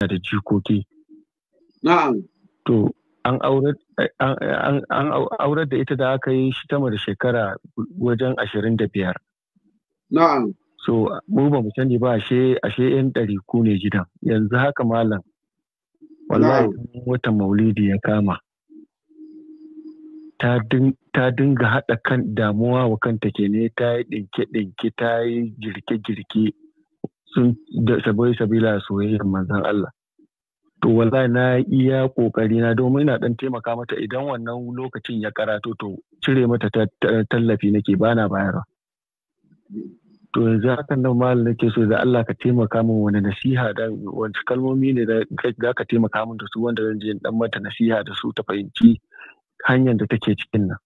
yana da jikoki. To, an aurar da ita da aka yi shi tama shekara wajen ashirin da biyar. Na'am. So, mu ba mu sani ba ashe ashe yan ɗari ku ne gidan. Yanzu haka malam. Wallahi wata maulidi ya kama. Ta dinga haɗa kan damuwa wa kanta ke ne ta yi ɗinke-ɗinke ta yi girke-girke. sun sabai sabila soyayyar manzan Allah to wallahi na iya kokari na domin ina dan taimaka mata idan wannan lokacin ya karato to cire mata tallafi nake bana bayarwa to yanzu hakan nan mal nake so da Allah ka taimaka min wani nasiha da wani kalmomi ne da ka taimaka min da su wanda zan je dan mata nasiha da su ta fahimci hanyar da take cikin nan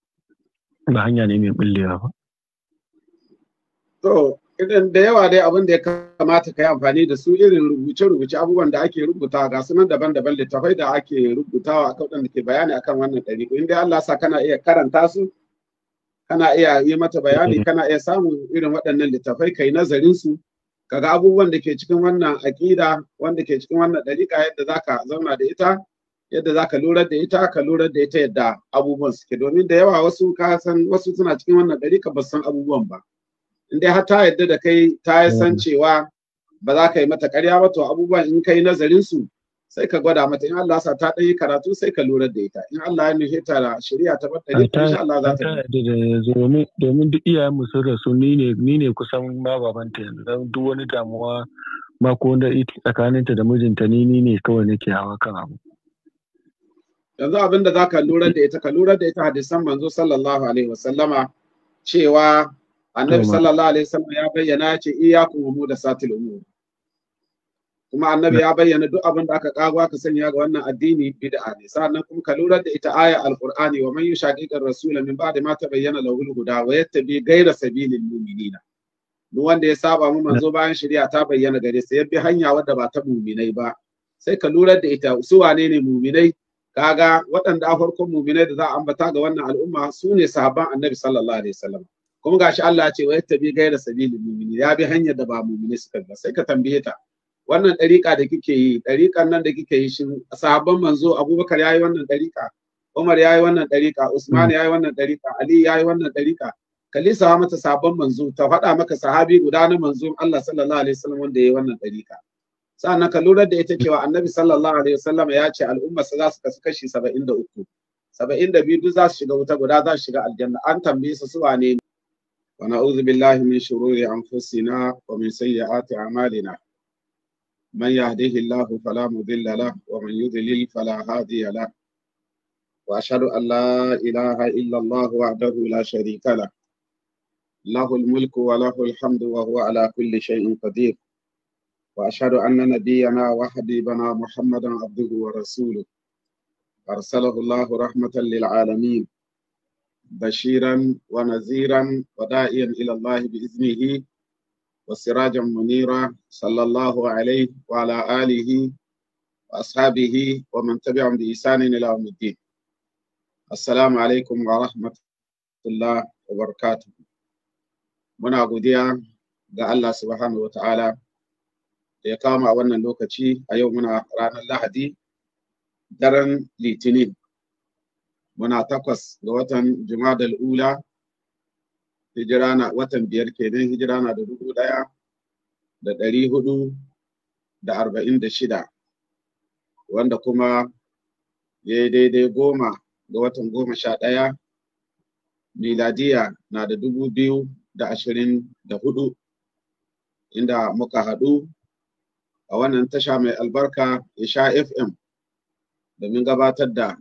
ba hanya ne mai bullewa ba to da yawa dai abin da ya kamata ka yi amfani da su irin rubuce-rubuce abubuwan da ake rubuta ga sunan daban-daban littafai da ake rubutawa a kauɗan da ke bayani akan wannan ɗariƙo inda Allah sa kana iya karanta su kana iya yi mata bayani mm-hmm. kana iya samun irin waɗannan littafai kai nazarin su kaga abubuwan da ke cikin wannan aƙida wanda ke cikin wannan ɗariƙa yadda zaka zauna da ita yadda zaka lura da ita ka lura da ita yadda abubuwan suke domin da yawa wasu ka san wasu suna cikin wannan ɗariƙa ba san abubuwan ba. in dai har ta yadda da kai ta yi san mm. cewa ba za ka yi mata ƙarya ba to abubuwan in kai nazarin su sai ka gwada mata in Allah sa ta ɗan yi karatu sai ka lura da ita in Allah ya nufe ta da shari'a ta bar ɗari insha Allah za ta domin domin duk iyayen mu sun rasu ni ne ni ne kusan ma babanta yanzu dan duk wani damuwa ma ko wanda tsakaninta da mijinta ni ni ne kawai nake hawa kan abu yanzu abin da za ka lura da ita ka lura da ita hadisan manzo sallallahu alaihi wasallama cewa annabi sallallahu alaihi wasallam ya bayyana ya ce iyyakum da satil umur kuma annabi ya bayyana duk abin da aka kago aka sanya ga wannan addini bid'a ne sannan kuma ka lura da ita aya alqur'ani wa man yushaqiqa ar-rasul min ba'di ma tabayyana lahu al-huda wa yattabi ghayra sabilil mu'minina duk wanda ya saba mu manzo bayan shari'a ta bayyana gare sa bi hanya wadda ba ta mu'minai ba sai ka lura da ita su wane ne mu'minai kaga waɗanda a farkon mu'minai da za a ambata ga wannan al'umma su ne sahabban annabi sallallahu alaihi wasallam kuma gashi Allah ya ce wa bi gaira sabili mu'mini ya bi hanyar da ba mu'mini suka ga sai ka tambaye ta wannan dariƙa da kike yi dariƙan nan da kike yi shin sahabban manzo Abubakar yayi wannan dariƙa Umar yayi wannan dariƙa Usman yayi wannan dariƙa Ali yayi wannan dariƙa kalisa mata sabon manzo ta faɗa maka sahabi guda na manzo Allah sallallahu alaihi wasallam wanda yayi wannan dariƙa sannan ka lura da ita cewa annabi sallallahu alaihi wasallam ya ce al'umma za su kasu kashi 73 72 duk za su shiga wuta guda za su shiga aljanna an tambaye su su wane ونعوذ بالله من شرور أنفسنا ومن سيئات أعمالنا من يهده الله فلا مضل له ومن يضلل فلا هادي له وأشهد أن لا إله إلا الله وحده لا شريك له له الملك وله الحمد وهو على كل شيء قدير وأشهد أن نبينا وحبيبنا محمدا عبده ورسوله أرسله الله رحمة للعالمين بشيرا ونذيرا وداعيا إلى الله بإذنه وسراجا منيرا صلى الله عليه وعلى آله وأصحابه ومن تبعهم بإحسان إلى يوم الدين السلام عليكم ورحمة الله وبركاته muna godiya ga Allah subhanahu wataala da ya kama a wannan lokaci a yau muna ranar Lahadi daren Litinin muna takwas ga watan Jumadal Ula hijira na watan biyar kenan hijira na da dubu ɗaya da ɗari hudu da arba'in da shida wanda kuma ya yi daidai goma ga watan goma sha ɗaya miladiya na da dubu biyu da ashirin da hudu inda muka haɗu a wannan tasha mai albarka isha fm domin gabatar da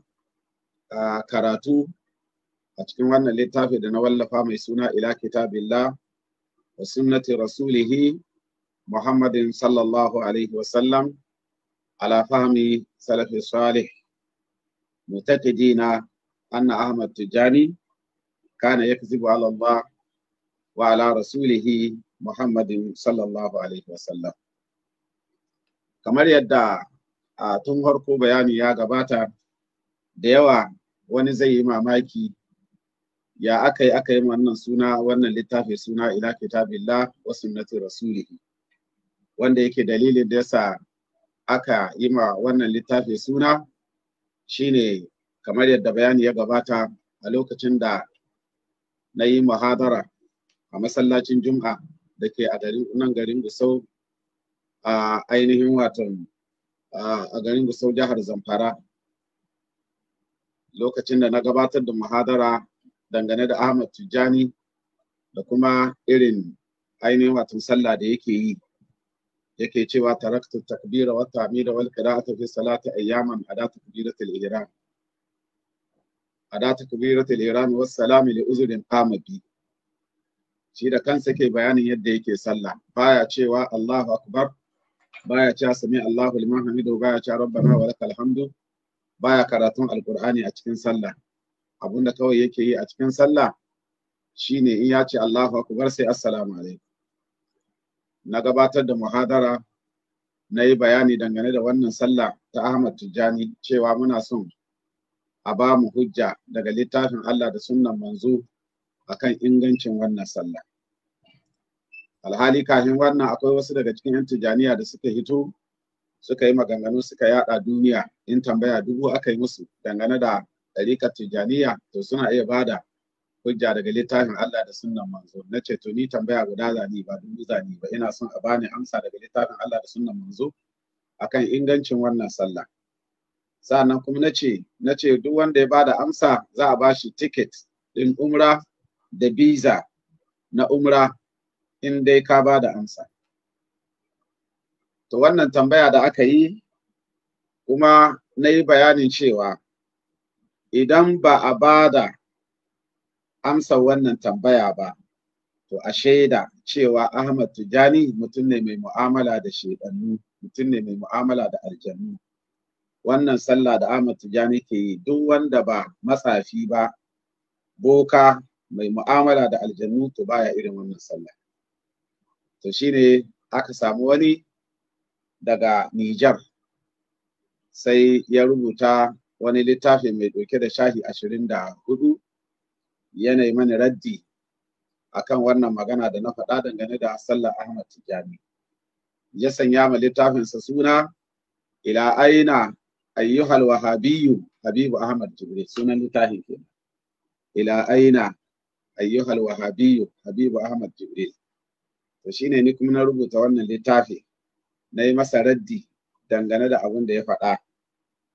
karatu a cikin wannan littafi da na wallafa mai suna ila kitabillah wa sunnati rasulihi muhammadin sallallahu alaihi wasallam ala fahmi salafi salih mutaqidina anna ahmad tijani kana yakzibu ala allah wa ala rasulihi muhammadin sallallahu alaihi wasallam kamar yadda a tun harko bayani ya gabata da yawa wani zai yi mamaki ya aka yi aka yi wannan suna wannan littafi suna ila kitabillah wa sunnati rasulihi wanda yake dalilin da yasa aka yi ma wannan littafi suna shine kamar yadda bayani ya gabata a lokacin da na yi muhadara a masallacin juma'a da ke a garin nan garin gusau a ainihin watan a garin gusau jihar zamfara lokacin da na gabatar da muhadara dangane da Ahmad Tijjani da kuma irin ainihin wato sallah da yake yi yake cewa taraktu takbira wa tahmida wal qira'atu fi salati ayyaman adatu takbiratul ihram adatu takbiratul ihram was salam li uzrin qama bi shi da kansa ke bayanin yadda yake sallah baya cewa Allahu akbar baya cewa sami Allahu liman hamidu baya cewa rabbana wa lakal hamdu baya karatun alkur'ani a cikin sallah abinda kawai yake yi a cikin sallah shine in ya ce Allahu akbar sai assalamu alaikum na gabatar da muhadara na yi bayani dangane da wannan sallah ta Ahmad Tijjani cewa muna son a ba mu hujja daga littafin Allah da sunnan manzo akan ingancin wannan sallah alhali kafin wannan akwai wasu daga cikin yan tijaniya da suka hito suka yi maganganu suka yada duniya in tambaya dubu aka yi musu dangane da ɗarika tijaniya to suna iya bada hujja daga littafin Allah da sunnan manzo na ce to ni tambaya guda zani ba dubu zani ba ina son a bani amsa daga littafin Allah da sunnan manzo akan ingancin wannan sallah sa'annan kuma na ce na ce duk wanda ya bada amsa za a bashi ticket din umra da visa na umra in dai ka bada amsa to wannan tambaya da aka yi kuma na yi bayanin cewa idan ba a ba da amsa wannan tambaya ba to a shaida cewa ahmad tijani mutum ne mai mu'amala da shedannu mutum ne mai mu'amala da aljannu wannan sallah da ahmad tijani ke yi duk wanda ba matsafi ba boka mai mu'amala da aljannu to baya irin wannan sallah to shine aka samu wani daga Nijar sai ya rubuta wani littafi mai ɗauke da shahi ashirin da hudu yanayi mani raddi akan wannan magana da na faɗa dangane da sallar Ahmad Tijani ya sanya ma littafinsa suna ila aina ayyuhal wahabiyu habibu Ahmad Jibril sunan littafin ke ila aina ayyuhal wahabiyu habibu Ahmad Jibril to shine ni kuma na rubuta wannan littafi na yi masa raddi dangane da abin da ya faɗa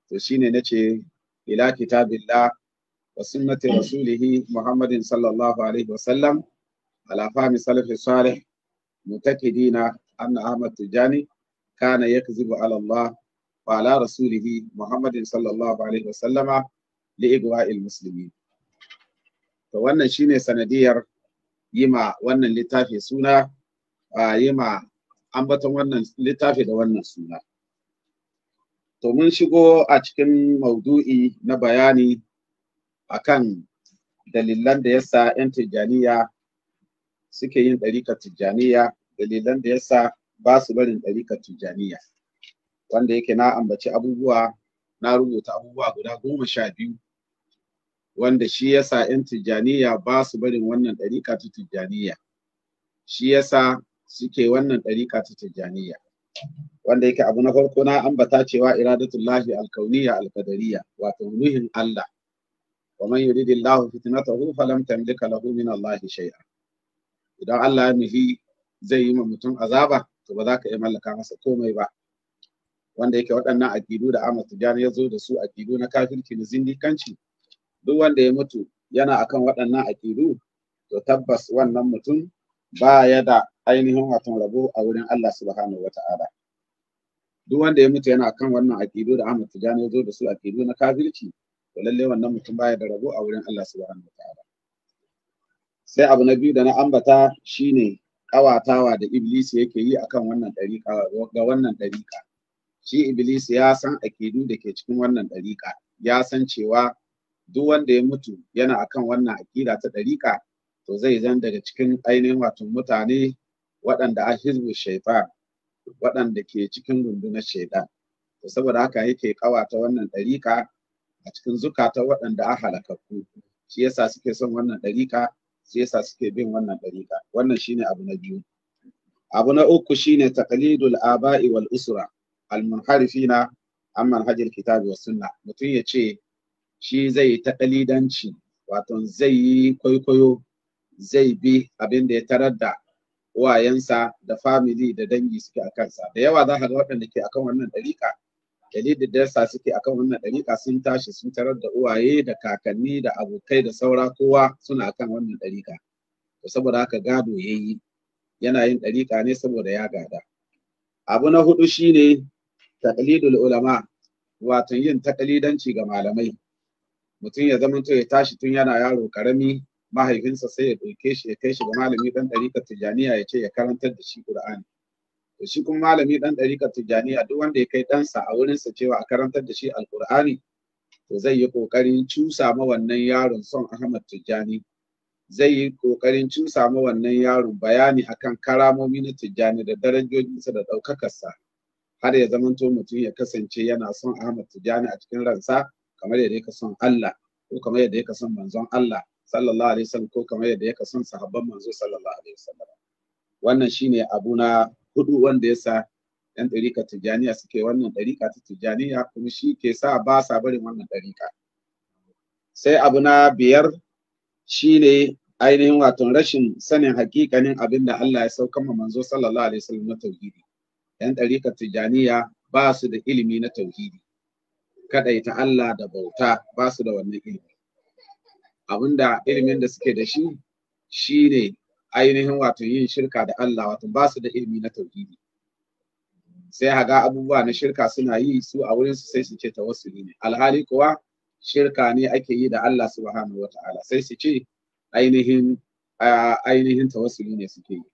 to shine na ce ila kitabillah wa sunnati rasulihi muhammadin sallallahu alaihi wasallam ala fahmi salafi salih mutakidina anna ahmad tujani kana yakzibu ala allah wa ala rasulihi muhammadin sallallahu alaihi wasallama li igwa'il muslimin to wannan shine sanadiyar yima wannan littafi suna a yima ambaton wannan littafi da wannan suna to mun shigo a cikin maudu'i na bayani akan dalilan da yasa 'yan tijjaniya suke yin ɗarikar tijjaniya dalilan da yasa ba su barin ɗarikar tijjaniya wanda yake na ambaci abubuwa na rubuta abubuwa guda goma sha biyu wanda shi yasa 'yan tijjaniya ba su barin wannan ɗarika ta tijjaniya shi yasa suke wannan ɗarika ta tijjaniya wanda yake abu na farko na ambata cewa iradatullahi alkauniya alkadariya wato ruhin Allah wa man yuridillahu fitnatahu falam tamlika lahu min Allah shay'a idan Allah ya nufi zai yi ma mutum azaba to ba za ka iya mallaka masa komai ba wanda yake waɗannan aƙidu da Ahmad tijjani ya zo da su aƙidu na kafirci na zindikanci duk wanda ya mutu yana akan waɗannan aƙidu to tabbas wannan mutum ba ya da ainihin watan rabo a wurin Allah subhanahu wa ta'ala duk wanda ya mutu yana kan wannan aƙidu da Ahmad Tijani ya zo da su aƙidu na kafirci to lalle wannan mutum baya da rabo a wurin Allah subhanahu wa ta'ala sai abu na biyu da na ambata shine ƙawatawa da Iblis yake yi akan wannan ɗariƙa ga wannan ɗariƙa. shi Iblis ya san aƙidu da ke cikin wannan ɗariƙa? ya san cewa duk wanda ya mutu yana akan wannan aƙida ta ɗariƙa to zai zan daga cikin ainihin wato mutane waɗanda a hizbu shaifa, waɗanda ke cikin rundunar shaida, to saboda haka yake kawata wannan ɗariƙa a cikin zukata waɗanda a halakakku shi yasa suke son wannan ɗariƙa shi yasa suke bin wannan ɗariƙa wannan shine abu na biyu abu na uku shine taqlidul aba'i wal usra al munharifina an manhajar kitabi wa sunna mutum ya ce shi zai yi taƙalidanci wato zai yi kwaikwayo zai bi abin da ya tarar da uwayensa da family da dangi suke a kansa da yawa za ka ga waɗanda ke akan wannan ɗariƙa dalilin da yasa suke akan wannan ɗariƙa sun tashi sun tarar da uwaye da kakanni da abokai da saura kowa suna akan wannan ɗariƙa to saboda haka gado yayi yana yin ɗariƙa ne saboda ya gada abu na hudu shine taqlidul ulama wato yin taqlidanci ga malamai mutum ya zama ya tashi tun yana yaro karami mahaifinsa sai ya ɗauke shi ya kai shi ga malami ɗan ɗarikar tijjaniya ya ce ya karantar da shi ƙur'ani to shi kuma malami ɗan ɗarikar tijjaniya duk wanda ya kai ɗansa a sa cewa a karantar da shi alƙur'ani to zai yi ƙoƙarin cusa ma wannan yaron son ahmad tijjani zai yi ƙoƙarin cusa ma wannan yaron bayani akan karamomi na tijjani da darajojinsa da ɗaukakarsa har ya zamanto mutum ya kasance yana son ahmad tijjani a cikin ransa kamar yadda yake son allah ko kamar yadda yake son manzon allah sallallahu alaihi wasallam ko kamar yadda ya kasan sahabban manzo sallallahu alaihi wasallam wannan shine abu na hudu wanda yasa yan dariƙa tijaniya suke wannan dariƙa ta tijaniya kuma shi ke sa ba sa barin wannan dariƙa. sai abu na biyar shine ainihin wato rashin sanin hakikanin abinda Allah ya sauka ma manzo sallallahu alaihi wasallam na tauhidi yan ɗarika tijaniya ba su da ilimi na tauhidi ta Allah da bauta ba su da wannan ilimi abinda ilimin da suke da shi shi ne ainihin wato yin shirka da Allah wato ba su da ilimi na tauhidi sai haga abubuwa na shirka suna yi su a wurin su sai su ce tawassuli ne alhali kuwa shirka ne ake yi da Allah subhanahu wataala sai su ce ainihin ainihin tawassuli ne suke yi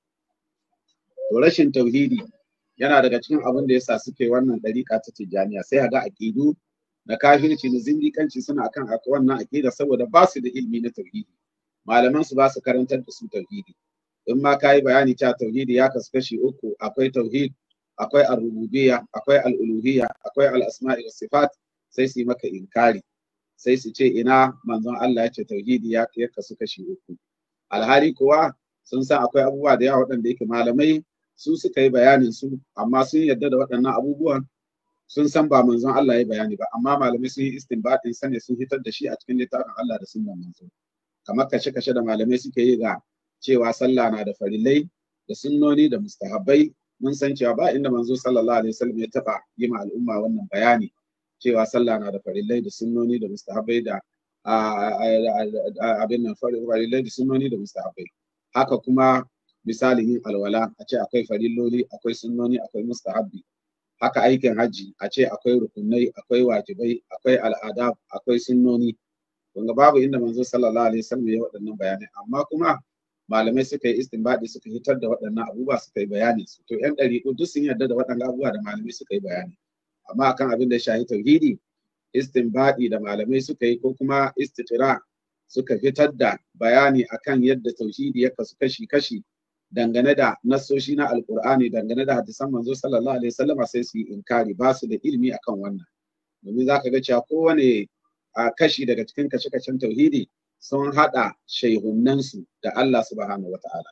to rashin tauhidi yana daga cikin abin da yasa suke wannan dariƙa ta tijaniya sai haga aqidu na kafirci da zindikanci suna akan wannan akida saboda ba su da ilimi na tauhidi malaman su ba su karantar da su tauhidi in ma ka yi bayani ta tauhidi ya kasu kashi uku akwai tauhid akwai al-rububiyya akwai al-uluhiyya akwai al-asma'i was sifat sai su maka inkari sai su ce ina manzon Allah yace ce tauhidi ya kasu kashi uku alhali kuwa sun san akwai abubuwa da yawa waɗanda yake malamai su suka yi bayanin su amma sun yarda da waɗannan abubuwan sun san ba manzon Allah ya bayani ba amma malamai sun yi istinbatin sane sun hitar da shi a cikin littafin Allah da sunnan manzo kamar kashe kashe da malamai suke yi ga cewa sallah na da farilai da sunnoni da mustahabbai mun san cewa ba inda manzo sallallahu alaihi wasallam ya taba yi ma al'umma wannan bayani cewa sallah na da farillai da sunnoni da mustahabbai da abin nan farillai da sunnoni da mustahabbai haka kuma misalin yin alwala a ce akwai farilloli akwai sunnoni akwai mustahabbi haka aikin hajji a ce akwai rukunai akwai wajibai akwai al'ada akwai sunnoni wanda babu inda manzo sallallahu alaihi wasallam ya waɗannan bayanai amma kuma malamai suka yi istinbadi suka hitar da waɗannan abubuwa suka yi bayani su to yan ɗariƙu duk sun yarda da waɗannan abubuwa da malamai suka yi bayani amma akan abin da shayi shahi tauhidi istinbadi da malamai suka yi ko kuma istitira suka fitar da bayani akan yadda tauhidi ya kasu kashi kashi dangane da nassoshi na alkur'ani dangane da hadisan manzo sallallahu alaihi wasallam sai su yi inkari ba su da ilimi akan wannan domin zaka ga cewa kowane a kashi daga cikin kashe-kashen tauhidi sun hada shaihunansu da Allah subhanahu wataala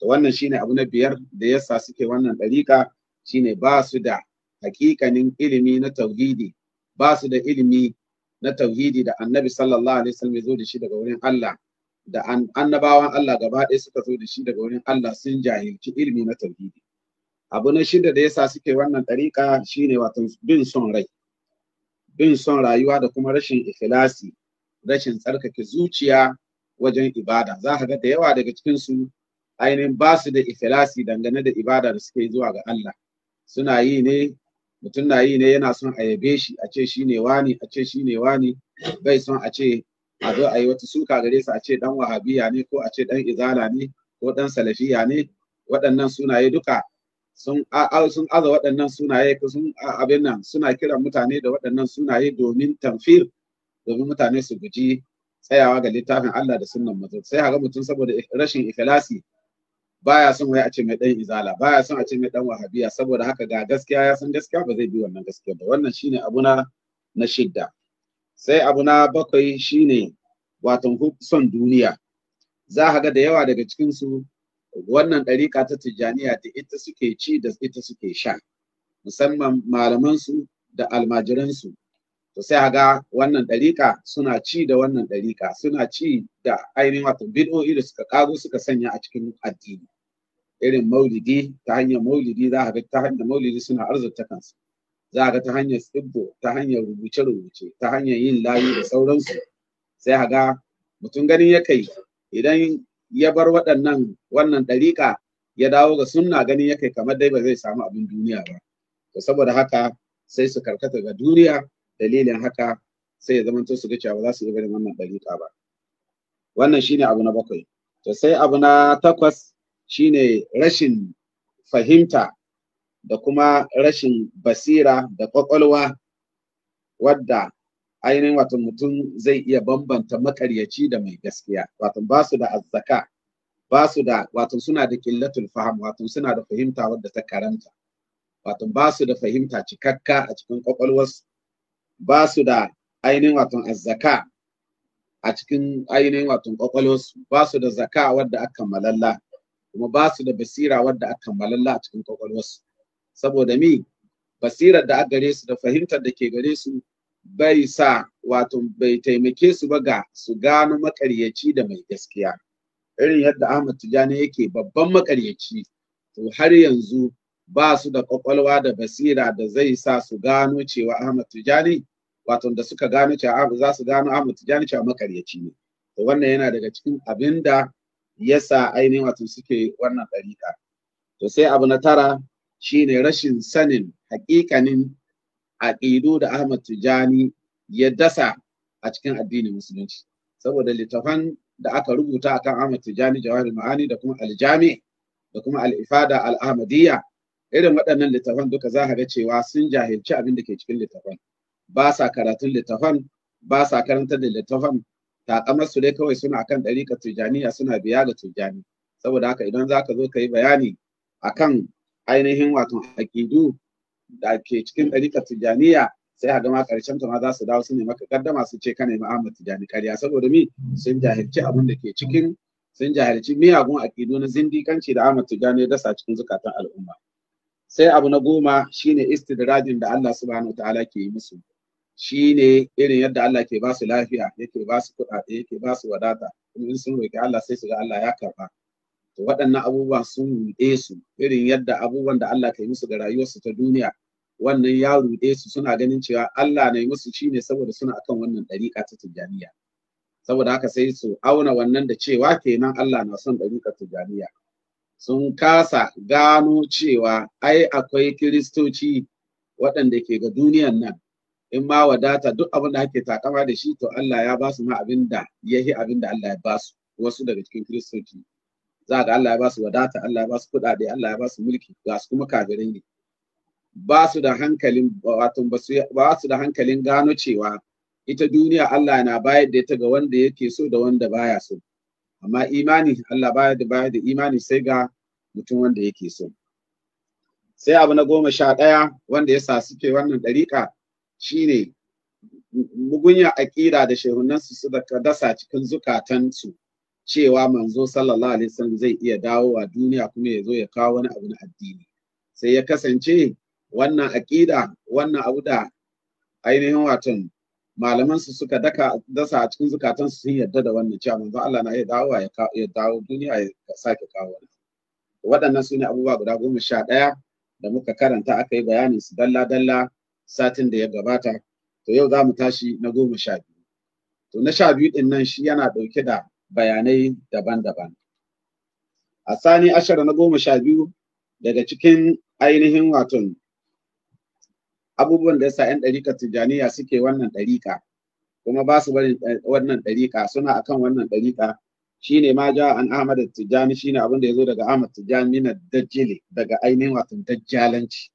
to wannan shine abu na biyar da yasa suke wannan dariƙa shine ba su da hakikanin ilimi na tauhidi ba su da ilimi na tauhidi da annabi sallallahu alaihi wasallam ya zo da shi daga wurin Allah da annabawan Allah gaba ɗaya suka zo da shi daga wurin Allah sun jahilci ilimi na tauhidi abu na shida da yasa suke wannan ɗariƙa shine wato bin son rai bin son rayuwa da kuma rashin ikhlasi rashin tsarkake zuciya wajen ibada za ka ga da yawa daga cikin su ainihin ba su da ikhlasi dangane da ibada da suke zuwa ga Allah suna yi ne mutum na yi ne yana son a yabe shi a ce shi wani a ce shi wani bai son a ce a zo a yi wata suka gare su a ce dan wahabiya ne ko a ce dan izala ne ko dan salafiya ne waɗannan sunaye duka sun sun aza waɗannan sunaye ko sun abin nan suna kiran mutane da waɗannan sunaye domin tamfir domin mutane su guji tsayawa ga littafin Allah da sunnan manzo sai haga mutum saboda rashin ikhlasi baya son wai a ce mai dan izala baya son a ce mai dan wahabiya saboda haka ga gaskiya ya san gaskiya ba zai bi wannan gaskiya ba wannan shine abuna na shidda sai abu na bakwai shine watan son duniya za ka ga da yawa daga cikin su wannan ɗariƙa ta tijjaniya da ita suke ci da ita suke sha musamman malamansu da almajiransu, su to sai ga wannan ɗariƙa suna ci da wannan ɗariƙa suna ci da ainihin wato bid'o'i da suka kago suka sanya a cikin addini irin maulidi ta hanyar maulidi za a ga ta hanyar maulidi suna arzuta kansu za ga ta hanyar tsibbo ta hanyar rubuce-rubuce ta hanyar yin layi da sauransu sai ga mutum ganin ya kai idan ya bar waɗannan wannan ɗariƙa ya dawo ga sunna ganin ya kai kamar dai ba zai samu abin duniya ba to saboda haka sai su karkata ga duniya dalilin haka sai ya zama su ga cewa ba za su yi barin wannan ɗariƙa ba wannan shine abu na bakwai to sai abu na takwas shine rashin fahimta da kuma rashin basira da kwakwalwa wadda ainihin wato mutum zai iya bambanta makaryaci da mai gaskiya wato ba su da azzaka ba su da wato suna da killatul faham wato suna da fahimta wadda ta karanta wato ba su da fahimta cikakka a cikin kwakwalwarsu ba su da ainihin wato azzaka a cikin ainihin wato kwakwalwarsu ba su da zaka wadda aka malalla kuma ba su da basira wadda aka malalla a cikin kwakwalwarsu saboda mi basirar da aka gare su da fahimtar da ke gare su bai sa wato bai taimake su ba ga su gano makaryaci da mai gaskiya irin yadda Ahmad Tijani yake babban makaryaci to har yanzu ba su da kwakwalwa da basira da zai sa su gano cewa Ahmad Tijani wato da suka gano cewa za su gano Ahmad Tijani cewa makaryaci ne to wannan yana daga cikin abin da yasa ainihin wato suke wannan ɗariƙa to sai abu na tara shine rashin sanin a aƙidu da Ahmad Tijani ya dasa a cikin addinin musulunci saboda littafan da aka rubuta akan Ahmad Tijani jawari Ma'ani da kuma al da kuma Al-Ifada irin waɗannan littafan duka za ga cewa sun jahilci abin da ke cikin littafan ba sa karatun littafan ba sa karantar da littafan takamarsu su dai kawai suna akan ɗariƙar Tijaniya suna biya ga Tijani saboda haka idan za ka zo ka yi bayani akan ainihin wato aƙidu da ke cikin ɗarikar tijjaniya sai haɗu ma ƙarshen ta ma za su dawo su ne maka gaddama su ce kana Muhammad Tijjani ƙarya saboda mi sun jahilci abin da ke cikin sun jahilci miyagun aƙidu na zindikanci da Ahmad Tijjani ya dasa cikin zukatan al'umma sai abu na goma shine istidradin da Allah subhanahu ta'ala ke yi musu shine irin yadda Allah ke ba su lafiya yake ba su kuɗaɗe yake ba su wadata kuma in sun roƙi Allah sai su ga Allah ya karɓa waɗannan abubuwa sun ruɗe su irin yadda abubuwan da Allah ka yi musu ga rayuwarsu ta duniya wannan ya ruɗe su suna ganin cewa Allah na yi musu ne saboda suna akan wannan ɗariƙa ta tijjaniya saboda haka sai su auna wannan da cewa kenan Allah na son ɗariƙar tijjaniya sun kasa gano cewa ai akwai kiristoci waɗanda ke ga duniyan nan in ma wadata duk abin da ake takama da shi to Allah ya ba su ma abin da ya abin da Allah ya ba su wasu daga cikin kiristoci za ga Allah ya ba su wadata Allah ya ba su kuɗaɗe Allah ya ba su mulki ga su kuma kafirai ne ba su da hankalin wato ba su da hankalin gano cewa ita duniya Allah na bayar da ita ga wanda yake so da wanda baya so amma imani Allah bayar da bayar da imani sai ga mutum wanda yake so sai abu na goma sha ɗaya wanda ya sa suke wannan ɗariƙa shine mugunya aƙida da shehunan su da dasa cikin zukatansu cewa manzo sallallahu alaihi wasallam zai iya dawo a duniya kuma ya zo ya kawo wani abu na addini sai ya kasance wannan aƙida wannan abu da ainihin watan malaman su suka daka dasa a cikin zukatan su sun yarda da wannan cewa manzo Allah na iya dawo ya dawo duniya ya sake kawo wani waɗannan su ne abubuwa guda goma sha ɗaya da muka karanta aka yi bayanin su dalla dalla satin da ya gabata to yau za mu tashi na goma sha biyu to na sha biyu ɗin nan shi yana ɗauke da bayanai daban-daban a sani ashara na goma sha biyu daga cikin ainihin watan, abubuwan da yasa 'yan ɗarika tijjaniya suke wannan ɗarika kuma ba su bari eh, wannan ɗarika suna akan wannan ɗarika shine ma ja an ahmad tijjani shine abin da ya zo daga ahmad tijjani na dajjile daga ainihin watan dajjalanci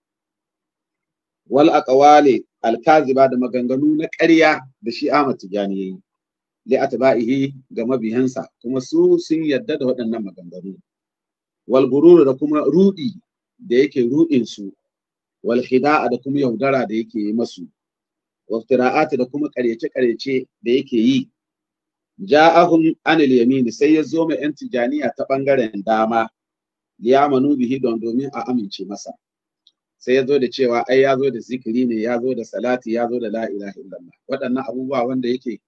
wal aqwali al kaziba da maganganu na ƙarya da shi ahmad tijjani yi. li atba'ihi ga mabiyansa kuma su sun yadda da waɗannan maganganu wal gurur da kuma rudi da yake rudin su wal khida'a da kuma yaudara da yake yi masu waftira'at da kuma karece karece da yake yi ja'ahum anil yamin sai ya zo mai yan tijaniya ta bangaren dama liyamanu bihi don domin a amince masa sai ya zo da cewa ai ya zo da zikiri ne ya zo da salati ya zo da la ilaha illallah waɗannan abubuwa wanda yake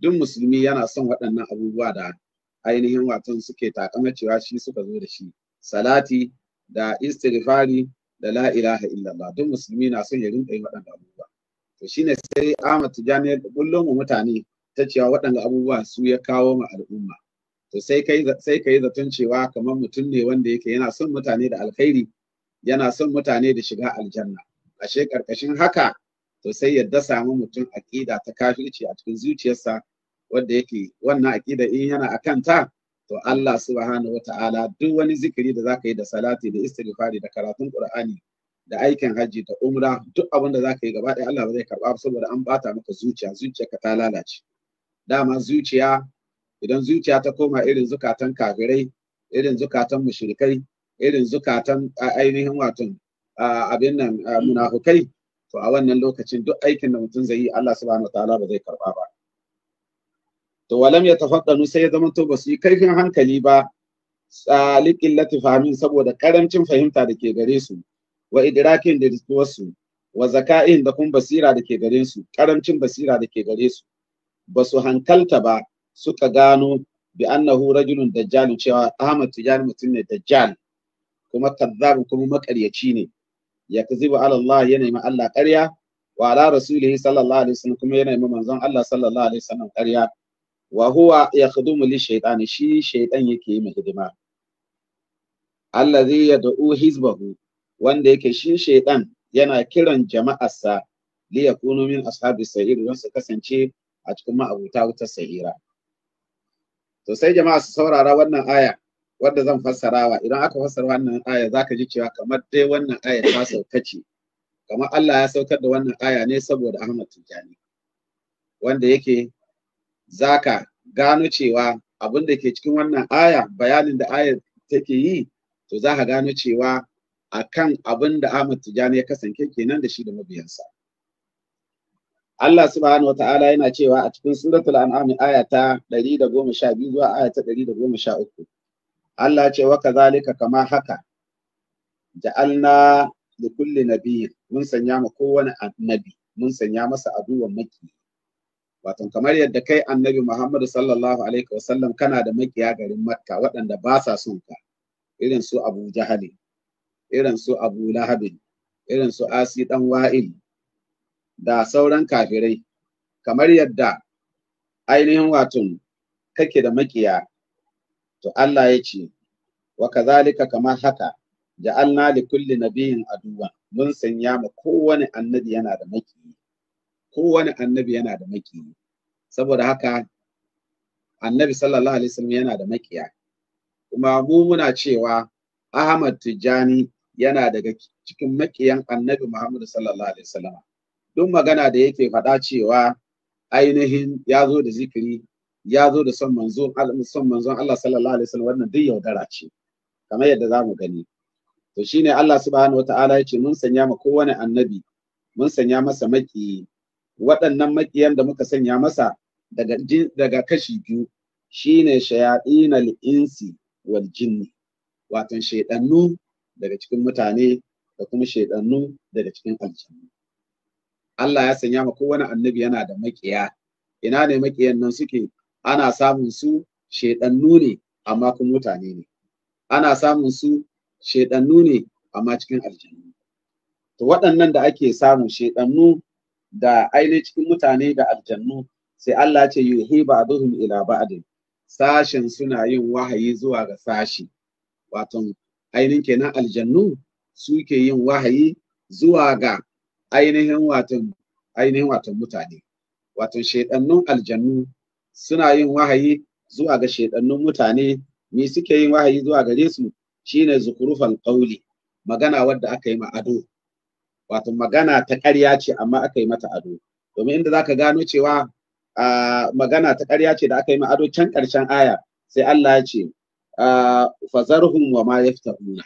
duk musulmi yana son waɗannan abubuwa da ainihin watan suke takama cewa shi suka zo da shi salati da istighfari da la ilaha illallah duk musulmi na son ya rinka yin waɗannan abubuwa to shine sai Ahmad Tijani kullum mu mutane ta cewa waɗannan abubuwa su ya kawo ma al'umma to sai kai sai kai zaton cewa kamar mutum ne wanda yake yana son mutane da alkhairi yana son mutane da shiga aljanna ashe karkashin haka to sai ya dasa samu mutum aƙida ta kafirci a cikin zuciyarsa wanda yake wannan aƙida in yana akan ta to Allah subhanahu wata'ala duk wani zikiri da zaka yi da salati da istighfari da karatun Qur'ani da aikin hajji da umra duk abin da zaka yi gaba ɗaya Allah ba zai karba saboda an bata maka zuciya zuciyarka ta lalace dama zuciya idan zuciya ta koma irin zukatan kafirai irin zukatan mushrikai irin zukatan ainihin watan abin nan munafukai to a wannan lokacin duk aikin da mutum zai yi Allah subhanahu wataala ba zai karba ba to walam ya tafaddanu sai ya zama to ba su yi kaifin hankali ba tsalikin latifamin saboda karamcin fahimta da ke gare su wa idrakin da wasu wa zaka'in da kuma basira da ke gare su karamcin basira da ke gare su ba su hankalta ba suka gano bi annahu rajulun dajjal cewa Ahmad Tijani mutum ne dajjal kuma kazzabu kuma makaryaci ne ya kazibu ala Allah ya nemi Allah ƙarya wa ala rasulihi sallallahu alaihi wasallam kuma ya nemi manzon Allah sallallahu alaihi wasallam ƙarya wa huwa yakhdumu li shaytani shi shaytan yake yi hidima allazi yad'u hizbahu wanda yake shi shaytan yana kiran jama'arsa li yakunu min ashabi sa'ir don su kasance a cikin ma'abuta wutar sa'ira to sai jama'a su saurara wannan aya Wanda zan fassarawa idan aka fassara wannan aya zaka ji cewa kamar dai wannan aya ta sauka ce kamar Allah ya saukar da wannan aya ne saboda Ahmad Tijani wanda yake zaka gano cewa abin da ke cikin wannan aya bayanin da aya take yi to za ka gano cewa akan abin da Ahmad Tijani ya kasance kenan da shi da mabiyansa Allah subhanahu wata'ala yana cewa a cikin suratul an'am aya ta 112 zuwa aya ta 113 Allah ce wa kazalika kama haka ja'alna li kulli nabiyyin mun sanya ma kowane annabi mun sanya masa aduwan maki wato kamar yadda kai annabi Muhammad sallallahu alaihi wasallam kana da makiya garin Makka waɗanda ba sa son ka irin su Abu Jahali irin su Abu Lahab irin su Asi dan Wa'il da sauran kafirai kamar yadda ainihin wato kake da makiya to Allah ya ce wa kazalika kamar haka ja'alna li kulli nabiyin aduwa mun sanya ma kowane annabi yana da maki kowane annabi yana da maki saboda haka annabi sallallahu alaihi wasallam yana da makiya kuma mu muna cewa Ahmad Tijani yana daga cikin makiyan annabi Muhammad sallallahu alaihi wasallam duk magana da yake faɗa cewa ainihin ya zo da zikiri ya zo da son manzon son manzon Allah sallallahu alaihi wasallam wannan duk yaudara ce kamar yadda zamu gani to shine Allah subhanahu wataala ya ce mun sanya ma kowane annabi mun sanya masa maki waɗannan makiyan da muka sanya masa daga daga kashi biyu shine shayatinal insi wal jinni watan shaidannu daga cikin mutane da kuma shaidannu daga cikin aljannu Allah ya sanya ma kowane annabi yana da makiya ina ne makiyan nan suke ana samun su shedannu ne amma kuma mutane ne ana samun su shedannu ne amma cikin aljannu to waɗannan da ake samun shedannu da ainihin cikin mutane da aljannu sai Allah ce yuhi ba'dhum ila ba'din sashen suna yin wahayi zuwa ga sashi wato ainihin kenan aljannu suke yin wahayi zuwa ga ainihin watan ainihin watan mutane wato aljannu suna yin wahayi zuwa ga shedannun mutane me suke yin wahayi zuwa gare su shine zukurufan qauli magana wadda aka yi ma ado wato magana ta ƙarya ce amma aka yi mata ado domin inda zaka gano cewa magana ta ƙarya ce da aka yi ma can ƙarshen aya sai Allah ya ce fazarhum wa ma yaftaruna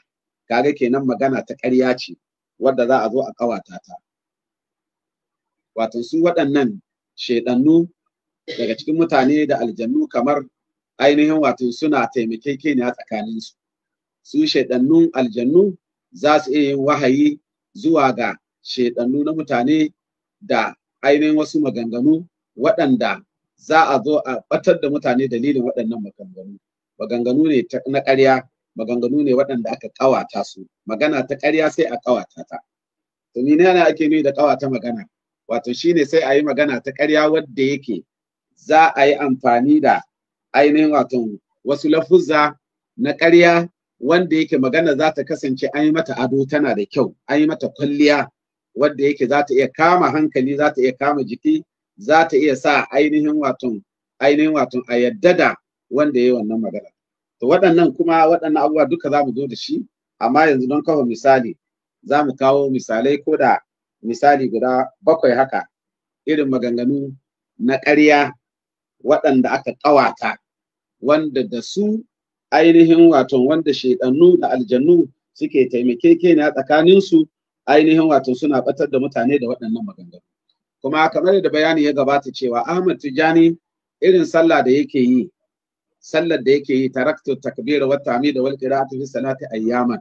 kaga kenan magana ta ƙarya ce wadda za a zo a ƙawata ta wato su waɗannan shaidannu daga cikin mutane da aljannu kamar ainihin wato suna a tsakaninsu su shaidannun aljannu za su iya yin wahayi zuwa ga shaidannu na mutane da ainihin wasu maganganu waɗanda za a zo a ɓatar da mutane dalilin waɗannan maganganu maganganu ne na ƙarya maganganu ne waɗanda aka ƙawata su magana ta ƙarya sai a ƙawata ta to ne ake nuni da ƙawata magana wato shine sai a yi magana ta ƙarya wadda yake za a yi amfani da ainihin wato wasu lafuzza na ƙarya wanda yake magana za ta kasance an yi mata ado tana da kyau an yi mata kwalliya wanda yake za ta iya kama hankali za ta iya kama jiki za ta iya sa ainihin wato ainihin wato a yadda da wanda ya yi wannan magana to waɗannan kuma waɗannan abubuwa duka za mu zo da shi amma yanzu don kawo misali za mu kawo misalai ko da misali guda bakwai haka irin maganganu na ƙarya waɗanda aka ƙawata wanda da su ainihin wato wanda shaidannu da aljannu suke taimakekeniya tsakaninsu ainihin wato suna batar da mutane da waɗannan maganganu kuma kamar da bayani ya gabata cewa Ahmad Tijani irin sallah da yake yi sallar da yake yi taraktar takbir wa tahmid wal qira'atu fi salati ayyaman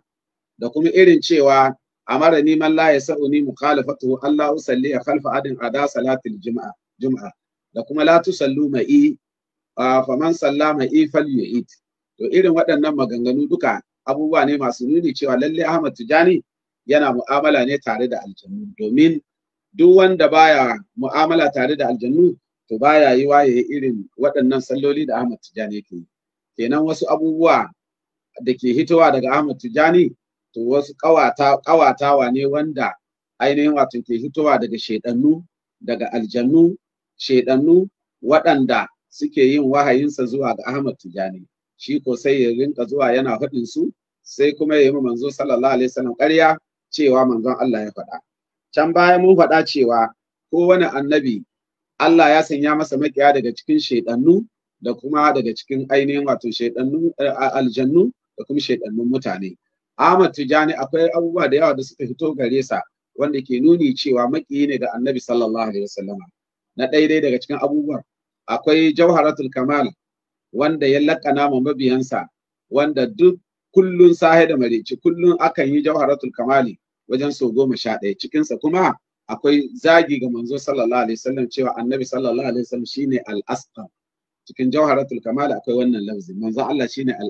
da kuma irin cewa amara ni man la yasuni mukhalafatu Allah usalli khalfa adin ada salatil jum'a jum'a da kuma la tusallu ma'i faman salla ma'i falyu'id to irin waɗannan maganganu duka abubuwa ne masu nuni cewa lalle Ahmad Tijani yana mu'amala ne tare da aljannu domin duk wanda baya mu'amala tare da aljannu to baya yi waye irin waɗannan salloli da Ahmad Tijani yake kenan wasu abubuwa da ke hitowa daga Ahmad Tijani to wasu ƙawatawa ne wanda ainihin wato ke hitowa daga shaidannu daga aljannu shedannu waɗanda suke yin wahayinsa zuwa ga Ahmad Tijani shi ko sai ya rinka zuwa yana faɗin su sai kuma ya yi ma manzo sallallahu alaihi wasallam ƙarya cewa manzon Allah ya faɗa can baya mun faɗa cewa ko wani annabi Allah ya sanya masa makiya daga cikin shedannu da kuma daga cikin ainihin wato shedannu eh, aljannu da kuma shedannun mutane Ahmad Tijani akwai abubuwa da yawa da suka fito gare sa wanda ke nuni cewa makiyi ne ga annabi sallallahu alaihi wasallam. na ɗaya daga cikin abubuwan akwai jauharatul kamal wanda ya lakana ma mabiyansa wanda duk kullun sahe da mareci kullun akan yi jauharatul kamali wajen so goma sha ɗaya cikinsa kuma akwai zagi ga manzo sallallahu alaihi wasallam cewa annabi sallallahu alaihi wasallam shine al cikin jauharatul kamali akwai wannan lafzi manzo Allah shine al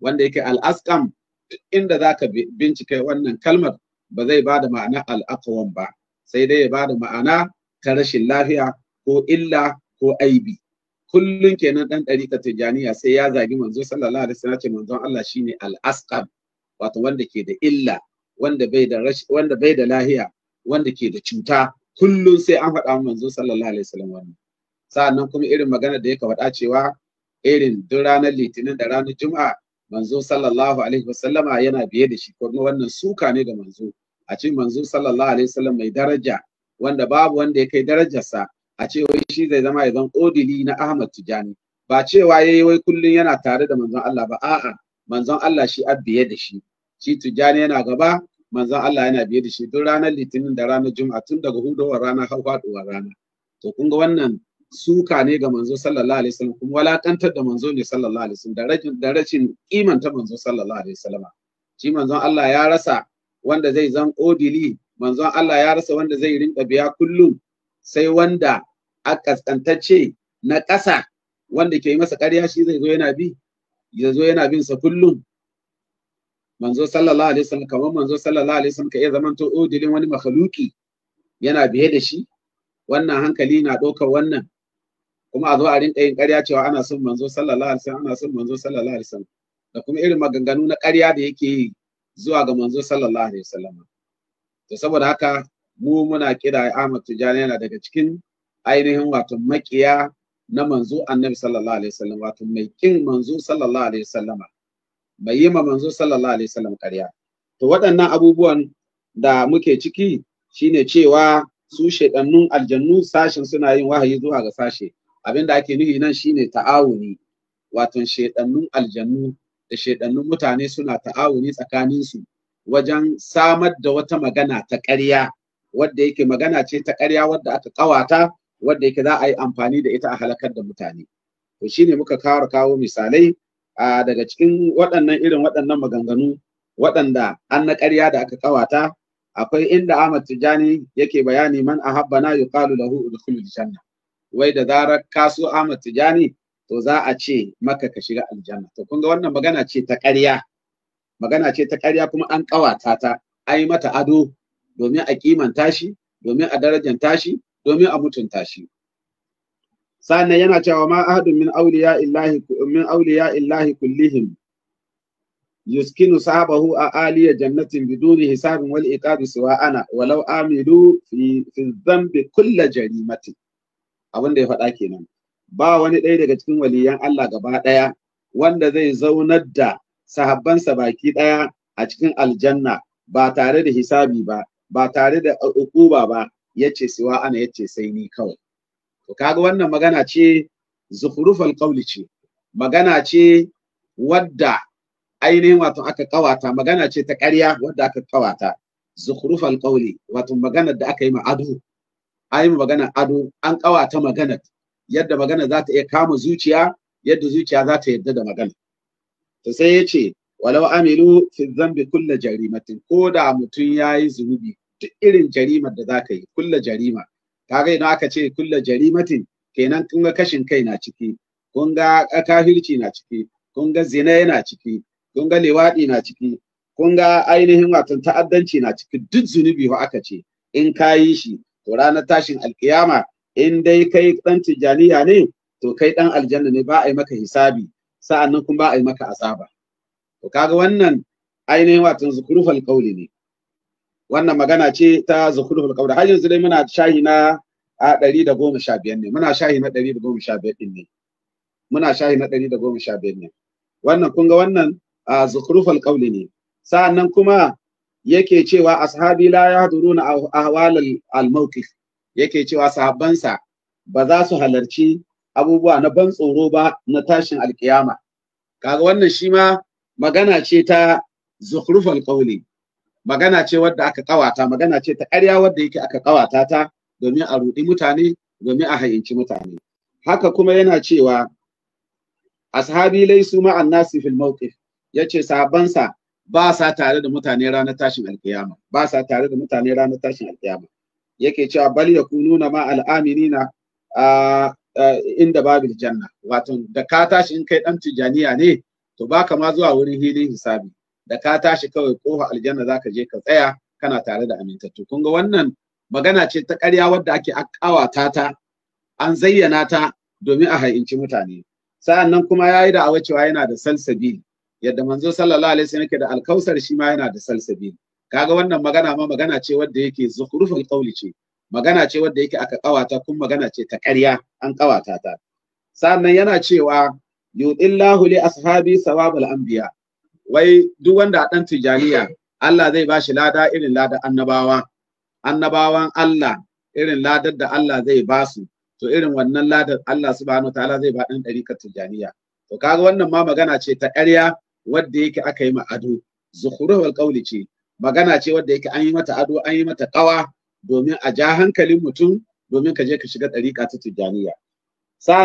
wanda yake al-asqam inda zaka bincike wannan kalmar ba zai bada ma'ana al-aqwam ba sai dai ya bada ma'ana ta rashin lafiya ko illa ko aibi kullun kenan dan ɗarika tijaniya sai ya zagi manzo sallallahu alaihi wasallam ce manzon Allah shine al-asqab wato wanda ke da illa wanda bai da wanda bai da lahiya wanda ke da cuta kullun sai an faɗa manzo sallallahu alaihi wasallam wannan sa'annan kuma irin magana da yake faɗa cewa irin duk ranar litinin da ranar juma'a manzo sallallahu alaihi wasallama yana biye da shi kuma wannan suka ne ga manzo a ce manzo sallallahu alaihi wasallam mai daraja wanda babu wanda ya kai darajarsa a ce wai shi zai zama ya zan odili na Ahmad Tijani ba cewa yayi wai kullun yana tare da manzon Allah ba a'a manzon Allah shi abbiye da shi shi Tijani yana gaba manzon Allah yana biye da shi duk ranar litinin da ranar juma'a tun daga hudowar rana har faduwar rana to kun ga wannan suka ne ga manzo sallallahu alaihi wasallam kuma walakantar da manzo ne sallallahu alaihi wasallam da rashin da rashin kimanta manzo sallallahu alaihi wasallam shi manzon Allah ya rasa wanda zai zan odili manzon Allah ya rasa wanda zai rinka biya kullum sai wanda a kaskantacce na ƙasa wanda ke yi masa ƙarya shi zai zo yana bi ya zo yana bin sa kullum manzo sallallahu alaihi wasallam kamar manzo sallallahu alaihi wasallam ka iya to odilin wani makhluki yana biye da shi wannan hankali na ɗaukar wannan kuma a zo a rinka yin ƙarya cewa ana son manzo sallallahu alaihi wasallam ana son manzo sallallahu alaihi wasallam da kuma irin maganganu na ƙarya da yake yi zuwa ga manzo sallallahu alaihi wasallam to saboda haka mu muna kira Ahmad Tijani yana daga cikin ainihin wato makiya na manzo Annabi sallallahu alaihi wasallam wato mai kin manzo sallallahu alaihi wasallama mai yi ma manzo sallallahu alaihi wasallam ƙarya to waɗannan abubuwan da muke ciki shine cewa su shedannun aljannu sashin suna yin wahayi zuwa ga sashe Abin da ake nufi nan shine ta'awuni wato shedannun aljannu da shedannun mutane suna ta'awuni tsakaninsu wajen samar da wata magana ta ƙarya wadda yake magana ce ta ƙarya wadda aka ƙawata wadda yake za a yi amfani da ita a halakar da mutane to shine muka kawo kawo misalai a daga cikin waɗannan irin waɗannan maganganu waɗanda an na ƙarya da aka ƙawata akwai inda Ahmad Tijani yake bayani man ahabbana yuqalu lahu udkhulul janna wai da zarar ka so Ahmad Tijani to za a ce maka ka shiga aljanna to kun ga wannan magana ce ta ƙarya magana ce ta ƙarya kuma an ƙawata ta ai mata ado domin a kimanta shi domin a darajan tashi, domin a mutunta shi sannan yana cewa ma ahadun min awliya illahi min awliya illahi kullihim yuskinu sahabahu a aliya jannatin biduni hisabin wal iqabi siwa ana walau amilu fi zambi kulla jarimatin abin da ya faɗa kenan ba wani ɗaya daga cikin waliyan Allah gaba ɗaya wanda zai zaunar da sahabbansa baki ɗaya a cikin aljanna ba tare da hisabi ba ba tare da ukuba ba yace siwa ana yace sai ni kawai to kaga wannan magana ce zukhrufal qawli ce magana ce wadda ainihin wato aka kawata magana ce ta ƙarya wadda aka kawata zukhrufal qawli wato magana da aka yi ma ado ayi magana ado an kawata magana yadda magana za ta iya kama zuciya yadda zuciya za ta yadda da magana to sai ya ce walau amilu fi zambi kulla jarimatin ko da mutum ya yi zunubi duk irin jarimar da za ka yi kulla jarima kaga idan aka ce kulla jarimatin kenan kun ga kashin kai na ciki kun ga kafirci na ciki kun ga zina yana ciki kun ga liwaɗi na ciki kun ga ainihin watan ta'addanci na ciki duk zunubi ba aka ce in ka yi shi to ranar tashin alkiyama in dai kai ɗan tijjaniya ne to kai ɗan aljanna ne ba a yi maka hisabi sa'annan kuma ba a yi maka azaba to kaga wannan ainihin watan zukurufal qawli ne wannan magana ce ta zukurufal qawli har yanzu dai muna shahi na a biyar ne muna shahi na ɗari da goma sha biyar din ne muna shahi na ɗari da goma sha 115 ne wannan kun ga wannan zukurufal qawli ne sa'annan kuma yake cewa ashabi la ya yahduruna ahwal al-mawqif yake cewa sahabbansa ba za su halarci abubuwa na ban tsoro ba na tashin alkiyama kaga wannan shi ma magana ce ta zukhrufal qawli magana ce wadda aka kawata magana ce ta ƙarya wadda yake aka kawata ta domin a rudi mutane domin a hayinci mutane haka kuma yana cewa ashabi laisu ma annasi fil mawqif yace sa ba sa tare da mutane ranar tashin alkiyama ba sa tare da mutane ranar tashin alkiyama yake cewa bal yakununa ma al'aminina ah, Eh, inda babil janna wato da ka tashi in kai dan tijaniya ne to baka ma zuwa wurin hilin hisabi da ka tashi kawai kofa aljanna zaka je ka tsaya kana tare da amintattu kun ga wannan magana ce ta ƙarya wadda ake akawata ta an zayyana ta domin a hainci mutane sa'annan kuma yayi da awa cewa yana da salsabi yadda manzo sallallahu alaihi wasallam yake da alkausar shi ma yana da salsabi kaga wannan magana ma magana ce wadda yake zukhrufal qawli ce magana ce wadda yake aka ƙawata kun magana ce ta ƙarya an ƙawata ta sannan yana cewa yudillahu li ashabi sawabul anbiya wai duk wanda a dan tijaniya Allah zai bashi lada irin lada annabawa annabawan Allah irin ladar da Allah zai basu to irin wannan ladar Allah subhanahu ta'ala zai ba dan dariƙar tijaniya to kaga wannan ma magana ce ta ƙarya wadda yake aka yi ma ado zukhruhul qawli ce magana ce wadda yake an yi mata ado an yi mata ƙawa domin a ja hankalin mutum domin ka je ka shiga ɗariƙa ta tijjaniya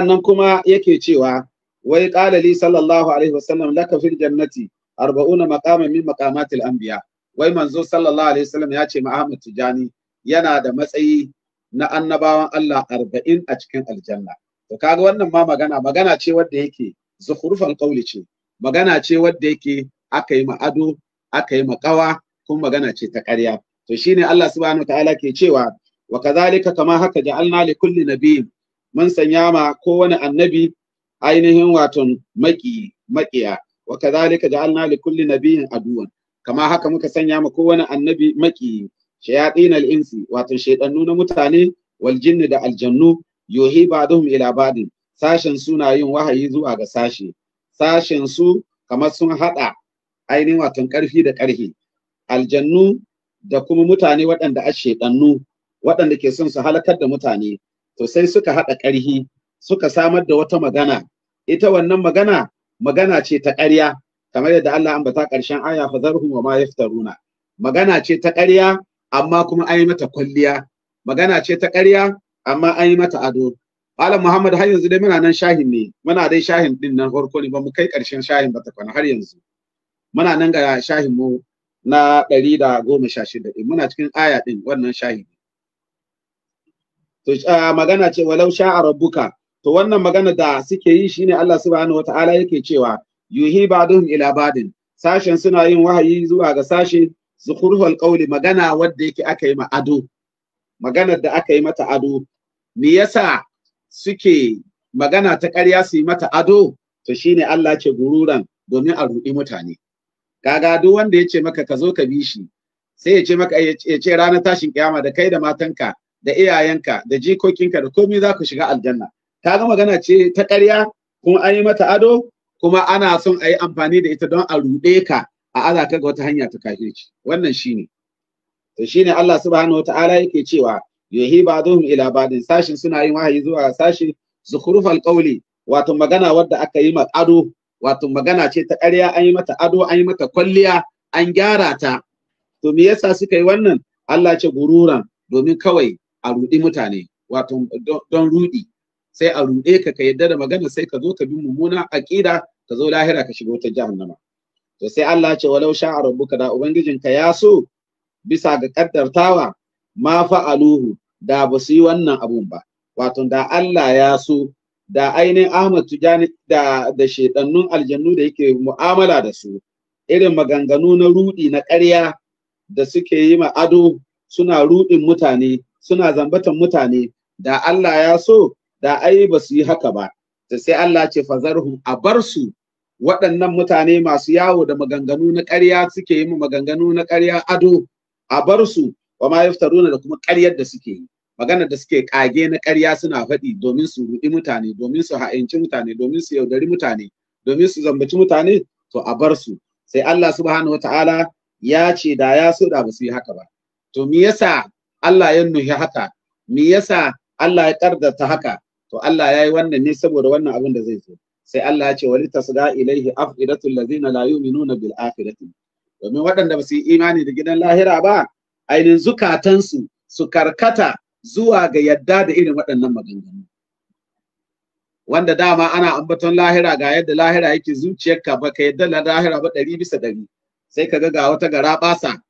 nan kuma yake cewa wai qala li sallallahu alaihi wasallam laka fil jannati arba'una maqama min maqamatil anbiya wai manzo sallallahu alaihi wasallam ya ce ma Ahmad Tijani yana da matsayi na annabawan Allah arba'in a cikin aljanna to kaga wannan ma magana magana ce wadda yake zukhrufal qawli ce magana ce wadda yake aka yi ma ado aka yi ma ƙawa. kuma magana ce ta ƙarya to shine Allah subhanahu ta'ala ke cewa wa kadhalika kama haka ja'alna li kulli nabiyyin mun sanya ma kowane annabi ainihin waton maki makiya wa kadhalika ja'alna li kulli nabiyyin aduwan kama haka muka sanya ma kowane annabi maki shayatin al-insi wato shaydannu na mutane wal da aljannu yuhi ba'dhum ila ba'din sashen suna yin wahayi zuwa ga sashe sashen su kamar sun hada ainihin waton karfi da karfi aljannu da kuma mutane waɗanda a shedannu waɗanda ke son su halakar da mutane to sai suka haɗa ƙarhi suka samar da wata magana ita wannan magana magana ce ta ƙarya kamar yadda Allah ambata ƙarshen aya fa zarhum wa ma yaftaruna magana ce ta ƙarya amma kuma an yi mata kwalliya magana ce ta ƙarya amma an yi mata ado Malam Muhammad har yanzu dai muna nan shahin ne muna dai shahin din nan farko ne ba mu kai ƙarshen shahin ba ta har yanzu muna nan ga shahin mu na ɗari da goma sha shida ɗin muna cikin aya ɗin wannan shahidi to magana ce walau a rabbuka to wannan magana da suke yi shine Allah subhanahu wataala yake cewa yuhi ba'dhum ila ba'din sashen suna yin wahayi zuwa ga sashe zukhruhul qawli magana wadda yake aka yi ma ado maganar da aka yi mata ado me yasa suke magana ta ƙarya su yi mata ado to shine Allah ce gururan domin a ruɗi mutane kaga duk wanda ya ce maka ka zo ka bi shi sai yace maka ya ce ranar tashin kiyama da kai da matanka da iyayenka da jikokinka da komai za ku shiga aljanna kaga magana ce ta ƙarya kuma an yi mata ado kuma ana son a yi amfani da ita don a ruɗe ka a aza ga wata hanya ta kafirci wannan shine to shine Allah subhanahu wataala yake cewa yuhi ba'dhum ila ba'din sashin suna yin wahayi zuwa sashi zukhrufal qawli wato magana wadda aka yi ma ado wato magana ce ta ƙarya an yi mata ado an yi mata kwalliya an gyara ta to me yasa suka yi wannan Allah ce gururan domin kawai a ruɗi mutane wato don ruɗi sai a ruɗe ka ka yadda da magana sai ka zo ka bi mummuna aqida ka zo lahira ka shiga wata jahannama to sai Allah ce walau sha'a rabbuka da ka ya so bisa ga kaddartawa ma fa'aluhu da ba su yi wannan abun ba wato da Allah ya so da ainihin Ahmad Tijani da da shedannun aljannu da yake mu'amala da su irin maganganu na rudi na ƙarya da suke yi ma ado suna rudin mutane suna zambatan mutane da Allah ya so da ai ba su yi haka ba da sai Allah ce fazarhum a bar su waɗannan mutane masu yawo da maganganu na ƙarya suke yi maganganu na ƙarya ado a bar su wa ma yaftaruna da kuma ƙaryar da suke yi magana da suke kage na ƙarya suna faɗi domin su ruɗi mutane domin su ha'inci mutane domin su yaudari mutane domin su zambaci mutane to a bar su sai Allah subhanahu wataala ya ce da ya so da ba su yi haka ba to me yasa Allah ya nuhi haka me yasa Allah ya kardata haka to Allah ya yi wannan ne saboda wannan abin da zai zo sai Allah ya ce wali tasda ilaihi afidatul ladina la yu'minuna bil akhirati domin waɗanda ba su yi imani da gidan lahira ba ainihin zukatansu su karkata zuwa ga yadda da irin waɗannan maganganu wanda dama ana ambaton lahira ga yadda lahira yake zuciyarka ba ka yadda lahira ba ɗari bisa ɗari sai ka ga wata gara basa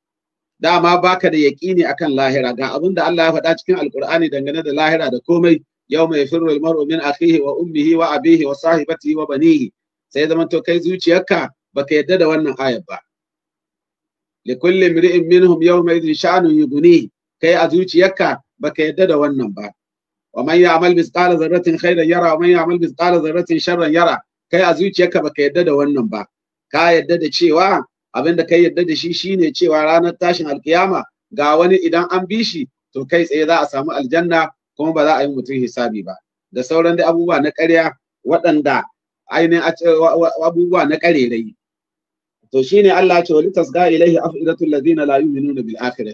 dama baka da yaƙini akan lahira ga abin da Allah ya faɗa cikin alkur'ani dangane da lahira da komai yau mai firru almar'u min akhihi wa ummihi wa abihi wa sahibatihi wa banihi sai zaman to kai zuciyarka baka yadda da wannan ayar ba li kulli minhum yawma idhin sha'nun yughni kai a zuciyarka baka yadda da wannan ba wa man ya'mal mithqala dharratin khairan yara wa man ya'mal mithqala dharratin sharran yara kai a zuciyarka baka yadda da wannan ba ka yadda da cewa abin da kai yadda da shi shine cewa ranar tashin alkiyama ga wani idan an bi shi to kai tsaye za a samu aljanna kuma ba za a yi mutum hisabi ba da sauran dai abubuwa na ƙarya waɗanda ainihin abubuwa na ƙarerai to shine Allah ya ce walitas ga ilaihi afidatul ladina la yu'minuna bil akhirah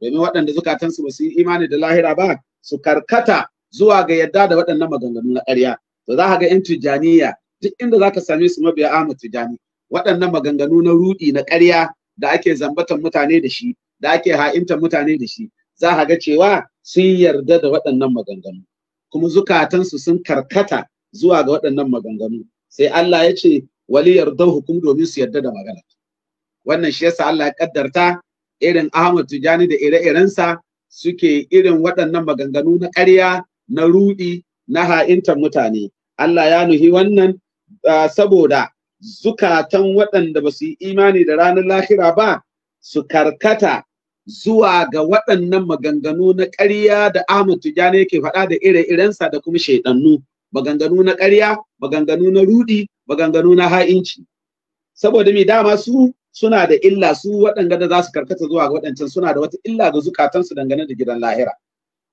domin waɗanda zukatansu ba su yi imani da lahira ba su karkata zuwa ga yadda da waɗannan maganganu na ƙarya to za ka ga yan tijaniya duk inda za ka same su mabiya Ahmad Tijani waɗannan maganganu na ruɗi na ƙarya da ake zambatan mutane da shi da ake ha'intan mutane da shi za ka ga cewa sun yarda da waɗannan maganganu kuma zukatansu sun karkata zuwa ga waɗannan maganganu sai Allah ya ce wali yardahu hukum domin su yarda da magana wannan shi yasa Allah ya kaddarta irin Ahmad Tijani da ire-irensa suke irin waɗannan maganganu na ƙarya na ruɗi na ha'intar mutane Allah ya nuhi wannan saboda zukatan waɗanda ba su yi imani da ranar lahira ba su karkata zuwa ga waɗannan maganganu na ƙarya da Ahmad Tijani yake faɗa da ire-irensa da kuma shaidannu maganganu na ƙarya maganganu na rudi maganganu na ha'inci saboda mai dama su suna da illa su waɗanda da za su karkata zuwa ga waɗancan suna da wata illa ga zukatansu dangane da gidan lahira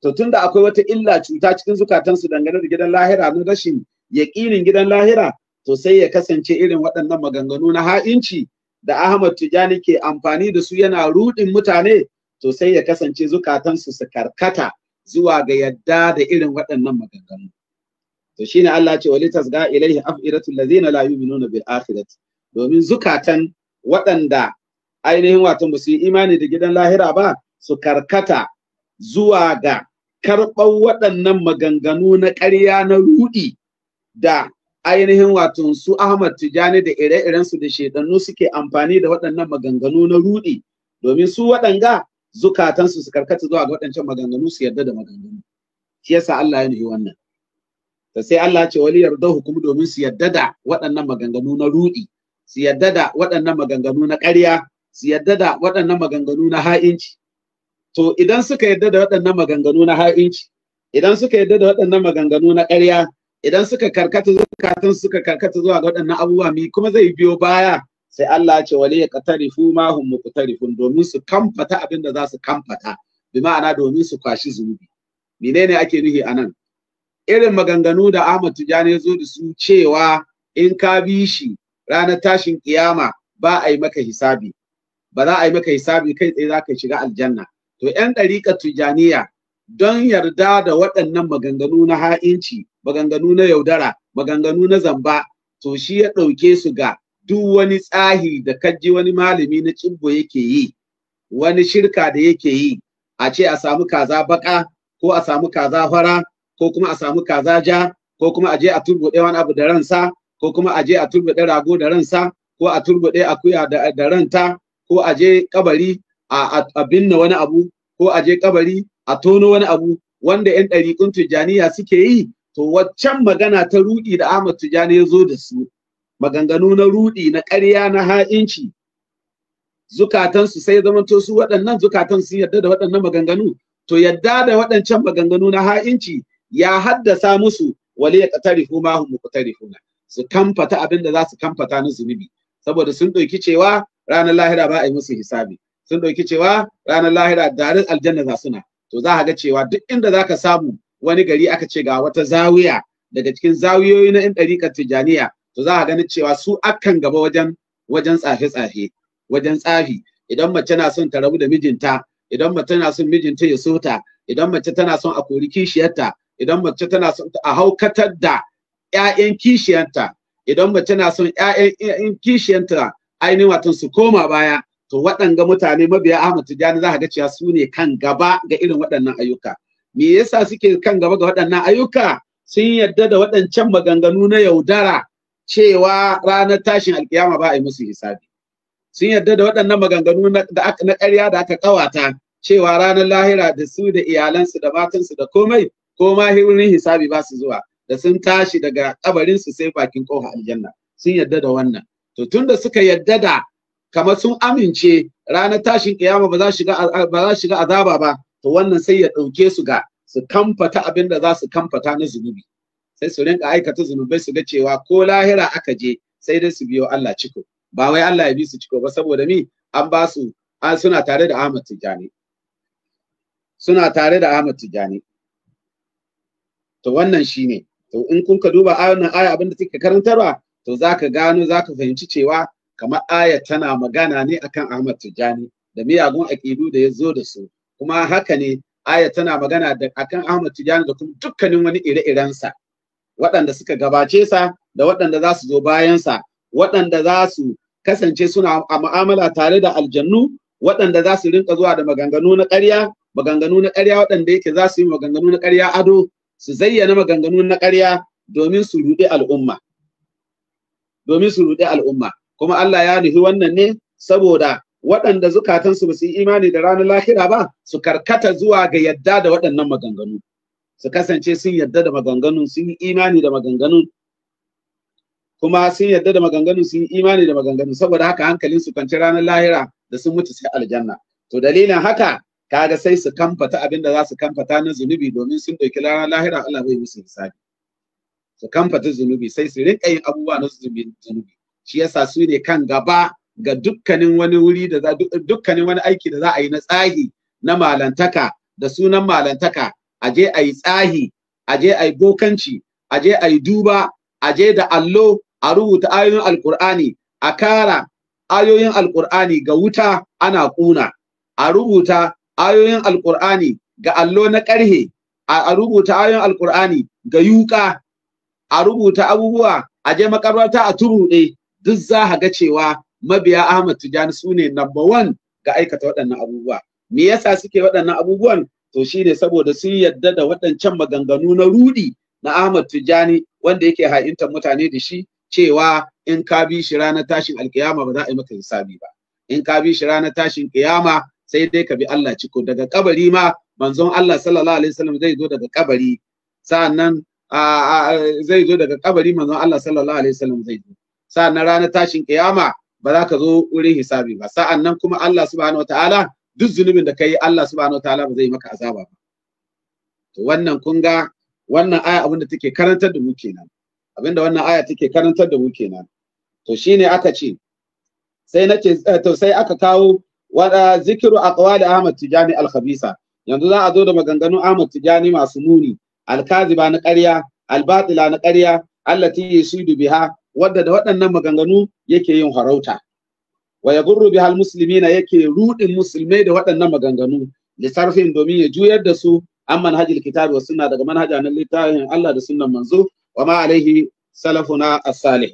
to tunda akwai wata illa cuta cikin zukatansu dangane da gidan lahira na rashin yaƙinin gidan lahira to sai ya kasance irin waɗannan maganganu na ha'inci da Ahmad Tijani ke amfani da su yana ruɗin mutane to sai ya kasance zukatansu su karkata zuwa ga yadda da irin waɗannan maganganu to shine Allah ce walitas ga ilaihi af'iratul ladzina la yu'minuna bil akhirati domin zukatan waɗanda ainihin wato ba su yi imani da gidan lahira ba su karkata zuwa ga karɓar waɗannan maganganu na ƙarya na ruɗi da ainihin wato su Ahmad Tijani da ire-irensu da shedannu suke amfani da waɗannan maganganu na ruɗi domin su waɗanga zukatansu su karkata zuwa ga waɗancan maganganu su yarda da maganganu shi yasa Allah ya nuhi wannan to sai Allah ya ce wali yarda hukumu domin su yarda da waɗannan maganganu na ruɗi su yadda da waɗannan maganganu na ƙarya su yadda da waɗannan maganganu na ha'inci to idan suka yadda da waɗannan maganganu na ha'inci idan suka yadda da waɗannan maganganu na ƙarya idan suka karkata zukatun suka karkata zuwa ga waɗannan abubuwa mi kuma zai biyo baya sai Allah ce wali ya fu ma hum muqtarifun domin su kamfata abin da za su kamfata bi ma'ana domin su kwashi zunubi menene ake nuhi anan irin maganganu da Ahmad Tijani ya zo da su cewa in ka bi shi ranar tashin kiyama ba a yi maka hisabi ba za a yi maka hisabi kai tsaye za ka shiga aljanna to yan ɗariƙa tijaniya don yarda da waɗannan maganganu na ha'inci maganganu na yaudara maganganu na zamba to shi ya ɗauke su ga duk wani tsahi da kaji wani malami na cibbo yake yi wani shirka da yake yi a ce a samu kaza baka ko a samu kaza fara ko kuma a samu kaza ja ko kuma a je a ɗaya wani abu da ransa ko kuma aje je a turbuɗe rago da ransa ko a turbuɗe akuya da ranta ko a je kabari a binne wani abu ko a kabari a tono wani abu wanda 'yan ɗariƙun tijjaniya suke yi to waccan magana ta ruɗi da Ahmad Tijjani ya zo da su maganganu na ruɗi na ƙarya na ha'inci zukatansu sai zamanto su waɗannan zukatan sun yarda da waɗannan maganganu to yadda da waɗancan maganganu na ha'inci ya haddasa musu wale ya ƙatari huma hum muqtarifuna su kamfata abin da za su kamfata na zunubi saboda sun ɗauki cewa ranar lahira ba a yi musu hisabi sun ɗauki cewa ranar lahira darin aljanna za suna to za a ga cewa duk inda za ka samu wani gari aka ce ga wata zawiya daga cikin zawiyoyi na 'yan ɗariƙar tijaniya to za a gani cewa su akan gaba wajen wajen tsafe-tsafe wajen tsafi idan mace na son ta rabu da mijinta idan mace na son mijinta ya sota idan mace tana son a kori kishiyarta idan mace tana son a haukatar da 'ya'yan kishiyanta idan mace na son 'ya'yan kishiyanta ainihin watan su koma baya to waɗanga mutane mabiya Ahmad Tijjani za ka ga cewa su ne kan gaba ga irin waɗannan ayyuka me yasa suke kan gaba ga waɗannan ayyuka sun yadda da waɗancan maganganu na yaudara cewa ranar tashin alkiyama ba a yi musu hisabi sun yarda da waɗannan maganganu na ƙarya da aka ƙawata cewa ranar lahira da su da iyalansu da matansu da komai ko ma hisabi ba su zuwa da sun tashi daga kabarin su sai bakin kofa aljanna sun yadda da wannan to tunda suka yadda da kamar sun amince ranar tashin kiyama ba za shiga ba za shiga azaba ba to wannan sai ya dauke su ga su kamfata abin da za su kamfata na zunubi sai su rinka aikata zunubai su ga cewa ko lahira aka je sai dai su biyo Allah ciko ba wai Allah ya bi su ciko ba saboda mi an ba su an suna tare da Ahmad Tijani suna tare da Ahmad Tijani to wannan shine to in kun ka duba ayonin aya abin da take karantarwa to zaka gano zaka fahimci cewa kamar aya tana magana ne akan Ahmad Tijani da miyagun aƙidu da ya zo da su kuma haka ne aya tana magana da akan Ahmad Tijani da kuma dukkanin wani ire-irensa waɗanda suka gabace sa da waɗanda za su zo bayan sa waɗanda za su kasance suna a mu'amala tare da aljannu waɗanda za su rinka zuwa da maganganu na ƙarya maganganu na ƙarya waɗanda yake za su yi maganganu na ƙarya ado su zayyana maganganu na ƙarya domin su ruɗe al'umma domin su ruɗe al'umma kuma Allah ya nufi wannan ne saboda waɗanda zukatansu su su yi imani da ranar lahira ba su karkata zuwa ga yadda da waɗannan maganganu su kasance sun yadda da maganganun sun yi imani da maganganun kuma sun yadda da maganganun sun yi imani da maganganun saboda haka hankalin su kwanci ranar lahira da sun mutu sai aljanna to dalilin haka kaga sai su kamfata abin da za su kamfata na zunubi domin sun ɗauki lahira Allah bai musu hisabi su kamfata zunubi sai su rinka yin abubuwa na zunubi shi yasa su ne kan gaba ga dukkanin wani wuri da za dukkanin wani aiki da za a yi na tsahi na malantaka da sunan malantaka a je a yi tsahi a je a yi bokanci a je a yi duba a je da allo a rubuta ayoyin alkur'ani a kara ayoyin alkur'ani ga wuta ana kuna a rubuta ayoyin Alƙur'ani ga allo na ƙarhe a rubuta ayoyin Alƙur'ani ga yuƙa, a rubuta abubuwa a je makabarta a turuɗe duk za a ga cewa mabiya Ahmad Tijjani su ne number one ga aikata waɗannan abubuwa me yasa suke waɗannan abubuwan to shi ne saboda sun yadda da waɗancan maganganu na ruɗi na Ahmad Tijjani wanda yake ha'intar mutane da shi cewa in ka bi shi ranar tashin alkiyama ba za a yi maka hisabi ba in ka bi shi ranar tashin kiyama sai dai ka bi Allah ciko daga kabari ma manzon Allah sallallahu alaihi wasallam zai zo daga kabari sa'annan zai zo daga kabari manzon Allah sallallahu alaihi wasallam zai zo sa'annan ranar tashin kiyama ba za ka zo wurin hisabi ba sa'annan kuma Allah subhanahu wataala duk zunubin da kai Allah subhanahu wataala ba zai maka azaba ba to wannan kun ga wannan aya abin da take karantar da mu kenan abinda wannan aya take karantar da mu kenan to shine aka ce sai nace eh, to sai aka kawo wada zikiru aqwali Ahmad Tijani al-khabisa yanzu za a zo da maganganun Ahmad Tijani masu muni al-kaziba na ƙarya al-batila na ƙarya allati yashidu biha wadda da waɗannan maganganu yake yin harauta wa yagurru bihal muslimina yake rudin musulmai da waɗannan maganganu lisarfin domin ya juyar da su an manhaji kitabi wa sunna daga manhaja na littafin Allah da sunnan manzo wa ma alaihi salafuna as-salih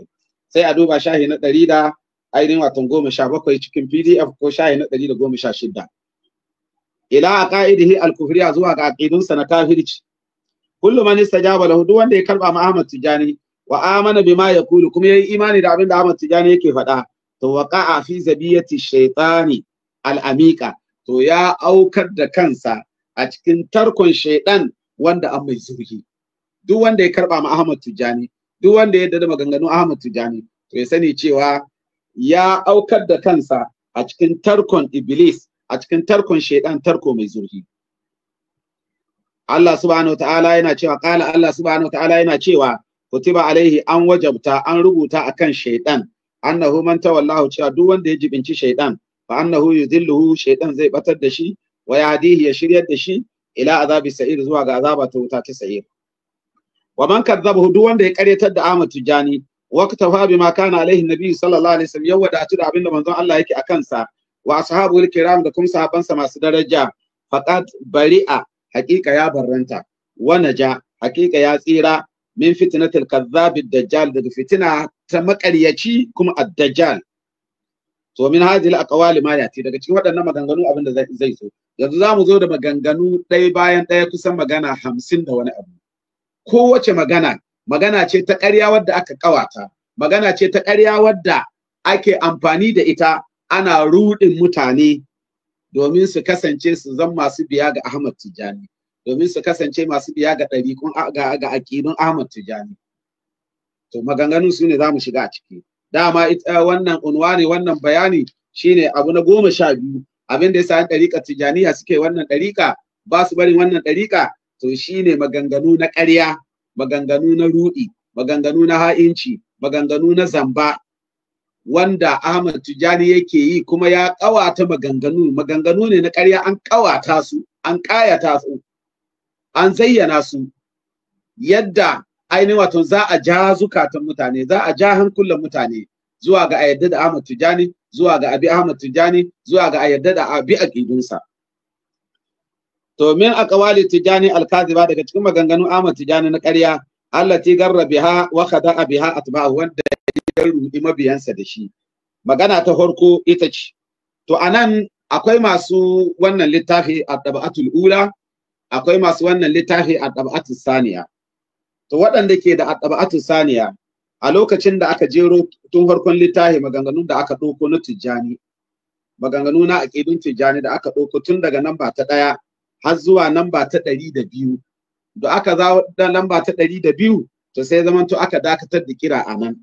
sai a duba shahi na ɗari da ainihin watan goma sha bakwai cikin pdf ko shayi na ɗari da goma sha shida ila a ka'idihi alkufriya zuwa ga aƙidunsa na kafirci kullum man istajaba lahu duk wanda ya karba ma Ahmad Tijani wa amana bima ya Kulu kuma ya yi imani da abin da Ahmad Tijani yake faɗa to waqa'a fi zabiyati shaytani al-amika to ya aukar da kansa a cikin tarkon shaydan wanda an mai zurgi duk wanda ya karba ma Ahmad Tijani duk wanda ya yadda da maganganun Ahmad Tijani to ya sani cewa ya aukar da kansa a cikin tarkon iblis a cikin tarkon shaidan tarko mai zurfi Allah subhanahu ta'ala yana cewa kala Allah subhanahu ta'ala yana cewa kutiba alaihi an wajabta an rubuta akan shaidan annahu man tawallahu cewa duk wanda ya jibinci shaidan fa annahu yudhilluhu shaidan zai batar da shi wa yadihi ya shiryar da shi ila azabi sa'ir zuwa ga azaba ta wuta ta sa'ir wa man kadzabahu duk wanda ya karyatar da amatu Tijani waqtafa bima kana alaihi nabi sallallahu alaihi wasallam yawa da da abinda manzon Allah yake a kansa wa ashabul kiram da kuma sahabbansa masu daraja faqat bari'a haqiqa ya barranta wa naja haqiqa ya tsira min fitnatil kadhab dajjal daga fitina ta makaryaci kuma ad-dajjal to min hadhihi al-aqwal ma yati daga cikin waɗannan maganganu abinda zai so yanzu zamu zo da maganganu ɗaya bayan ɗaya kusan magana hamsin da wani abu kowace magana magana ce ta ƙarya wadda aka ƙawata magana ce ta ƙarya wadda ake amfani da ita ana ruɗin mutane domin su kasance su zan masu biya ga Ahmad Tijani domin su kasance masu biya ga ɗariƙun ga ga Ahmad Tijani to maganganun su ne za mu shiga a ciki dama ita eh, wannan unwani wannan bayani shine abu na goma sha biyu abin da ya sa ɗariƙa Tijaniya suke wannan ɗariƙa ba su barin wannan ɗariƙa to shine maganganu na ƙarya maganganu na Ruɗi, maganganu na ha'inci maganganu na zamba wanda Ahmad Tijani yake yi kuma ya ƙawata maganganu maganganu ne na ƙarya an ƙawata su an ƙayata su an zayyana su yadda ainihin wato za a ja zukatan mutane za a ja hankulan mutane zuwa ga a yadda da Ahmad Tijani zuwa ga abi Ahmad Tijani zuwa ga a yadda da abi aqidunsa Domin min kawali tijani Alkazi ba daga cikin maganganun Ahmad Tijani na ƙarya ti garra biha wa a biha atba'u wanda ya rudi mabiyansa da shi magana ta farko ita ce to anan akwai masu wannan littafi a tabatul ula akwai masu wannan littafi a tabatul saniya to waɗanda ke da tabatul saniya a lokacin da aka jero tun farkon littafi maganganun da aka ɗauko na tijjani maganganu na aƙidun tijjani da aka ɗauko tun daga nan ba ta ɗaya har zuwa lamba ta ɗari da biyu da aka za da lamba ta ɗari da biyu to sai zamanto aka dakatar da kira a nan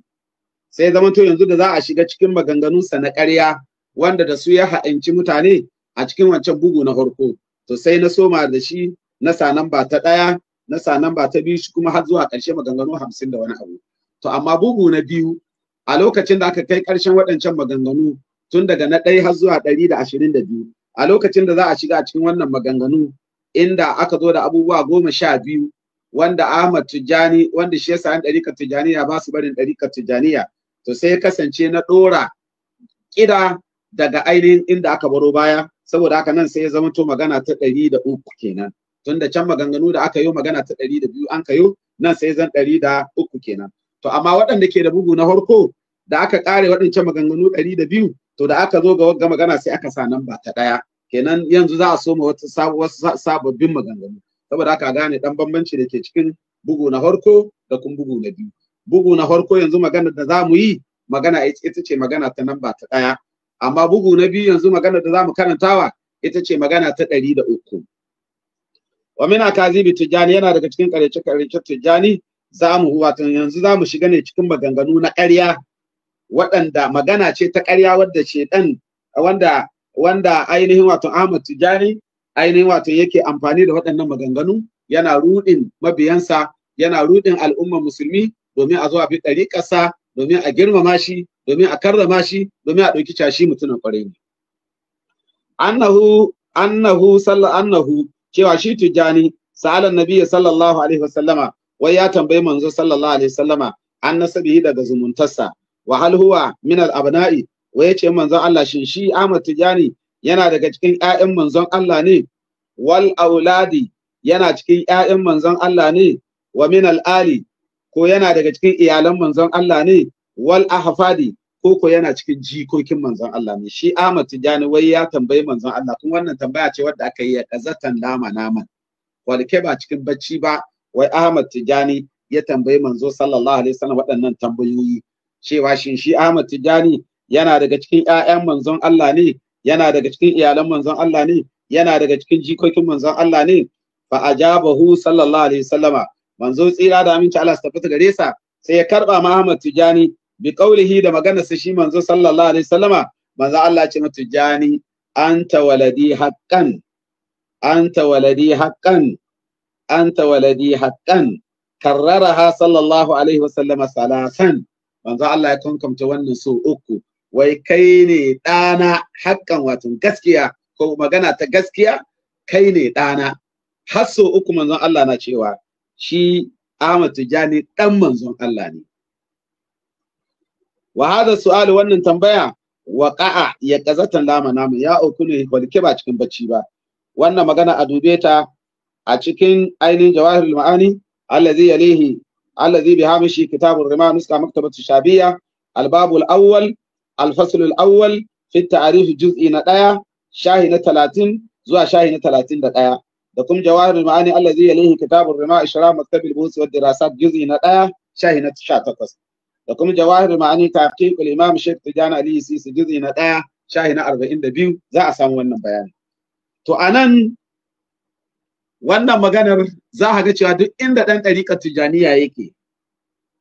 sai zamanto yanzu da za a shiga cikin sa na ƙarya wanda da su ya ha'inci mutane a cikin wancan bugu na farko to sai na soma da shi na sa lamba ta ɗaya na sa lamba ta biyu shi kuma har zuwa ƙarshe maganganu hamsin da wani abu to amma bugu na biyu a lokacin da aka kai ƙarshen waɗancan maganganu tun daga na ɗaya har zuwa ɗari da ashirin da biyu a lokacin da za a shiga cikin wannan maganganu inda aka zo da abubuwa goma sha biyu wanda Ahmad Tijjani wanda shi yasa an ɗarikar Tijjaniya ba su barin ɗarikar Tijjaniya to sai ya kasance na ɗora ƙida daga ainihin inda aka baro baya saboda haka nan sai ya zama to magana ta ɗari da uku kenan tunda can maganganu da aka yi magana ta ɗari da biyu an kayo nan sai zan ɗari da uku kenan to amma waɗanda ke da bugu na farko da aka ƙare waɗancan maganganu ɗari da biyu to da aka zo ga magana sai aka sa nan ba ta ɗaya kenan yanzu za a soma wata sababbin maganganu saboda aka gane dan bambanci da ke cikin bugu na harko da kuma bugu na biyu bugu na harko yanzu magana da za mu yi magana ita ce magana ta namba ta ɗaya amma bugu na biyu yanzu magana da za mu karantawa ita ce magana ta ɗari da uku wa min Tijjani tijani yana daga cikin ƙarshe ƙarshe tijani za mu wato yanzu za mu shiga ne cikin maganganu na ƙarya waɗanda magana ce ta ƙarya wadda shedan wanda wanda ainihin wato Ahmad Tijani ainihin wato yake amfani da waɗannan maganganu yana rudin mabiyansa yana ruɗin al'ummar musulmi domin a zo a bi ɗariƙarsa domin a girmama shi domin a karrama shi domin a ɗauki cashi mutumin kwarai ne annahu annahu sallallahu annahu cewa shi tijani sa'alan nabiyyi sallallahu alaihi wasallama wai ya tambayi manzo sallallahu alaihi wasallama an nasabihi daga zumuntarsa wa hal huwa min al abna'i wai ce manzon Allah shin shi Ahmad Tijani yana daga cikin ƴaƴan manzon Allah ne wal auladi yana cikin ƴaƴan manzon Allah ne wa min al ali ko yana daga cikin iyalan manzon Allah ne wal ahfadi ko ko yana cikin jikokin manzon Allah ne shi Ahmad Tijani wai ya tambayi manzon Allah kuma wannan tambaya ce wadda aka yi ya kazatan lama naman walke ba cikin bacci ba wai Ahmad Tijani ya tambayi manzo sallallahu alaihi wasallam waɗannan tambayoyi cewa shin shi Ahmad Tijani yana daga cikin ƴaƴan manzon Allah ne yana daga cikin iyalan manzon Allah ne yana daga cikin jikokin manzon Allah ne fa ajabahu sallallahu alaihi wasallama manzo tsira da aminci Allah su tafi gare sa sai ya karba Muhammad Tijani bi qaulihi da maganar sa shi manzo sallallahu alaihi wasallama manzo Allah ya ce mu Tijani anta waladi haqqan anta waladi haqqan anta waladi haqqan karraraha sallallahu alaihi wasallama salasan manzo Allah ya kankamta wannan so uku wai kai ne ɗana haƙƙan watan gaskiya ko magana ta gaskiya kai ne ɗana har so uku manzon Allah na cewa shi Ahmad Tijani ɗan manzon Allah ne wa hada su'alu wannan tambaya waqa'a ya qazatan lama namu ya uku ne ke ba cikin bacci ba wannan magana a dube ta a cikin ainihin jawahirul ma'ani allazi yalihi allazi bi hamishi kitabur rima nuska maktabatu shabiya albabul awwal alfasul awwal fi ta'rif juz'i na ɗaya shahi na talatin zuwa shahi na talatin da ɗaya da kuma jawahirul ma'ani allazi yalihi kitabur rima ishra maktabil busi wad dirasat juz'i na ɗaya shahi na 18 da kuma jawahirul ma'ani tahqiqul imam shaykh tijani ali sisi juz'i na ɗaya shahi na 42 za a samu wannan bayani to anan wannan maganar za a ga cewa duk inda ɗan ɗariƙar tijaniya yake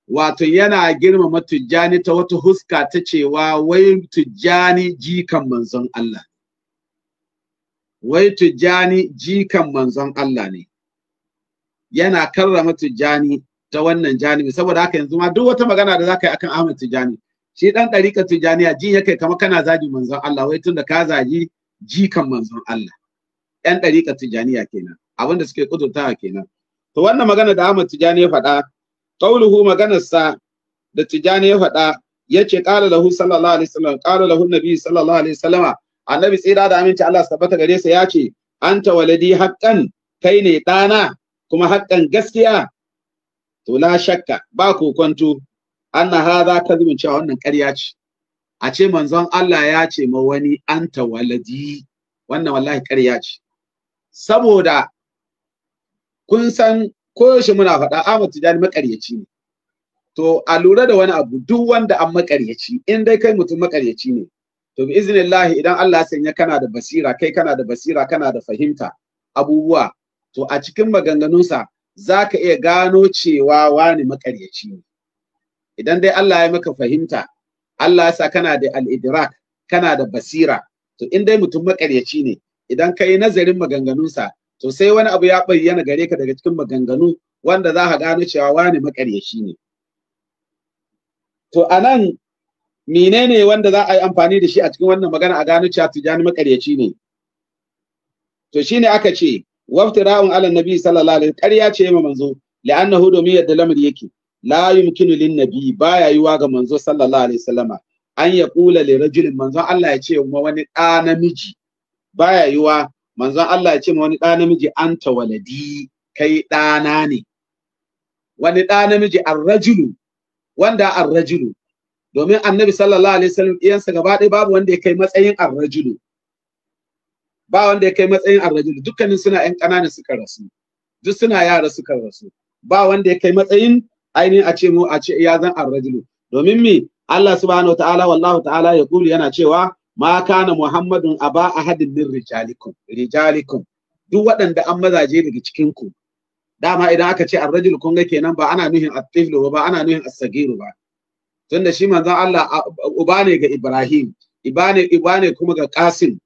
wato yana girmama tujjani ta wata huska ta cewa wai tujjani jikan manzon Allah wai tujjani jikan manzon Allah ne yana karrama tujjani ta wannan janibi saboda haka yanzu ma duk wata magana da zaka yi akan Ahmad Tijjani shi dan dariƙar Tijjaniya jin yake kama kana zagi manzon Allah wai tunda ka zagi jikan manzon Allah yan dariƙar Tijjaniya kenan abinda suke kudurtawa kenan to wannan magana da Ahmad tijani ya faɗa qauluhu maganarsa da tijani ya faɗa yace qala lahu sallallahu alaihi wasallam ƙara lahu nabi sallallahu alaihi wasallam annabi tsira da aminci Allah tabbata gare sa yace anta waladi haqqan kai ne ɗana kuma haƙƙan gaskiya to la shakka ba kokonto anna hadha kadhibun cewa wannan ƙarya ce a ce manzon Allah ya ce ma wani anta waladi wannan wallahi ƙarya ce saboda kun san koyaushe muna faɗa Ahmad Tijani makaryaci ne to a lura da wani abu duk wanda an makaryaci in dai kai mutum makaryaci ne to bi iznillahi idan Allah ya sanya kana da basira kai kana da basira kana da fahimta abubuwa to a cikin maganganunsa zaka iya gano cewa wani makaryaci ne idan dai Allah ya maka fahimta Allah ya sa kana da al-idrak kana da basira to in dai mutum makaryaci ne idan ka nazarin maganganunsa to sai wani abu ya bayyana gare ka daga cikin maganganu wanda za ka gano cewa wani makaryaci ne to anan menene wanda za a yi amfani da shi a cikin wannan magana a gano cewa tijani makaryaci ne to shine aka ce waftira'un ala nabi sallallahu alaihi ƙarya ce ma manzo li'annahu domin yadda lamar yake la yumkinu lin nabi baya yiwa ga manzo sallallahu alaihi wasallama an ya kula li rajulin manzo Allah ya ce ma wani ɗa namiji baya yiwa manzon Allah ya ce ma wani ɗa namiji anta waladi kai ɗana ne wani ɗa namiji arrajulu wanda arrajulu domin annabi sallallahu alaihi wasallam iyansa gaba ɗaya babu wanda ya kai matsayin arrajulu ba wanda ya kai matsayin arrajulu dukkanin suna ƴan ƙanana suka rasu duk suna yara suka rasu ba wanda ya kai matsayin ainihin a ce mu a ce ya zan arrajulu domin me Allah subhanahu wa ta'ala wallahu ta'ala ya kuli yana cewa ma kana muhammadun aba ahadin min rijalikum rijalikum duk waɗanda an mazaje daga cikin ku dama idan aka ce arrajul kun ga kenan ba ana nuhin at-tiflu ba ana nuhin as ba tunda shi manzon Allah uba ne ga Ibrahim iba ne kuma ga Qasim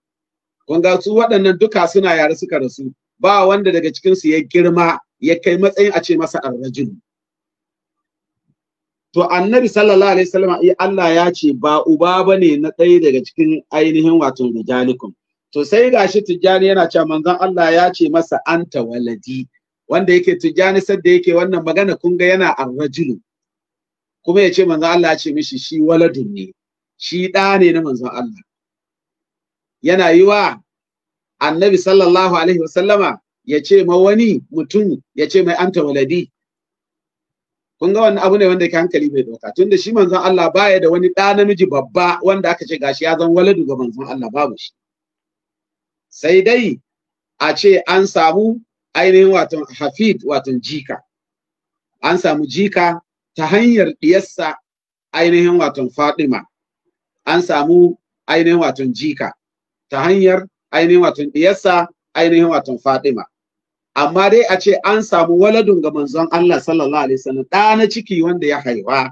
kun ga su waɗannan duka suna yare suka rasu ba wanda daga cikin su ya girma ya kai matsayin a ce masa arrajul to annabi sallallahu alaihi wasallam eh, Allah ya ce ba uba bane na ɗaya daga cikin ainihin wato rijalikum to sai gashi tijjani yana cewa manzon Allah ya ce masa anta waladi wanda yake tijjani sadda yake wannan magana kun ga yana arrajulu kuma yace ce manzon Allah ya ce mishi shi waladun ne shi ɗa ne na manzon Allah yana yi wa annabi sallallahu alaihi wasallama ya ce ma wani mutum ya ce mai anta waladi kun ga wannan abu ne wanda yake hankali bai dauka tunda shi manzon Allah baya da wani ɗa namiji babba wanda aka ce gashi ya zan waladu ga manzon Allah babu shi sai dai a ce an samu ainihin wato hafid wato jika an samu jika ta hanyar diyarsa ainihin wato Fadima. an samu ainihin wato jika ta hanyar ainihin wato diyarsa ainihin wato Fadima. amma dai a ce an samu waladun ga manzon Allah sallallahu alaihi wasallam da na ciki wanda ya haifa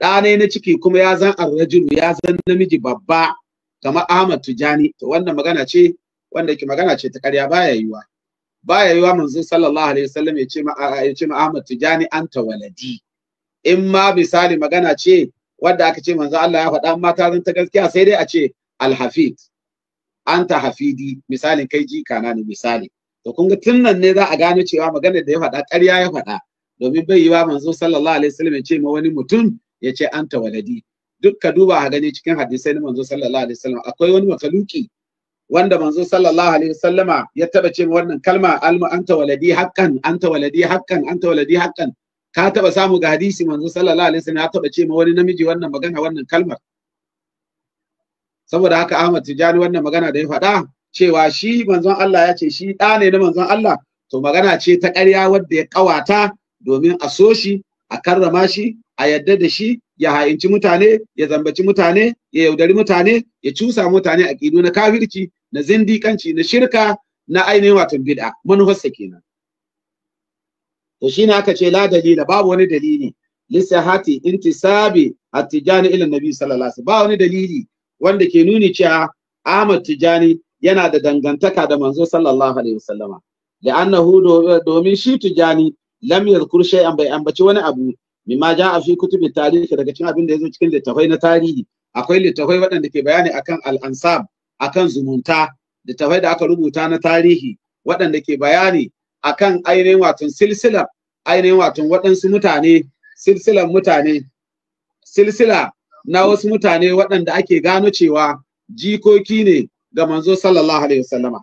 da ne na ciki kuma ya zan arrajul ya zan namiji babba kamar Ahmad Tijani to wannan magana ce wanda ke magana ce ta ƙarya baya yiwa baya yiwa manzon sallallahu alaihi wasallam ya ce ma ya ce ma Ahmad Tijani anta waladi in ma misali magana ce wanda aka ce manzon Allah ya faɗa amma ta zan ta gaskiya sai dai a ce alhafid anta hafidi misalin kai jika na ne misali to kun ga tun nan ne za a gano cewa maganar da ya faɗa ƙarya ya faɗa domin bai yi wa manzo sallallahu alaihi wasallam ya ce ma wani mutum ya ce anta waladi duk ka duba a gani cikin hadisai na manzo sallallahu alaihi wasallam akwai wani makaluki wanda manzo sallallahu alaihi wasallama ya taba ce wannan kalma almu anta waladi haqqan anta waladi haqqan anta waladi haqqan ka taba samu ga hadisi manzo sallallahu alaihi wasallam ya taba ce ma wani namiji wannan magana wannan kalmar saboda haka Ahmad Tijani wannan magana da ya faɗa cewa shi manzon Allah ya ce shi ɗa ne na manzon Allah to magana ce ta ƙarya wadda ya ƙawata domin a so shi a karrama shi a yadda da shi ya hayinci mutane ya zambaci mutane ya yaudari mutane ya cusa mutane a ƙidu na kafirci na zindikanci na shirka na ainihin watan bid'a manufarsa kenan to shi ne aka ce la dalila babu wani dalili lisahati intisabi attijani ila nabi sallallahu alaihi ba wani dalili wanda ke nuni cewa Ahmad Tijani yana da dangantaka da manzo sallallahu alaihi wasallama annahu domin shi tujani lam yadhkur shay'an bai ambaci wani abu mimma ja'a fi kutubi tarihi daga cikin abin da yazo cikin littafai na tarihi akwai littafai waɗanda ke bayani akan al-ansab akan zumunta littafai da aka rubuta na tarihi waɗanda ke bayani akan ainihin watan silsila ainihin watan waɗansu mutane silsilan mutane silsila na wasu mutane waɗanda ake gano cewa jikoki ne ga manzo sallallahu alaihi wasallama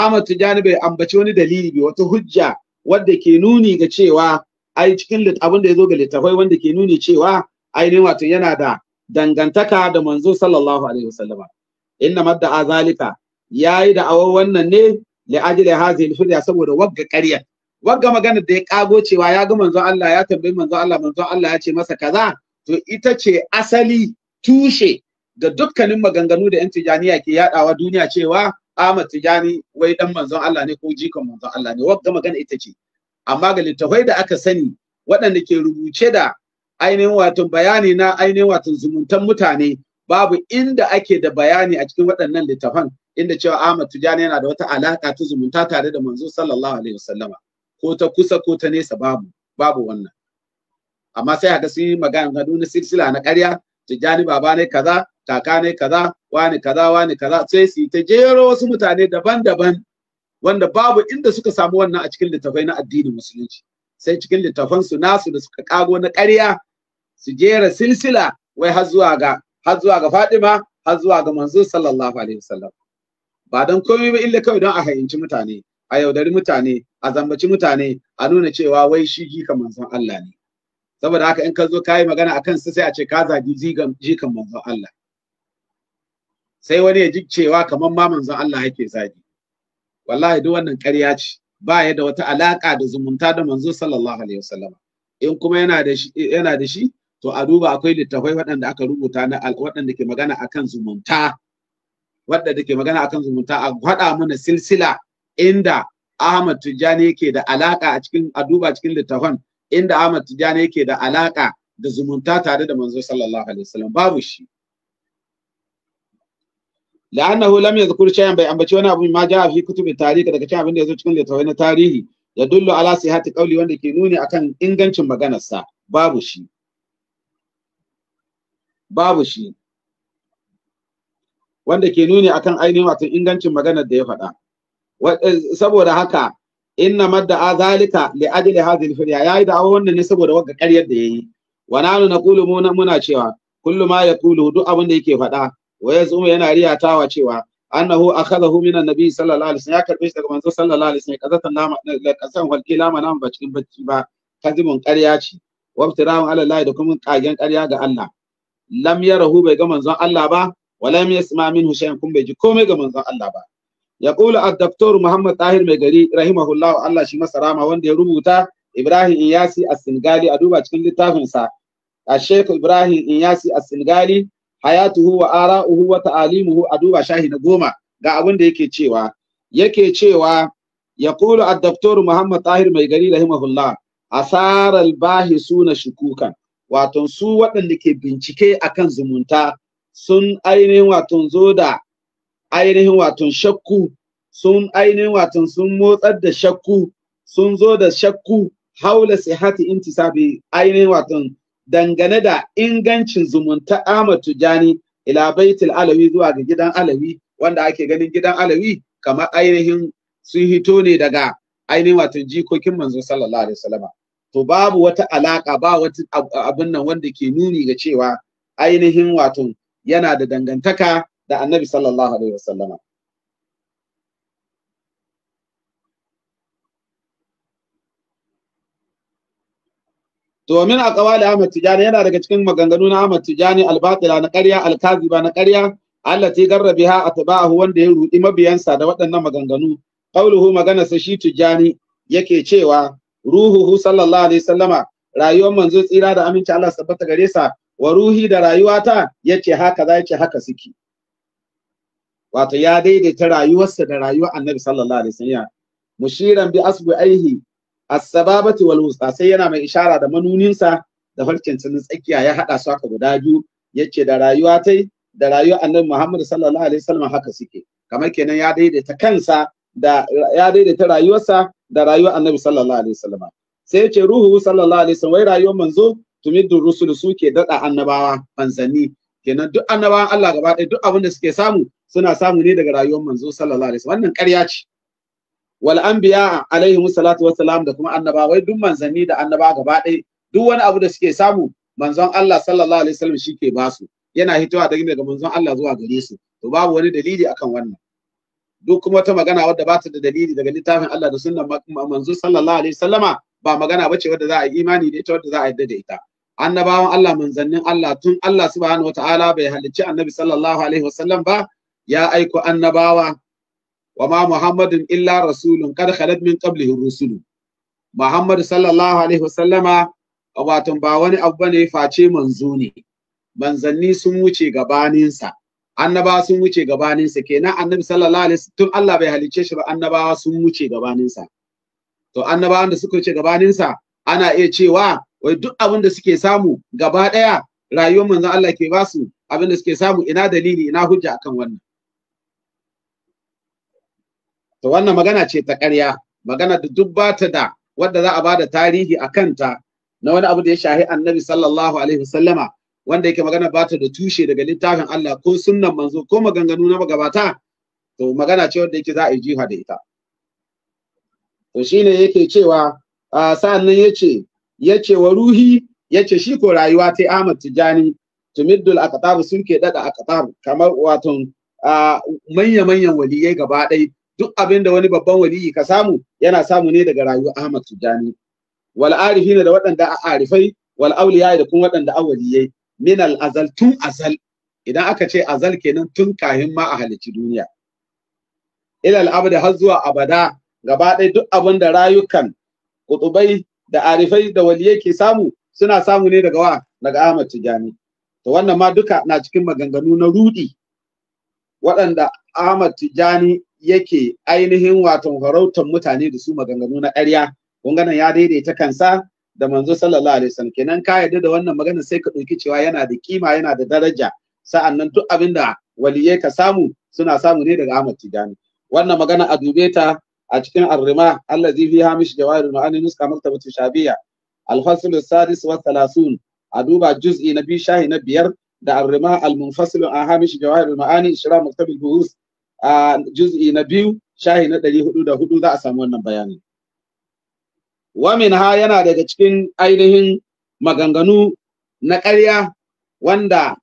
Ahmad Tijani bai ambaci wani dalili bi wata hujja wadda ke nuni ga cewa ai cikin abin da ya zo ga littafai wanda ke nuni cewa ne wato yana da dangantaka da manzo sallallahu alaihi wasallama inna madda azalika yayi da awar wannan ne li ajli hadhihi al saboda wagga ƙarya wagga magana da ya kago cewa ya ga manzo Allah ya tambayi manzo Allah manzo Allah ya ce masa kaza to ita ce asali tushe ga dukkanin maganganu da 'yan tijaniya ke yaɗawa duniya cewa Ahmad Tijani wai dan manzon Allah ne ko jikan manzon Allah ne wagga magana ita ce amma ga littafai da aka sani waɗanda ke rubuce da ainihin wato bayani na ainihin wato zumuntan mutane babu inda ake da bayani a cikin waɗannan littafan inda cewa Ahmad Tijani yana da wata alaka ta zumunta tare da manzo sallallahu alaihi wasallama ko ta kusa ko ta nesa babu babu wannan amma sai ga sun yi magana na silsila na ƙarya tijjani baba ne kaza kaka ne kaza wani kaza wani kaza sai su ta jero wasu mutane daban-daban wanda babu inda suka samu wannan a cikin littafai na addinin musulunci sai cikin littafan su nasu da suka kago na ƙarya su jera silsila wai har zuwa ga har zuwa ga Fatima har zuwa ga manzo sallallahu alaihi wasallam ba dan komai ba illa kawai don a hayinci mutane a yaudari mutane a zambaci mutane a nuna cewa wai shi jika manzon Allah ne saboda haka in ka zo ka yi magana akan sa sai a ce ka zagi jikan manzon Allah sai wani ya ji cewa kamar ma manzon Allah yake zagi wallahi duk wannan ƙarya ce ba ya da wata alaka da zumunta da manzo sallallahu alaihi wasallam in kuma yana da shi yana da shi to a duba akwai littafai waɗanda aka rubuta na waɗanda ke magana akan zumunta waɗanda ke magana akan zumunta a gwada mana silsila inda Ahmad Tijjani yake da alaka a cikin a duba cikin littafan inda Ahmad Tijani yake da alaka da zumunta tare da manzo sallallahu alaihi wasallam babu shi la'annahu lam yadhkur shay'an bai ambaci wani abu ma jaa fi kutubi tarihi daga cikin abin da yazo cikin littafai na tarihi ya dullu ala sihati qawli wanda ke nuni akan ingancin maganarsa babu shi babu shi wanda ke nuni akan ainihin wato ingancin maganar da ya faɗa eh, saboda haka inna madda zalika li ajli hadhihi al-firya yayi da wannan ne saboda wagga ƙaryar da yayi wa nanu naqulu muna muna cewa kullu ma yaqulu duk abin da yake faɗa wa yazum yana riyatawa cewa annahu akhadahu min annabi sallallahu alaihi wasallam ya karbe shi daga manzo sallallahu alaihi wasallam kazatan nama kasan walki lama nama ba cikin bacci ba kazimun ƙarya ce wabtirahum ala lahi da kuma kagen ƙarya ga Allah lam yarahu bai ga manzon Allah ba wala lam yasma minhu shay'an bai ji komai ga manzon Allah ba ya kula addaktor Muhammad Tahir mai gari rahimahullahu Allah shi masa rama wanda ya rubuta Ibrahim Iyasi As-Singali a duba cikin littafinsa a Sheikh Ibrahim inyasi As-Singali hayatuhu wa ara'uhu wa ta'alimuhu a duba shahi na goma ga abin da yake cewa yake cewa ya kula addaktor Muhammad Tahir mai gari rahimahullah asarar bahisuna shukukan wato su waɗanda ke bincike akan zumunta sun ainihin watan zo da ainihin watan shakku sun ainihin watan sun motsar da shakku sun zo da shakku haula sihati intisabi ainihin watan dangane da ingancin zumunta Ahmad jani ila baitul alawi zuwa ga gidan alawi wanda ake ganin gidan alawi kamar ainihin sun hito ne daga ainihin watan jikokin manzo sallallahu alaihi wasallama to babu wata alaka ba wata abin nan wanda ke nuni ga cewa ainihin wato yana da dangantaka da annabi sallallahu alaihi wasallama domin a kawali Ahmad Tijani yana daga cikin maganganu na Ahmad Tijani albatila na ƙarya alkaziba na ƙarya allati garrabiha atba'ahu wanda ya rudi mabiyansa da waɗannan maganganu qauluhu magana sa shi Tijani yake cewa ruhuhu sallallahu alaihi wasallama rayuwar manzo tsira da aminci Allah sabbata gare sa wa ruhi da rayuwata yace haka za yace haka siki wato ya daidaita rayuwarsa da rayuwar annabi sallallahu alaihi wasallam mushiran bi asbu'aihi as-sababati wal wusta sai yana mai ishara da manuninsa da farkin tsinin tsakiya ya hada su haka guda biyu yace da rayuwa tai da rayuwar annabi Muhammad sallallahu alaihi wasallam haka suke kamar kenan ya daidaita kansa da ya daidaita rayuwarsa da rayuwar annabi sallallahu alaihi wasallam sai yace ruhu sallallahu alaihi wasallam wai rayuwar manzo tumiddu rusul suke dada annabawa manzanni kenan duk annabawan Allah gaba ɗaya duk abin da suke samu suna samu ne daga rayuwar manzo sallallahu alaihi wannan ƙarya ce wal anbiya alaihi salatu wassalam da kuma annabawai duk manzanni da annaba gaba ɗaya duk wani abu da suke samu manzon Allah sallallahu alaihi wasallam shike ba su yana hitowa daga manzon Allah zuwa gare su to babu wani dalili akan wannan duk kuma wata magana wadda ba ta da dalili daga littafin Allah da sunnan manzo sallallahu alaihi wasallama ba magana bace wadda za a yi imani da ita wadda za a yarda da ita annabawan Allah manzannin Allah tun Allah subhanahu wataala bai halicci annabi sallallahu alaihi wasallam ba ya aiko annabawa wa ma muhammadin illa rasulun kada khalat min qablihi rusulu muhammad sallallahu alaihi wasallama wato ba wani abu bane face manzo ne manzanni sun wuce gabaninsa annaba sun wuce gabaninsa kenan annabi sallallahu alaihi wasallam tun Allah bai halicce shi ba annabawa sun wuce gabaninsa to annabawan da suka wuce gabaninsa ana iya cewa wai duk abin da suke samu gaba daya rayuwar manzon Allah ke basu abin da suke samu ina dalili ina hujja akan wannan to wannan magana ce ta ƙarya magana da duk bata da wadda za a ba da tarihi a kanta na wani abu da ya shahi annabi sallallahu alaihi wasallama wanda yake magana bata da tushe daga littafin Allah ko sunnan manzo ko maganganu na magabata to magana ce wanda yake za a yi jiha da ita to shine yake cewa sa'an nan yace yace wa ruhi yace shi ko rayuwa ta Ahmad Tijani tumiddul aqtab sun ke dada aqtab kamar wato manya manyan waliyai gaba ɗaya duk abin da wani babban waliyi ka samu yana samu ne daga rayuwar Ahmad Tijani wal arifin da waɗanda arifai wal auliya da kuma waɗanda awaliyai min al azal tun azal idan aka ce azal kenan tun kahin ma a halici duniya ilal abada har zuwa abada gaba ɗaya duk abin da rayukan kutubai da arifai da waliyai ke samu suna samu ne daga wa daga Ahmad Tijani to wannan ma duka na cikin maganganu na rudi waɗanda Ahmad Tijani yake ainihin watan farautar mutane da su maganganu na ƙarya gunganan ya daidaita kansa da manzo sallallahu alaihi wasallam kenan ka yarda da wannan magana sai ka ɗauki cewa yana da kima yana da daraja sa'annan duk abin da waliyai ka samu suna samu ne daga Ahmad Tijani wannan magana a dube ta a cikin arrima allazi fi hamish jawahir ma'ani nuska maktabatu shabiya al-fasl as-sadis wa thalathun a duba juz'i na biyu shahi na biyar da arrima al-munfasil an hamish jawahir ma'ani ishra maktab buhus a juz'i na biyu shahi na ɗari hudu da hudu za a samu wannan bayanin wa ha yana daga cikin ainihin maganganu na ƙarya wanda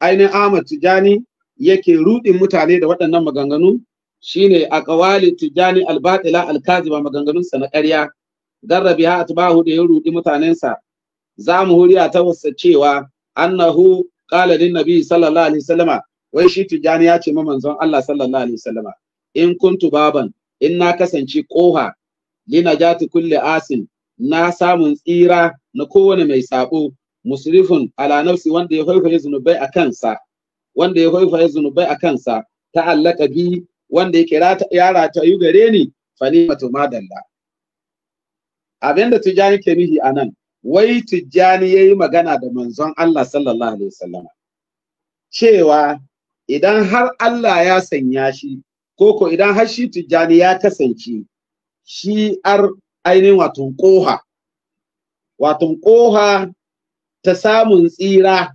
ainihin Ahmad Tijani yake ruɗin mutane da waɗannan maganganu shine a kawali Tijani albatila alkaziba maganganunsa na ƙarya garrabi ha atbahu da ya rudi mutanensa za mu huriya ta wasa cewa annahu qala lin nabi sallallahu alaihi wasallama wai shi tijani ya ce ma manzon Allah sallallahu alaihi wasallama in kuntu baban in na kasance koha linajati kulli asin na samun tsira na kowane mai sabo musrifun ala nafsi wanda ya hoifaye zunubai a kansa wanda ya hoifaye zunubai a kansa ta'allaka bi wanda yake ta yi gare ni falimatu madalla abinda tijani ke mihi a nan wai tijjani ya yi magana da manzon Allah sallallahu alaihi wasallama cewa idan har Allah ya sanya shi koko idan har shi tijjani ya kasance shi ar ainihin watan koha watan koha ta samun tsira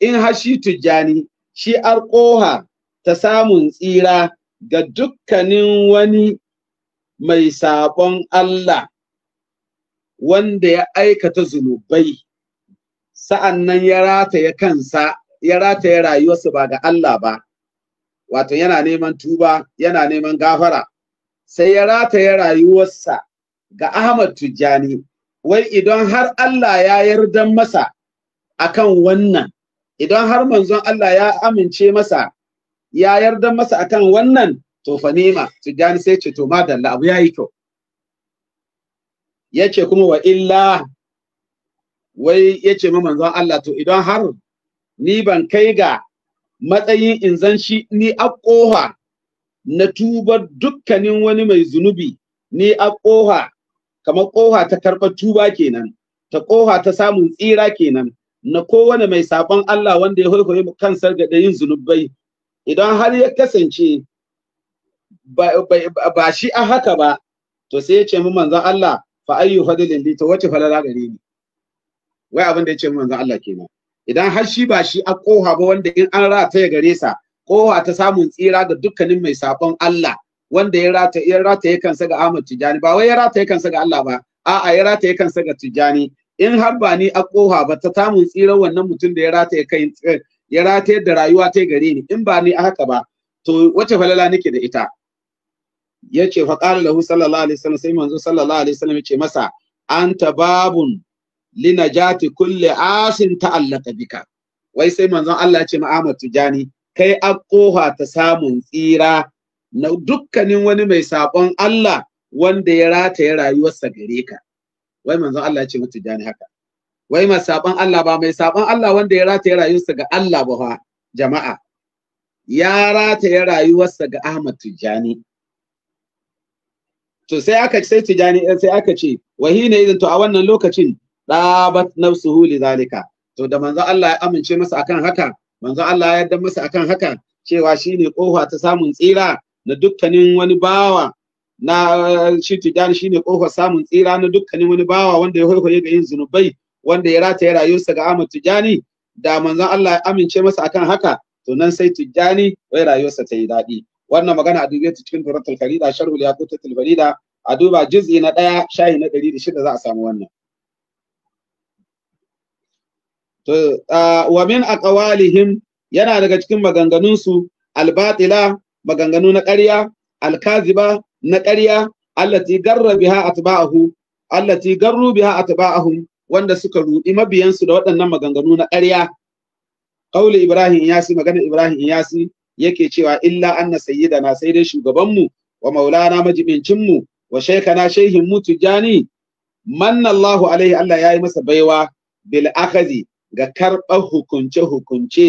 in har shi tijjani shi ar koha ta samun tsira ga dukkanin wani mai sabon Allah wanda ya aikata zunubai sa'an nan ya rataya kansa ya rataye rayuwarsu ba ga Allah ba wato yana neman tuba yana neman gafara sai ya rataye rayuwarsa ga Ahmad Tujani, wai idan har Allah ya yarda masa akan wannan idan har manzon Allah ya amince masa ya yarda masa akan wannan to fa nema Tujani sai ce to madalla abu yayi kyau yace kuma wa illa wai yace ma manzon Allah to idan har ni ban kai ga matsayin in zan shi ni a ƙoha na tuba dukkanin wani mai zunubi ni a ƙoha kamar ƙoha ta karɓar tuba kenan ta ƙoha ta samun tsira kenan na kowane mai sabon Allah wanda ya hoikoye kansa ga yin zunubai idan har ya kasance ba shi a haka ba to sai ya ce mu manzon Allah fa ayyu fadlin li to wace falala gare ni wai abin da ya ce mu manzon Allah kenan idan har shi ba shi a koha ba wanda in an ya gare sa koha ta samun tsira ga dukkanin mai sabon Allah wanda ya rata ya rata ya kansa ga Ahmad Tijani ba wai ya rata ya kansa ga Allah ba a'a ya rata ya kansa ga Tijani in har ba ni a koha ba ta samun tsira wannan mutum da ya rata ya kai ya rata da rayuwa ta gare ni in ba ni a haka ba to wace falala nake da ita yace fa qala lahu sallallahu alaihi wasallam sai manzo sallallahu alaihi wasallam yace masa anta babun linajati kulle asin ta'allaka bika wai sai manzon Allah ya ce Ahmad tujani kai akkoha ta samun tsira na dukkanin wani mai sabon Allah wanda ya ya rayuwarsa gare ka wai manzon Allah ya ce mutu Tijani haka wai mai sabon Allah ba mai sabon Allah wanda ya rata rataya rayuwarsa ga Allah ba jama'a ya rataya rayuwarsa ga Ahmad Tijani to sai aka sai Tijani eh, sai aka ce wahina idan to a wannan lokacin ɗabat nafsuhu li zalika to da manzo Allah ya amince masa akan haka manzo Allah ya yarda masa akan haka cewa shine kofa ta samun tsira na dukkanin wani bawa na shi tijani shine kofa samun tsira na dukkanin wani bawa wanda ya hoye ga yin zunubai wanda ya rataya rayuwarsa ga Ahmad Tijani da manzo Allah ya amince masa akan haka to nan sai Tijani wai rayuwarsa ta yi daɗi wannan magana a dubiya ta cikin Turatul Farida sharhul Yaqutul Farida a duba juz'i na ɗaya shayi na ɗari da shida za a samu wannan Eh, ah, wa min aqwalihim yana daga cikin maganganunsu. su albatila maganganu na ƙarya alkaziba na ƙarya allati garra biha wanda suka rudi mabiyansu da waɗannan maganganu na ƙarya qauli ibrahim yasi magana ibrahim yasi yake cewa illa anna na sai dai shugabanmu wa maulana majibincinmu wa shaykhana shehin mu tijani manna Allahu alaihi Allah yayi masa baiwa bil akhadhi ga karɓar hukunce-hukunce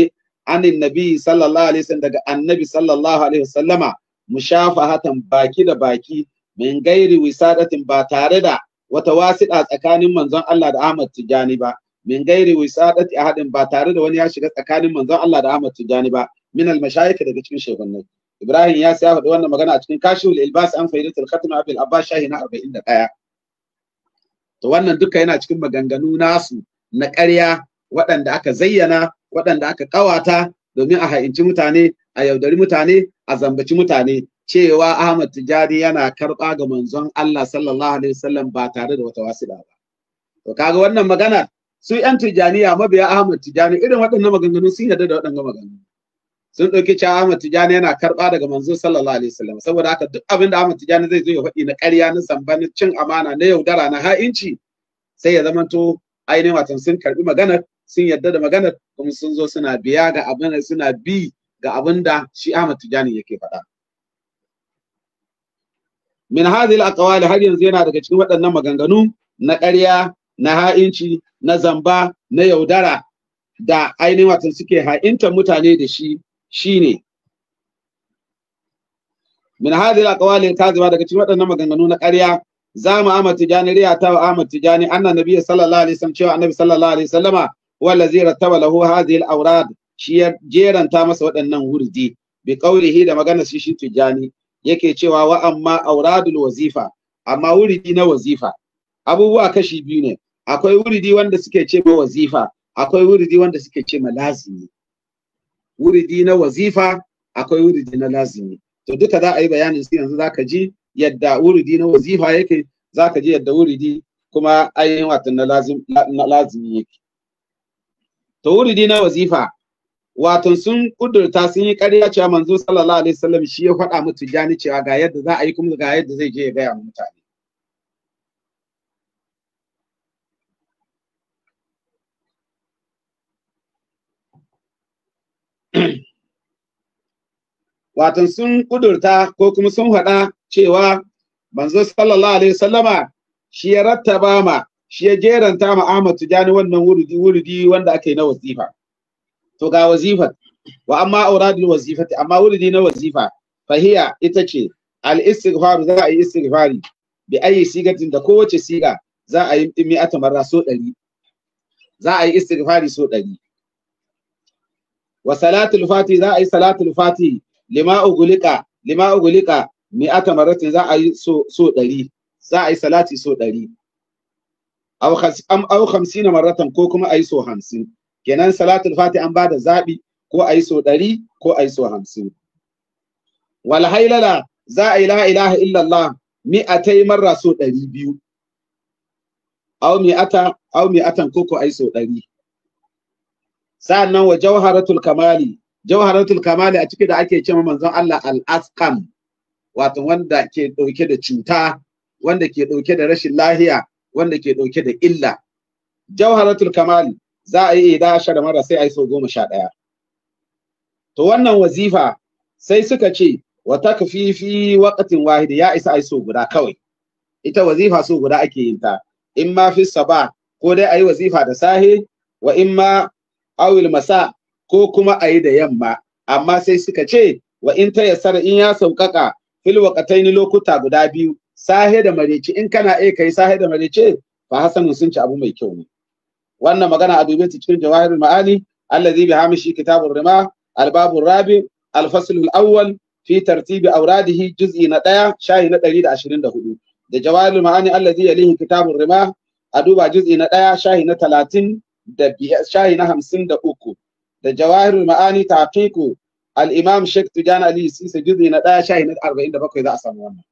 anin nabi sallallahu alaihi wasallam daga annabi sallallahu alaihi wasallama mushafahatan baki da baki min gairi wisadatin ba tare da wata wasiɗa tsakanin manzon Allah da Ahmad Tijani ba min gairi wisadati ahadin ba tare da wani ya shiga tsakanin manzon Allah da Ahmad Tijani ba min al-mashayikh daga cikin shegunnai Ibrahim ya sa faɗi wannan magana a cikin kashiful ilbas an faidatul khatm abil abbas shahi na 41 to wannan duka yana cikin maganganu nasu na ƙarya waɗanda aka zayyana waɗanda aka ƙawata domin a ha'inci mutane a yaudari mutane a zambaci mutane cewa Ahmad Tijjani yana karɓa ga manzon Allah sallallahu alaihi wasallam ba tare da wata wasila ba to kaga wannan magana su yan Tijjaniya mabiya Ahmad Tijjani irin waɗannan maganganu sun yarda da waɗannan maganganu sun ɗauki cewa Ahmad Tijjani yana karɓa daga manzon sallallahu alaihi wasallam saboda haka duk abin da Ahmad Tijjani zai zo ya faɗi na ƙarya na zamba na cin amana na yaudara na ha'inci sai ya zamanto ainihin watan sun karɓi maganar sun yadda da maganar kuma sun zo suna biya ga abin suna bi ga abin da shi Ahmad Tijani yake faɗa min hadhihi al har yanzu yana daga cikin waɗannan maganganu na ƙarya na ha'inci na zamba na yaudara da ainihin watan suke ha'inta mutane da shi shine min hadhihi al aqwal ta zama daga cikin waɗannan maganganu na ƙarya za mu Ahmad Tijani riya ta Ahmad Tijani annan Nabi sallallahu alaihi wasallam cewa Annabi sallallahu alaihi wasallama wallazi rattaba lahu hadhihi al-awrad shi ya jeranta masa waɗannan wurdi bi qawlihi da magana shi shi tijani yake cewa wa amma auradul wazifa amma wuridi na wazifa abubuwa kashi biyu ne akwai wuridi wanda suke ce ma wazifa akwai wuridi wanda suke ce ma lazimi wuridi na wazifa akwai wuridi na lazimi to duka za a yi bayanin su yanzu zaka ji yadda wuridi na wazifa yake zaka ji yadda wuridi kuma na watan na lazimi yake tawuridi na wazifa wato sun kudurta sun yi ƙarya cewa manzo sallallahu alaihi wasallam shi ya faɗa mu tijani cewa ga yadda za a yi kuma ga yadda zai je ya gaya mutane Watan sun kudurta ko kuma sun faɗa cewa manzo sallallahu alaihi wasallama shi ya rattaba ma shi ya jeranta ma Ahmad ta Tijani wannan wurudi wurudi wanda aka yi na wazifa to ga wazifa wa amma auradul ta, amma wurudi na wazifa fahiya ita ce al istighfar za a yi istighfari bi ayi sigatin da kowace siga za a yi mi'ata marra so ɗari za a yi istighfari so ɗari wa salatul fati za a yi salatul fati lima ugulika lima ugulika mi'ata marratin za a yi so so ɗari za a yi salati so ɗari aw am aw 50 maratan ko kuma ai so 50 kenan salatul fati an bada zabi ko ai so 100 ko ai so 50 wal haylala za a yi la ilaha illallah mi'atai marra so 200 aw mi'ata aw mi'atan ko ko ai so 100 sa'annan wa jawharatul kamali jawharatul kamali a ciki da ake cewa manzon Allah al-askam wato wanda ke dauke da cuta wanda ke dauke da rashin lahiya wanda ke dauke da illa jawharatul kamal za a yi da shara mara sai a yi sau goma sha ɗaya to wannan wazifa sai suka ce wa ta fi waqtin wahid ya isa a yi sau guda kawai ita wazifa sau guda ake yin ta in ma fi saba ko dai a yi wazifa da sahi wa in ma awil masa ko kuma a yi da yamma amma sai suka ce wa in ta yassara in ya sauƙaƙa fil na lokuta guda biyu sahe da marece in kana iya kai sahe da marece fa hasanun sun ci abu mai kyau ne wannan magana a dube ta cikin jawahirul ma'ani allazi bi hamishi kitabur rima albabur rabi alfasl alawwal fi tartibi awradihi juz'i na 1 shayi na 124 da jawahirul ma'ani allazi yalihi kitabur rima a duba juz'i na 1 shayi na 30 da shayi na 53 da jawahirul ma'ani taqiqu al-imam Sheikh Tijani Ali Sisi juz'i na 1 shayi na 47 za a samu wannan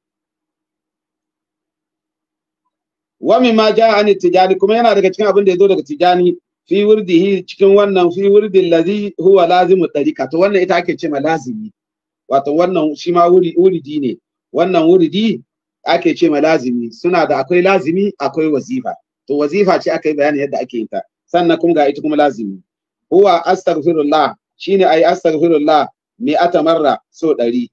wa mimma jaa an tijani kuma yana daga cikin abin da yazo daga tijani fi wurdihi cikin wannan fi wurdil ladhi huwa lazimu tariqa to wannan ita ake cewa lazimi wato wannan shi ma wuridi ne wannan wuridi ake cewa lazimi suna da akwai lazimi akwai wazifa to wazifa ce aka yi bayani yadda ake yin ta sannan kuma ga ita kuma lazimi huwa astaghfirullah shine ai astaghfirullah mi'ata marra so 100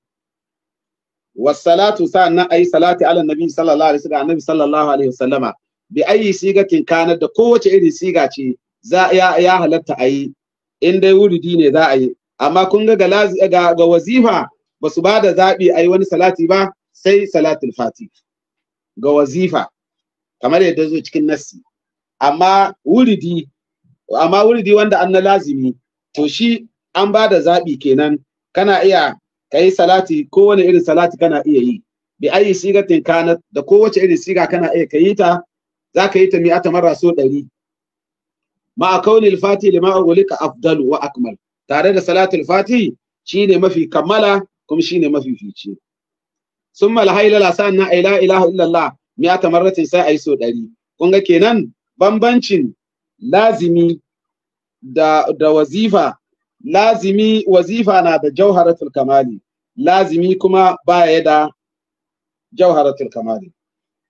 wassalatu sa'annan ayi salati ala nabi sallallahu alaihi wasallam nabi sallallahu alaihi wasallama bi ayi sigatin kana da kowace irin siga ce za ya, ya halatta ayi in dai wuridi ne za a yi amma kun ga ga, ga wazifa ba su bada da ayi wani salati ba sai salatul fati ga wazifa kamar yadda zo cikin nassi amma wuridi amma wuridi wanda an na lazimi to shi an bada zabi zaɓi kenan kana iya kai salati kowane irin salati kana iya yi bi ayi sigatin kana da kowace irin siga kana iya kai ta za ka yi ta ata marra so ɗari ma kaunil fati lima ulika afdalu wa akmal tare da salatul fati shine mafi kammala kuma shine mafi fice summa la hailala sanna ila ilaha illallah mi'ata marratin sai ayi so ɗari kun ga kenan bambancin lazimi da da wazifa lazimi wazifa na da jauharatul kamali lazimi kuma baya da jauharatul kamali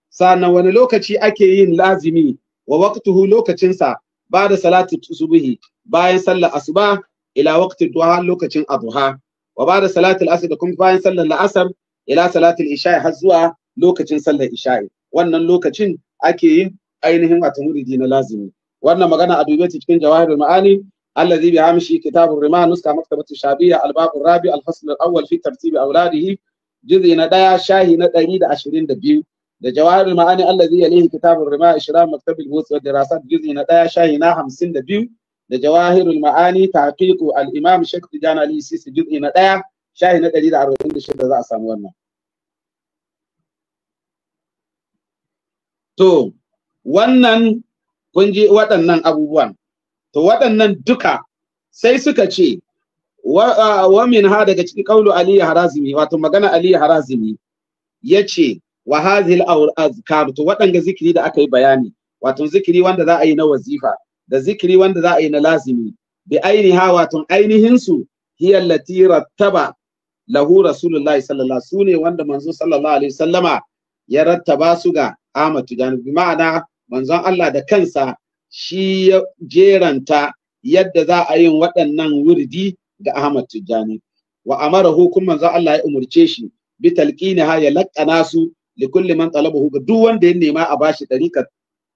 sannan wani lokaci ake yin lazimi wa waqtuhu lokacinsa ba da salati subuhi bayan sallar asuba ila waqti duha lokacin adha wa ba da salatul asr da kuma bayan sallar la'asar ila salatu isha'i har zuwa lokacin sallar isha'i wannan lokacin ake yin ainihin wato muridi na lazimi wannan magana a dube cikin jawahirul ma'ani الذي بعامشه كتاب الرمانوس كمكتبة الشعبية الباب الرابع الفصل الأول في ترتيب أولاده جزء ندايا شاهي ندايا عشرين دبيو da jawabin ma'ani allazi yalihi kitabul rima ishra maktabil musa wa dirasat juz'i na daya shahi na 52 da jawahirul ma'ani tahqiqu al imam shaykh tijan ali sisi na daya shahi na 146 za a samu wannan to wannan kun je waɗannan abubuwan to waɗannan duka sai suka ce wa min ha daga cikin kaulu Aliyu harazimi wato magana Aliyu harazimi ce wa hadhihi azkar to waɗanga zikiri da aka yi bayani wato zikiri wanda za a yi na wazifa da zikiri wanda za a yi na lazimi bi ainiha wato ainihin su hiya allati rattaba lahu rasulullahi sallallahu sune wanda manzo sallallahu alaihi sallama ya rattaba su ga Ahmad Tijani ma'ana manzon Allah da kansa shi ya jeranta yadda za a yin waɗannan wurdi ga Ahmad Tijjani wa amara hukuman za Allah ya umurce shi bi ha ya laqana su li kulli man talabahu ga duk wanda ya nema a bashi dariqat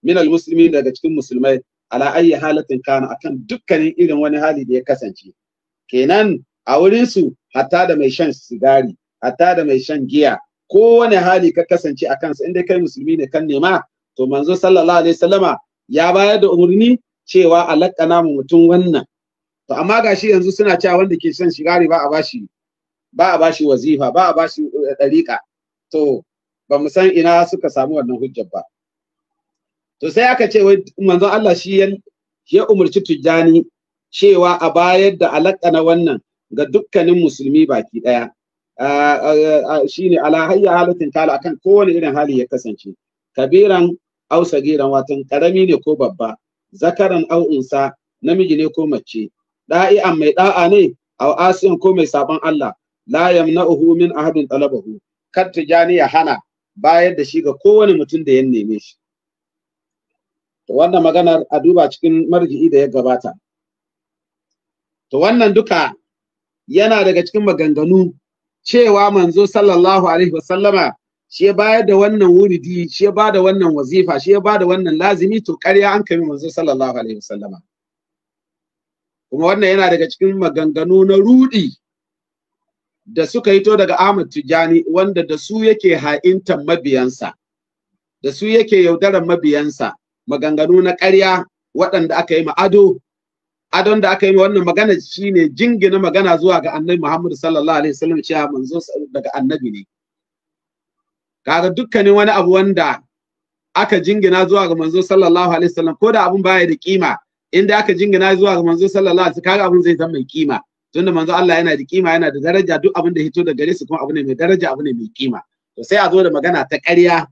min al muslimin daga cikin musulmai ala ayyi halatin kana akan dukkanin irin wani hali da ya kasance kenan a wurin su hatta da mai shan sigari hatta da mai shan giya kowane hali ka kasance a kansa inda kai musulmi ne kan nema to manzo sallallahu alaihi wasallama ya bayar da umarni cewa a lakana mu mutum wannan to amma gashi yanzu suna cewa wanda ke shan shigari ba a bashi ba a bashi wazifa ba a bashi dariqa eh, to ba mu san ina suka samu wannan hujjar ba to sai aka ce wai manzon Allah shi ya umarci tujjani cewa a bayar da alakana wannan ga dukkanin musulmi baki ɗaya shine ala hayya halatin kala akan kowane irin hali ya kasance kabiran aw sagiran watan karami ne ko babba zakaran aw unsa namiji ne ko mace da'i'an mai da'a ne aw asiyan ko mai saban Allah la yamna'uhu min ahadin talabahu kar tijani ya hana bayar da shi ga kowane mutum da ya neme shi to wannan maganar a duba cikin marji'i da ya gabata to wannan duka yana daga cikin maganganu cewa manzo sallallahu alaihi wasallama shi ya bayar da wannan wuridi shi ya ba da wannan wazifa shi ya ba da wannan lazimi to ƙarya an kami manzo sallallahu alaihi wasallama kuma wannan yana daga cikin maganganu na rudi da suka hito daga Ahmad Tijani wanda da su yake ha'intan mabiyansa da su yake yaudaran mabiyansa maganganu na ƙarya waɗanda aka yi ado adon da aka yi wannan magana shine jingina magana zuwa ga annabi Muhammad sallallahu alaihi wasallam cewa manzo daga annabi ne kaga dukkanin wani abu wanda aka jingina zuwa ga manzo sallallahu alaihi wasallam ko da abun baya da kima inda aka jingina zuwa ga manzo sallallahu alaihi wasallam kaga abun zai zama mai kima tunda manzo Allah yana da kima yana da daraja duk abun da hito da gare su kuma abu ne mai daraja abu ne mai kima to sai a zo da magana ta ƙarya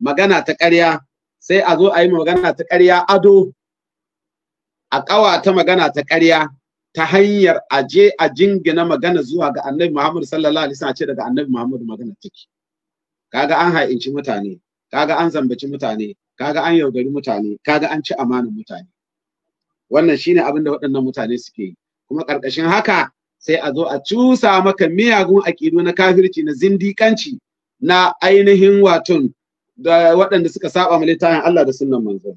magana ta ƙarya sai a zo a yi magana ta ƙarya ado a ƙawa ta magana ta ƙarya ta hanyar aje a jingina magana zuwa ga annabi Muhammad sallallahu alaihi wasallam ce daga annabi Muhammad magana take kaga an ha'inci mutane kaga an zambaci mutane kaga an yaudari mutane kaga an ci amanar mutane wannan shine abin da waɗannan mutane suke yi kuma ƙarƙashin haka sai a zo a cusa maka miyagun aƙidu na kafirci na zindiƙanci na ainihin waton da waɗanda suka saba ma littafin Allah da sunnan manzo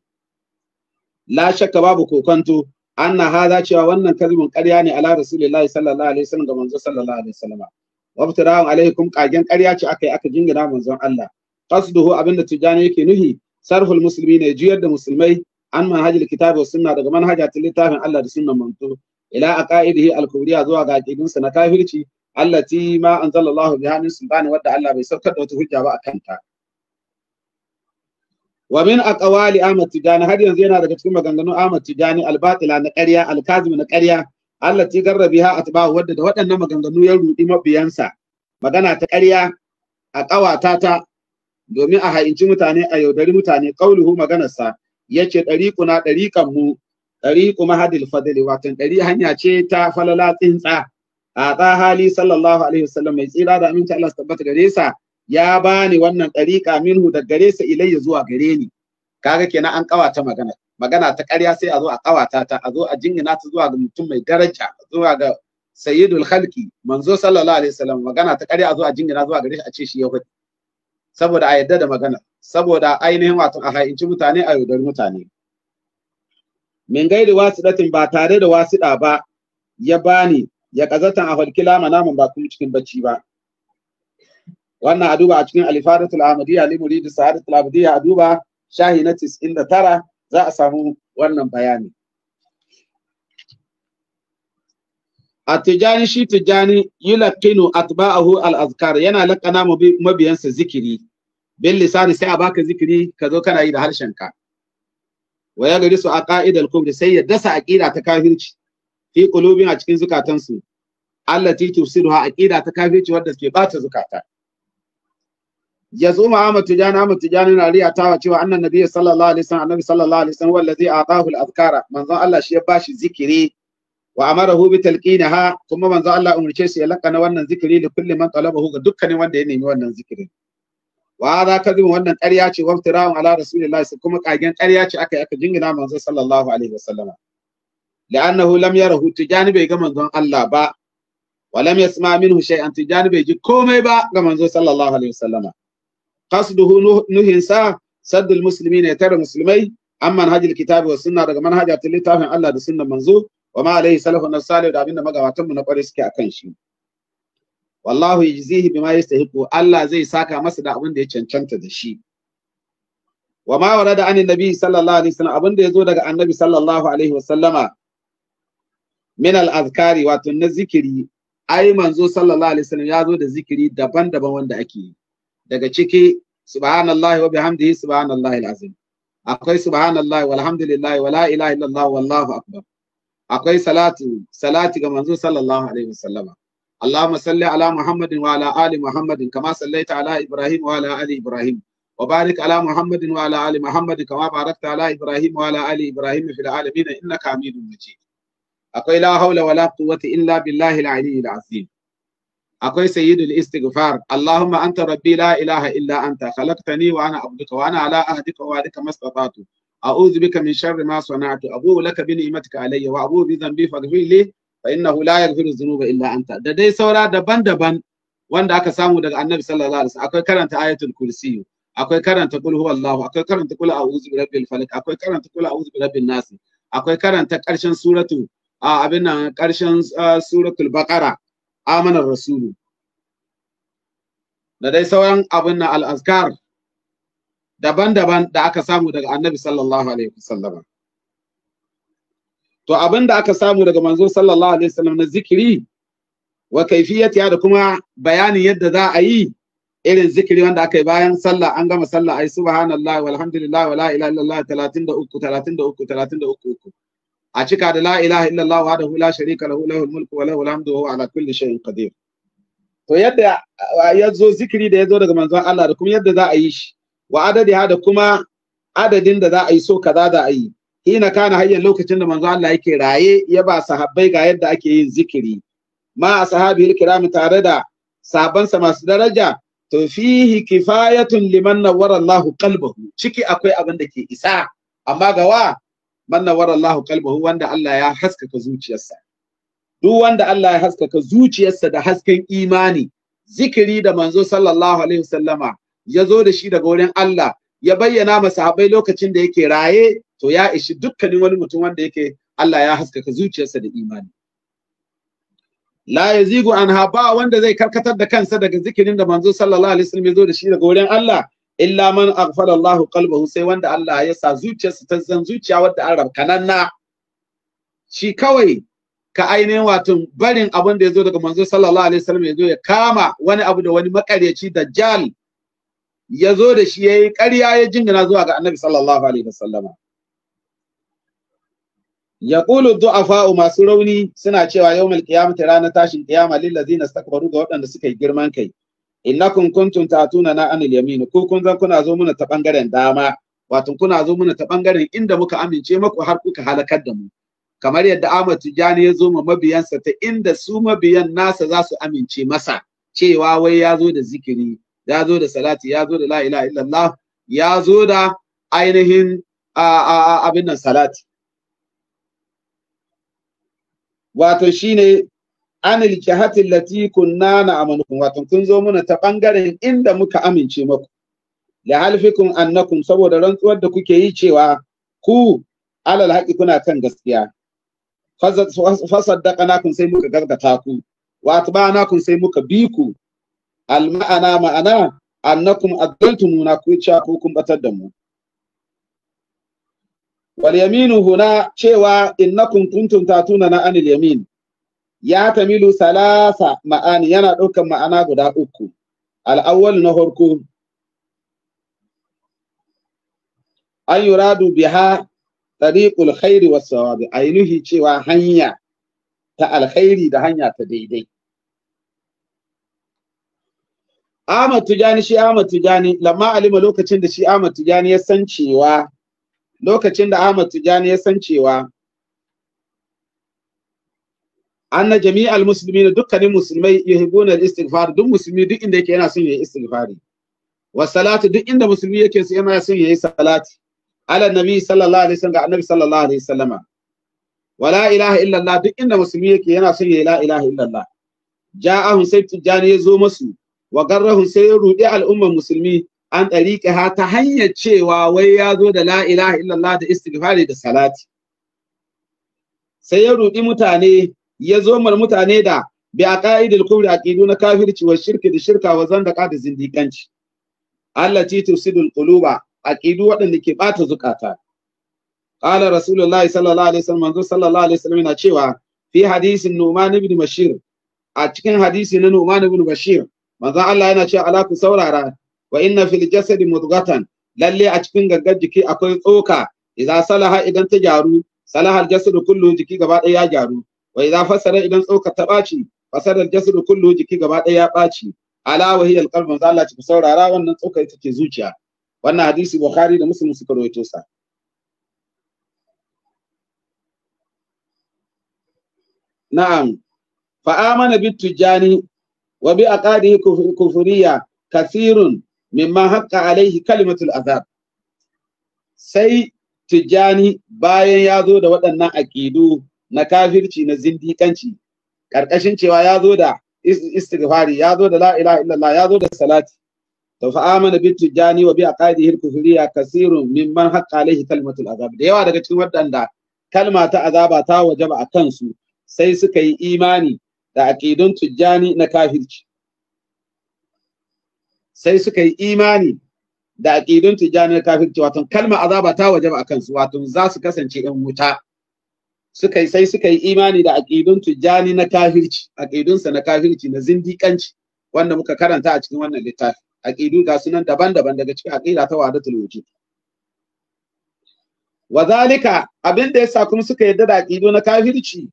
la shakka babu kokonto anna hadha cewa wannan kalmin ƙarya ne ala rasulillahi sallallahu alaihi wasallam ga manzo sallallahu alaihi wasallam wabtara'un alaikum kagen ƙarya ce aka yi aka jingina manzon Allah qasduhu abinda tijani yake nuhi sarhul musulmi ne juyar da musulmai an manhajil kitabi wa sunna daga manhaja ta littafin Allah da sunnan manzo ila aqaidihi al-kubriya zuwa ga aqidinsa na kafirci allati ma anzalallahu biha min sultani wadda Allah bai saukar da wata hujja ba akan ta wa min aqwali Ahmad Tijani har yanzu yana daga cikin maganganun Ahmad Tijani al-batila na ƙarya al-kazim na ƙarya Allah ti garra biha atba'u wadda da waɗannan maganganu ya rudi mabiyansa magana ta ƙarya a ƙawata ta domin a ha'inci mutane a yaudari mutane qauluhu maganarsa yace dariquna dariqan mu dariqu mahadil fadli watan dari hanya ce ta falala tsintsa a ta hali sallallahu alaihi wasallam mai tsira da aminci Allah tabbata gare sa ya bani wannan dariqa minhu da gare sa ilayya zuwa gare ni kaga kenan an ƙawata maganar magana ta ƙarya sai a zo a ƙawata ta a zo a jingina ta zuwa ga mutum mai daraja zuwa ga sayyidul khalqi manzo sallallahu alaihi wasallam magana ta ƙarya a zo a jingina zuwa gare shi a ce shi yahudi saboda a yadda da magana saboda ainihin wato a haƙinci mutane a yaudar mutane min gaidi wasidatin ba tare da wasida ba ya bani ya kazatan a hulkila manamin ba kun cikin bacci ba wannan a a cikin alifadatul ahmadiyya li muridi sa'adatul abadiyya a duba shahi na 99 za a samu wannan bayani a tijani shi tijani yulaqinu atba'ahu al-azkar yana laqana mabiyansa zikiri bil lisani sai a baka zikiri ka zo kana yi da ka. wa ya gari su a ka'idar kubri sai ya dasa aqida ta kafirci fi qulubin a cikin zukatansu allati a aqida ta kafirci wadda ke bata zukata ya zo ma Ahmad Tijani Ahmad Tijani na riyatawa cewa annan nabi sallallahu alaihi wasallam annabi sallallahu alaihi wasallam wallazi atahu al-azkara manzon Allah shi ya bashi zikiri wa amarahu bi talqinaha kuma manzon Allah umurce shi ya lakana wannan zikiri da kulli man talabahu ga dukkanin wanda ya nemi wannan zikirin wa hadha kadhib wannan ƙarya ce wa iftira'un ala rasulillahi kuma kagen ƙarya ce aka aka jingina manzon sallallahu alaihi wasallam لأنه لم يره تجاني بيجا منزون الله با ولم يسمع منه شيئا تجاني بيجي كومي با كما صلى الله عليه وسلم qasduhu nuhinsa saddul muslimina ya tara musulmai an manhajil kitabi wa sunna daga manhaja ta littafin Allah da sunnan manzo wa ma alaihi na salih da abinda magabatan mu na kware suke kan shi wallahu yajzihi bima yastahiqu Allah zai saka masa da abin da ya cancanta da shi wa ma warada anin nabi sallallahu alaihi wasallam abin da yazo daga annabi sallallahu alaihi wasallama min al azkari wato na zikiri ai manzo sallallahu alaihi ya zo da zikiri daban-daban wanda ake yi daga ciki subhanallahi wa bihamdihi subhanallahi alazim akwai subhanallahi walhamdulillahi wala ilaha illallah wallahu akbar akwai salatu salati ga manzo sallallahu alaihi wasallama allahumma salli ala muhammadin wa ala ali muhammadin kama sallaita ala ibrahim wa ala ali ibrahim wa barik ala muhammadin wa ala ali muhammadin kama barakta ala ibrahim wa ala ali ibrahim fil alamin innaka hamidun majid akwai la haula wala quwwata illa billahi al-ali al akwai sayyidul istighfar Allahumma anta rabbi la ilaha illa anta khalaqtani wa ana abduka wa ana ala ahdika wa adika mastata'tu a'udhu bika min sharri ma sana'tu abu laka bi ni'matika alayya wa abu bi dhanbi faghfir li fa innahu la yaghfiru dhunuba illa anta da dai saura daban-daban wanda aka samu daga Annabi sallallahu alaihi wasallam akwai karanta ayatul kursi akwai karanta qul huwallahu akwai karanta qul a'udhu bi rabbil falaq akwai karanta qul a'udhu bi rabbin nas akwai karanta karshen suratu a abin nan karshen suratul baqara amanar rasulu da dai sauran abin na al'azkar daban-daban da aka samu daga annabi sallallahu alaihi wasallama to abin da aka samu daga manzo sallallahu alaihi wasallam na zikiri wa kaifiyatiya da kuma bayanin yadda za a yi irin zikiri wanda aka yi bayan sallah an gama sallah ai subhanallahi walhamdulillahi wala ilaha illallah 33 33 33 a cika da la ilaha illallah wahdahu la sharika lahu lahul mulku wa lahul hamdu wa huwa ala kulli shay'in qadir to yadda ya zo zikiri da ya zo daga manzon Allah da kuma yadda za a yi shi wa adadiha da kuma adadin da za a yi so kaza da a yi hina kana hayyan lokacin da manzon Allah yake raye ya ba sahabbai ga yadda ake yin zikiri ma ashabi kiram tare da sabonsa masu daraja to fihi kifayatun liman nawwara Allahu qalbahu ciki akwai abin da ke isa amma ga wa man nawara Allahu qalbahu wanda Allah ya haskaka zuciyarsa duk wanda Allah ya haskaka zuciyarsa da hasken imani zikiri da manzo sallallahu alaihi wasallama ya zo da shi daga wurin Allah ya bayyana masa sahabbai lokacin da yake raye to ya ishi dukkanin wani mutum wanda yake Allah ya haskaka zuciyarsa da imani la yazigu anha ba wanda zai karkatar da kansa daga zikirin da manzo sallallahu alaihi wasallam ya zo da shi daga wurin Allah illa man aghfala Allah qalbahu sai wanda Allah ya sa zuciyarsa ta zan zuciya wadda an na, shi kawai ka ainihin wato barin abin da ya zo daga manzo sallallahu alaihi wasallam ya ya kama wani abu da wani makaryaci dajjal ya zo da shi yayi ƙarya ya jingina zuwa ga annabi sallallahu alaihi wasallama yaqulu du'afa masu rauni suna cewa yawmal qiyamati ranar tashin qiyama lil ladina istakbaru ga waɗanda suka yi girman kai innakum kuntum ta'tuna na anil yamin ku kun zan kuna zo muna ta bangaren dama wato kuna zo muna ta bangaren inda muka amince maku har kuka halakar da mu kamar yadda Ahmad Tijani ya zo ma mabiyansa ta inda su mabiyan nasa za su amince masa cewa wai ya zo da zikiri ya zo da salati ya zo da la ilaha illallah ya zo da ainihin abin nan salati wato shine anil jihati lati kunna na wato kun zo muna ta bangaren inda muka amince muku li halfikum annakum saboda rantsuwar da kuke yi cewa ku alal haqi kuna kan gaskiya fasaddaqnakum sai muka gargata ku wa atba'nakum sai muka bi ku al ma'ana ma'ana annakum addaltumuna ku cewa ku kun batar da mu wal yaminu huna cewa innakum kuntum tatuna na anil yamin ya tamilu salasa ma'ani yana ɗaukan ma'ana guda uku al'awwal na harko an yuradu biha tariqul khairi was sawabi ainihi cewa hanya ta alkhairi da hanya ta daidai Ahmad Tijani shi Ahmad Tijani lamma alima lokacin da shi Ahmad Tijani ya san cewa lokacin da Ahmad Tijani ya san cewa anna jami'al muslimin dukkanin musulmai yuhibbuna al-istighfar duk musulmi duk inda yake yana son yayi istighfari wa salatu duk inda musulmi yake so yana son yayi salati ala nabi sallallahu alaihi wasallam ga annabi sallallahu alaihi wasallam wa la ilaha illallah duk inda musulmi yake yana son yayi la ilaha illallah ja'ahum sai tijani ya zo musu wa garrahu sai ya rudi al'ummar musulmi an ɗariƙe ha ta hanyar cewa wai ya zo da la ilaha illallah da istighfari da salati sai ya rudi mutane ya zo mar mutane da bi aqaidil kubra aqidu na kafirci wa shirki da shirka wa ka da zindikanci ci tusidul quluba aqidu wadanda ke bata zukata qala rasulullahi sallallahu alaihi wasallam manzo sallallahu alaihi wasallam yana cewa fi hadisin numan ibn bashir a cikin hadisi na numan ibn bashir manzo Allah yana cewa ala ku saurara wa inna fil jasadi mudghatan lalle a cikin gangar jiki akwai tsoka idan salaha idan ta gyaru salahar al jasadu kullu jiki gaba ɗaya ya gyaru wa idza fasara idan tsoka ta baci fasara al-jasadu kullu jiki gaba ɗaya ya baci ala wa hiya al-qalb manzo saurara wannan tsoka ita ce zuciya wannan hadisi bukhari da muslim suka rawaito sa na'am fa'a mana bit tujani wa bi aqadihi kufriya kathirun mimma haqqa alaihi kalimatul azab sai tijani bayan ya zo da waɗannan aƙidu na kafirci na zindikanci karkashin cewa ya zo da istighfari ya zo da la ilaha illallah ya zo da salati to fa amana bi tujani wa bi aqaidihi al-kufriyya kasirun mimman haqqa alaihi kalmatul azab da yawa daga cikin waɗanda kalma ta azaba ta wajaba a kansu sai suka yi imani da aqidun tijani na kafirci sai suka yi imani da aqidun tijani na kafirci wato kalma azaba ta wajaba a kansu wato za su kasance yan wuta suka yi sai suka yi imani da aqidun tujani na kafirci sa na kafirci na zindiƙanci wanda muka karanta a cikin wannan littafi aqidu ga sunan daban-daban daga cikin aqida ta wahdatul wujud Wazalika abin da yasa kuma suka yarda da aqidu na kafirci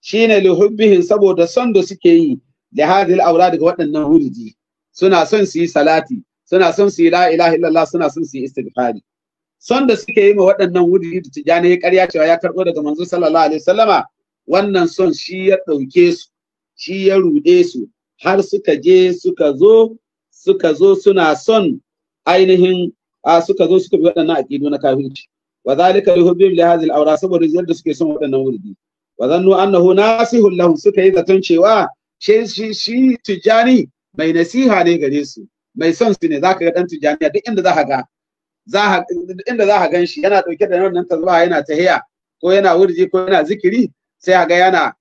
shine lihubbihin saboda son da suke yi da hadil aula daga waɗannan hurji suna son su yi salati suna son su yi la ilaha illallah suna son su yi istighfari son da suke yi ma waɗannan wuri da tijjani ya karya cewa ya karɓo daga manzo sallallahu alaihi wasallama wannan son shi ya ɗauke su shi ya ruɗe su har suka je suka zo suka zo suna son ainihin a suka zo suka bi waɗannan aƙidu na kafirci wa zalika hubbi li hadhihi al-awra saboda yadda suke son waɗannan wuri wa zannu annahu nasihun lahum suka yi zaton cewa shi shi shi tijjani mai nasiha ne gare su mai son su ne zaka ga dan tijjani duk inda zaka ga inda za ka gan shi yana ɗauke da wannan tasbaha yana tahiya ko yana wurji ko yana zikiri sai ga yana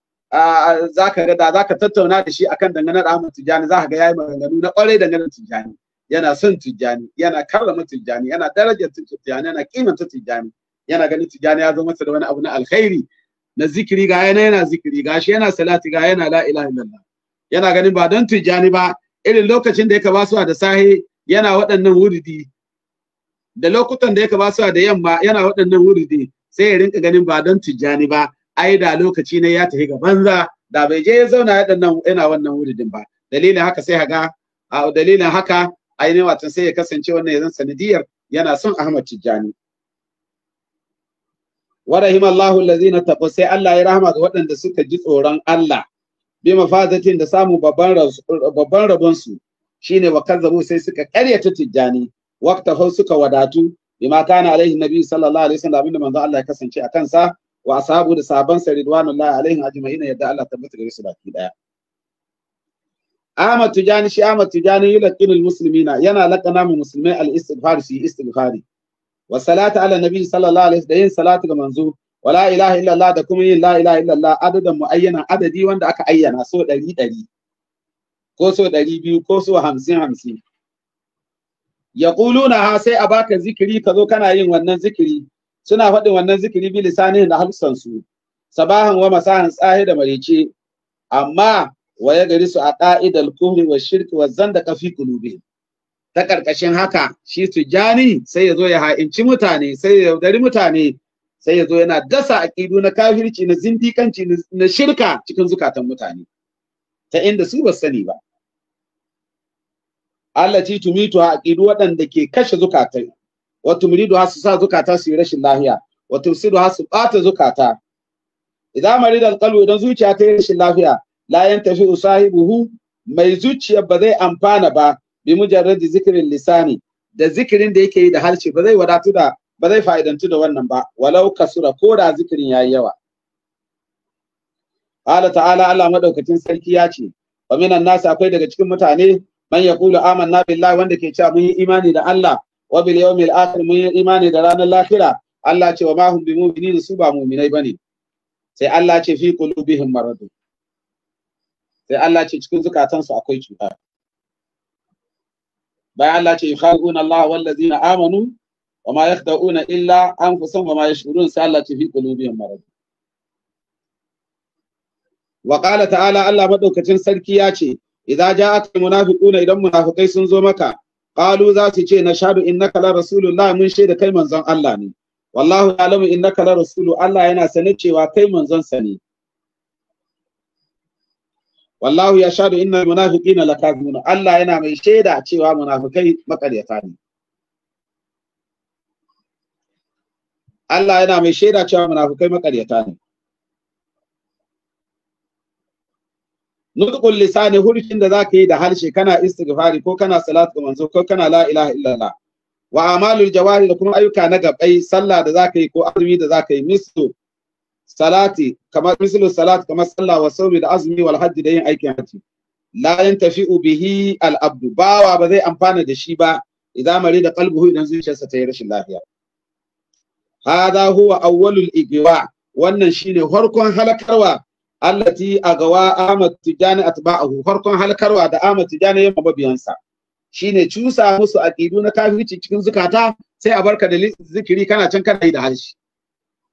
za ka ga da za ka tattauna da shi akan dangane da Ahmad Tijjani za ka ga yayi maganganu na ƙwarai dangane da Tijjani yana son Tijjani yana karrama Tijjani yana darajar Tijjani yana kimanta Tijjani yana ganin Tijjani ya zama masa da wani abu na alkhairi na zikiri ga yana yana zikiri ga shi yana salati ga yana la ilaha illallah yana ganin ba don Tijjani ba irin lokacin da ya ka basuwa da sahi yana waɗannan wuridi da lokutan da ya kamata da yamma yana waɗannan wuridi sai ya rinka ganin ba don tijjani ba ai da lokaci ne ya tafi ga banza da bai je ya zauna yana wannan wuridin ba dalilin haka sai haga dalilin haka watan sai ya kasance wannan zan sanadiyar yana son Ahmad Tijjani wa rahimallahu allazina taqaw sai Allah ya rahama ga waɗanda suka ji tsoron Allah bi mafazatin da samu babban babban shine wa sai suka karyata Tijjani waqta hau suka wadatu bima kana alaihi nabi sallallahu alaihi wasallam abinda manzo Allah ya kasance a kansa wa ashabu da sahaban sa ridwanullahi alaihim ajma'in yadda Allah tabbata gare su baki daya Ahmad Tijani shi Ahmad Tijani yulqinul muslimina yana laqana mu musulmai al-istighfar shi istighfari wa salatu ala nabi sallallahu alaihi wasallam salatu ga manzo wa wala ilaha illallah da kuma yin la ilaha illallah adadan muayyana adadi wanda aka ayyana so 100 100 ko so 200 ko so 50 50 yaquluna ha sai a baka zikiri kazo kana yin wannan zikiri suna faɗin wannan zikiri bi lisanin da halsan su sabahan wa masahan tsahi da marece amma wa ya gari su a ƙa'idar kuhri wa shirki wa zanda kafi kulube ta ƙarƙashin haka shi su jani sai ya zo ya ha'inci mutane sai ya yaudari mutane sai ya zo yana dasa aƙidu na kafirci na zindikanci na shirka cikin zukatan mutane ta inda su ba sani ba allati tumitu aqidu waɗanda ke kashe zukata wa tumridu hasu sa zukata su yi rashin lafiya wa tumsidu hasu bata zukata idza marida alqalbu idan zuciya ta yi rashin lafiya la yantafi usahibuhu mai zuciya ba zai amfana ba bi mujarradi zikirin lisani da zikirin da yake yi da harshe ba zai wadatu da ba zai fa'idantu da wannan ba walau kasura ko da zikirin yayi yawa Allah ta'ala Allah madaukakin sarki ya ce wa minan nasi akwai daga cikin mutane man yaqulu amanna billahi wanda ke cewa mun yi imani da Allah wa bil yawmil akhir mun yi imani da ranar lahira Allah ce wa ma hum bi mu'minin su ba mu'minai bane sai Allah ce fi qulubihim maradun sai Allah ce cikin zukatansu akwai cuta bayan Allah ce yukhaduna Allah wal ladina amanu wa ma yakhda'una illa anfusahum wa ma yashurun sai Allah ce fi qulubihim maradun wa qala ta'ala Allah madaukakin sarki ya ce idza ja'aka munafiquna idan munafikai sun zo maka qalu za su ce nashhadu innaka la rasulullah mun shaida kai manzon Allah ne wallahu ya'lamu innaka la rasulu Allah yana sane cewa kai manzon sa ne wallahu yashhadu innal munafiqina lakazibun Allah yana mai shaida cewa munafikai makaryata ne Allah yana mai shaida cewa munafikai maƙaryata ne nutqul lisani hurcin da zaka yi da harshe kana istighfari ko kana salatu manzo ko kana la ilaha illallah wa amalul jawari da kuma ayyuka na gabai sallah da zaka yi ko azumi da zaka yi mislu salati kamar mislu salat kamar sallah wa sawmi da azumi wal hajji da yin aikin haji la yantafi'u bihi al abdu bawa ba zai amfana da shi ba idan mare da qalbuhu idan zuciyarsa ta yi rashin lafiya hadha huwa awwalul igwa wannan shine farkon halakarwa allati a gawa Ahmad Tijani atba'ahu farkon halkarwa da Ahmad Tijani ya shi shine cusa musu aqidu na kafirci cikin zukata sai a barka da zikiri kana can kana yi da hajji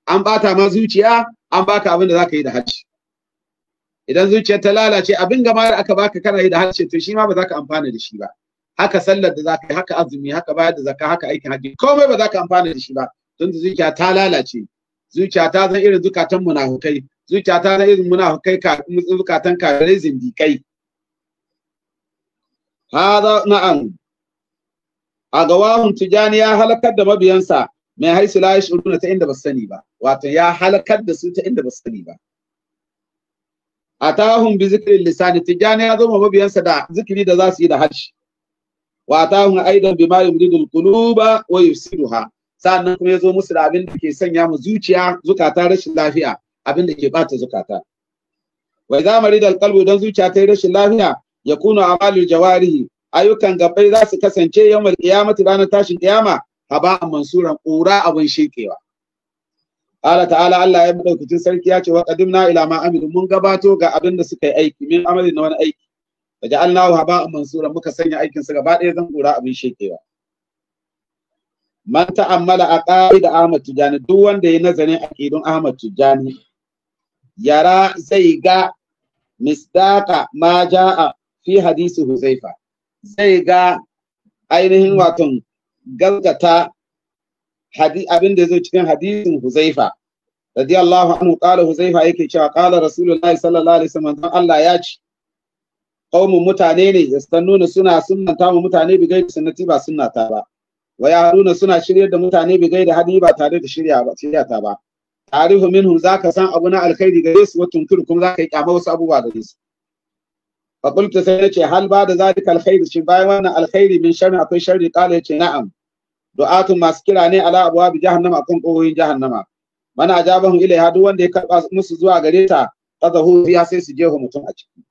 an bata ma zuciya an baka abin da zaka yi da hajji idan zuciyar ta lalace abin gama da aka baka kana yi da hajji to shi ma ba za ka amfana da shi ba haka sallar da zaka yi haka azumi haka bayar da zakka haka aikin hajji, komai ba za ka amfana da shi ba tun zuciya ta lalace zuciya ta zan irin zukatan munafukai zuciyata na irin muna kai zukatan kafirai zindikai hada na'am a gawahun tijani ya halakar da mabiyansa mai haisu la yashuruna ta inda ba sani ba wato ya halakar da su ta inda ba sani ba atahum bi zikirin lissani, tijani ya zama mabiyansa da zikiri da za su yi da harshe wa atahum aidan bima yumridul quluba wa yufsiduha sannan kuma ya zo musu da abin da ke sanya mu zuciya zukata rashin lafiya abin da ke bata zukata wai za marida alqalbu dan don zuciya ta yi rashin lafiya ya kuna amalul jawarihi ayyukan gabai za su kasance yawan qiyamati ranar tashin kiyama haba mansuran ƙura abin shekewa Allah ta'ala Allah ya madaukakin sarki ya ce wa qadimna ila ma amilu mun gabato ga abin da suka yi aiki min amalin na wani aiki da ja'alnahu haba mansura muka sanya aikin su gaba ɗaya zan ƙura abin shekewa man ta'ammala aqaida Ahmad Tijani duk wanda ya nazarin aqidun Ahmad Tijani yara zai ga misdaka ma ja'a fi hadisi huzaifa zai ga ainihin waton gaskata abin da ya zo cikin hadisin huzaifa radiyallahu anhu kala huzaifa yake cewa qala rasulullahi sallallahu alaihi wasallam Allah ya ci qaumun mutane ne yastannuna suna sunnanta mu mutane bi gaida sunnati ba sunnata ba wa yaruna suna shiryar da mutane bi gaida hadi ba tare da shirya shirya ta ba ta'rifu minhum zaka san abu na alkhairi gare su wa tunkiru kuma zaka yi kyama wasu abubuwa gare su fa qultu sai nace hal ba da zalika alkhairi shin bayan wannan alkhairi min sharri akwai sharri qala yace na'am Du'atu masu kira ne ala abuwa bi jahannama akan kohoyin jahannama mana ajabahum ilaiha duk wanda ya karba musu zuwa gare ta qadahu ya sai su jeho mutum a ciki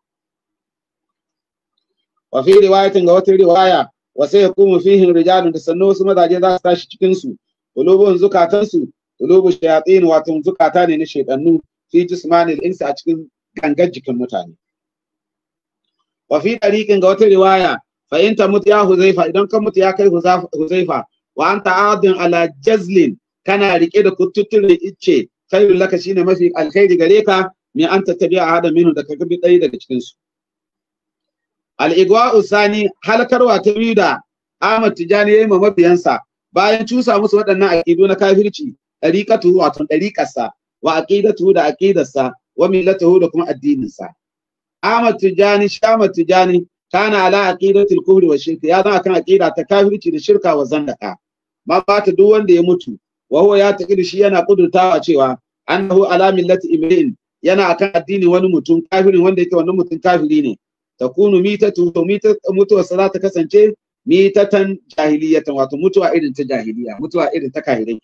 wa fi riwayatin ga wata riwaya wa sai yakumu fihi rijalun da sannu wasu mazaje za su tashi cikin su qulubuhum zukatansu qulubu shayatin wato zukata ne na shaytanu fi insa a cikin gangar jikin mutane wa fi ga wata riwaya fa in ta mutu ya huzaifa idan ka mutu ya kai huzaifa wa anta adin ala jazlin kana rike da kututturin icce khairul laka shine mafi alkhairi gare ka me an a hada minu da ka bi dai daga cikin su al igwa usani halakarwa ta biyu da Ahmad Tijani yayi ma mabiyansa bayan cusa musu waɗannan aqidu na kafirci Ɗariƙatu, wato ɗariƙarsa, wa aqidatu da aƙidarsa, wa millatuhu da kuma addininsa Ahmad Tijani Shama Tijani kana ala aqidatul kufri wa shirk ya zama kan aqida ta kafirci da shirka wa zandaka ma bata duk wanda ya mutu wa huwa ya taqidu shi yana kudurtawa cewa annahu ala millati ibrahim yana akan addini wani mutum kafirin wanda yake wannan mutum kafiri ne takunu mitatu to mutu wa ta kasance mitatan jahiliyatan wato mutuwa irin ta jahiliya mutuwa irin ta kafirai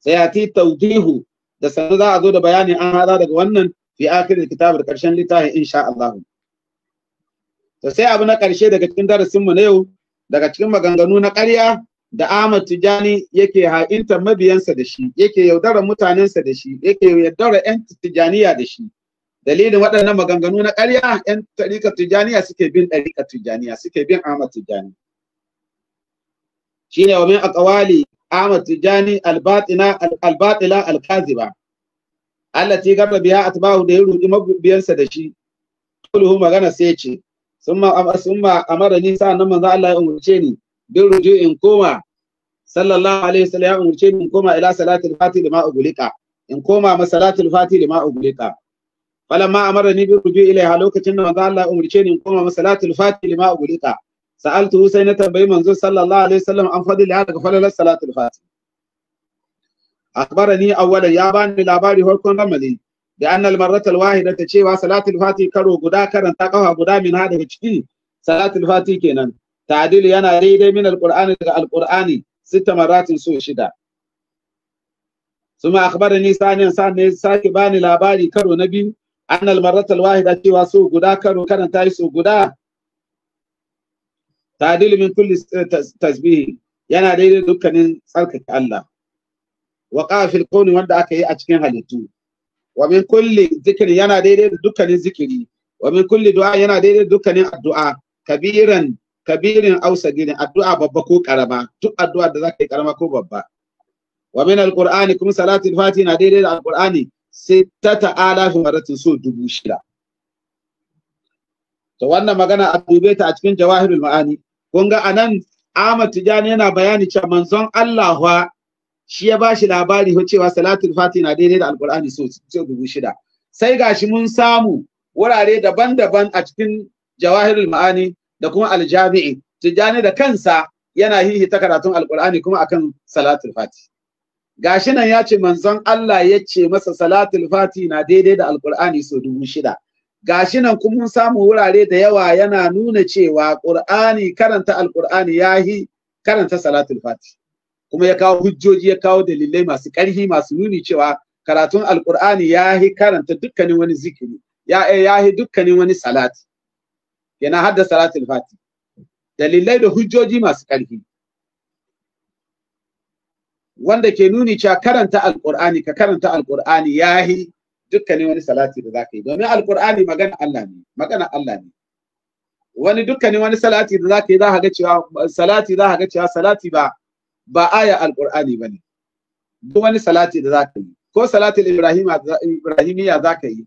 sayati tawdihu da sanar za a zo da bayani an hada daga wannan fi akhirin kitabar karshen littafi insha Allah to sai abu na karshe daga cikin darasin mu na yau daga cikin maganganu na ƙarya da Ahmad Tijani yake ha'inta mabiyansa da shi yake yaudara mutanensa da shi yake yaudara yan Tijaniya da shi dalilin waɗannan maganganu na ƙarya yan tariƙar Tijaniya suke bin tariƙar Tijaniya suke bin Ahmad Tijani shine wa min aqwali Ahmad Tijani al-Batina al-Batila al-Kaziba allati gaba biya atbahu da ya rudi mabiyansa da shi kulhu magana sai ce summa summa amara ni sa nan manzo Allah ya umurce ni bin ruju in koma sallallahu alaihi wasallam ya umurce ni in koma ila salatul fati lima ugulika in koma masalatul fati lima ugulika falamma amara ni bin ruju ilaiha lokacin da ya ni in koma sa'altu sai na tambayi manzo sallallahu alaihi wasallam an fadila ya daga falalar salatul fati akbarani awwalan ya bani labari farkon ramali da annal marratal wahida ta cewa salatul fati karo guda karanta kafa guda min ha daga ciki salatul fati kenan ta'dil yana daidai min alqur'ani daga alqur'ani sita maratin su shida suma akhbarani na sanin sake bani labari karo na biyu annal marratal wahida cewa su guda karo karanta su guda ta'dilu min kulli tasbihi yana daidai dukkanin tsarkake Allah wa qafil wanda aka yi a cikin halittu wa min kulli zikri yana daidai dukkanin zikiri wa min kulli du'a yana daidai dukkanin addu'a kabirin aw sagirin addu'a babba ko karama duk addu'a da zaka yi karama ko babba wa min alqur'ani kuma salatul fati na daidai da alqur'ani sittata alafi maratin so dubu shida Ta wannan magana a dube ta a cikin jawahirul ma'ani kun ga anan Ahmad Tijani yana bayani cewa manzon Allah wa shi ya bashi labari cewa salatul fati na daidai da alqur'ani so dubu shida sai gashi mun samu wurare daban-daban a cikin jawahirul ma'ani da kuma aljami'i Tijani da kansa yana hihita karatun alqur'ani kuma akan salatul fati gashi nan ya ce manzon Allah ya ce masa salatul fati na daidai da alqur'ani so dubu shida gashi nan kuma mun samu wurare da yawa yana nuna cewa qur'ani karanta alqur'ani yahi karanta salatul fati kuma ya kawo hujjoji ya kawo dalilai masu ƙarfi masu nuni cewa karatun alqur'ani yahi karanta dukkanin wani zikiri ya yahi dukkanin wani salati yana hadda salatul fati dalilai da hujjoji masu ƙarfi wanda ke nuni cewa karanta alqur'ani ka karanta alqur'ani yahi dukkanin wani salati da zaka yi domin alqur'ani magana Allah ne magana Allah ne wani dukkanin wani salati da zaka yi za ka ga cewa salati za ka ga cewa salati ba ba aya alqur'ani bane duk wani salati da zaka yi ko salatul ibrahim ibrahimiyya zaka yi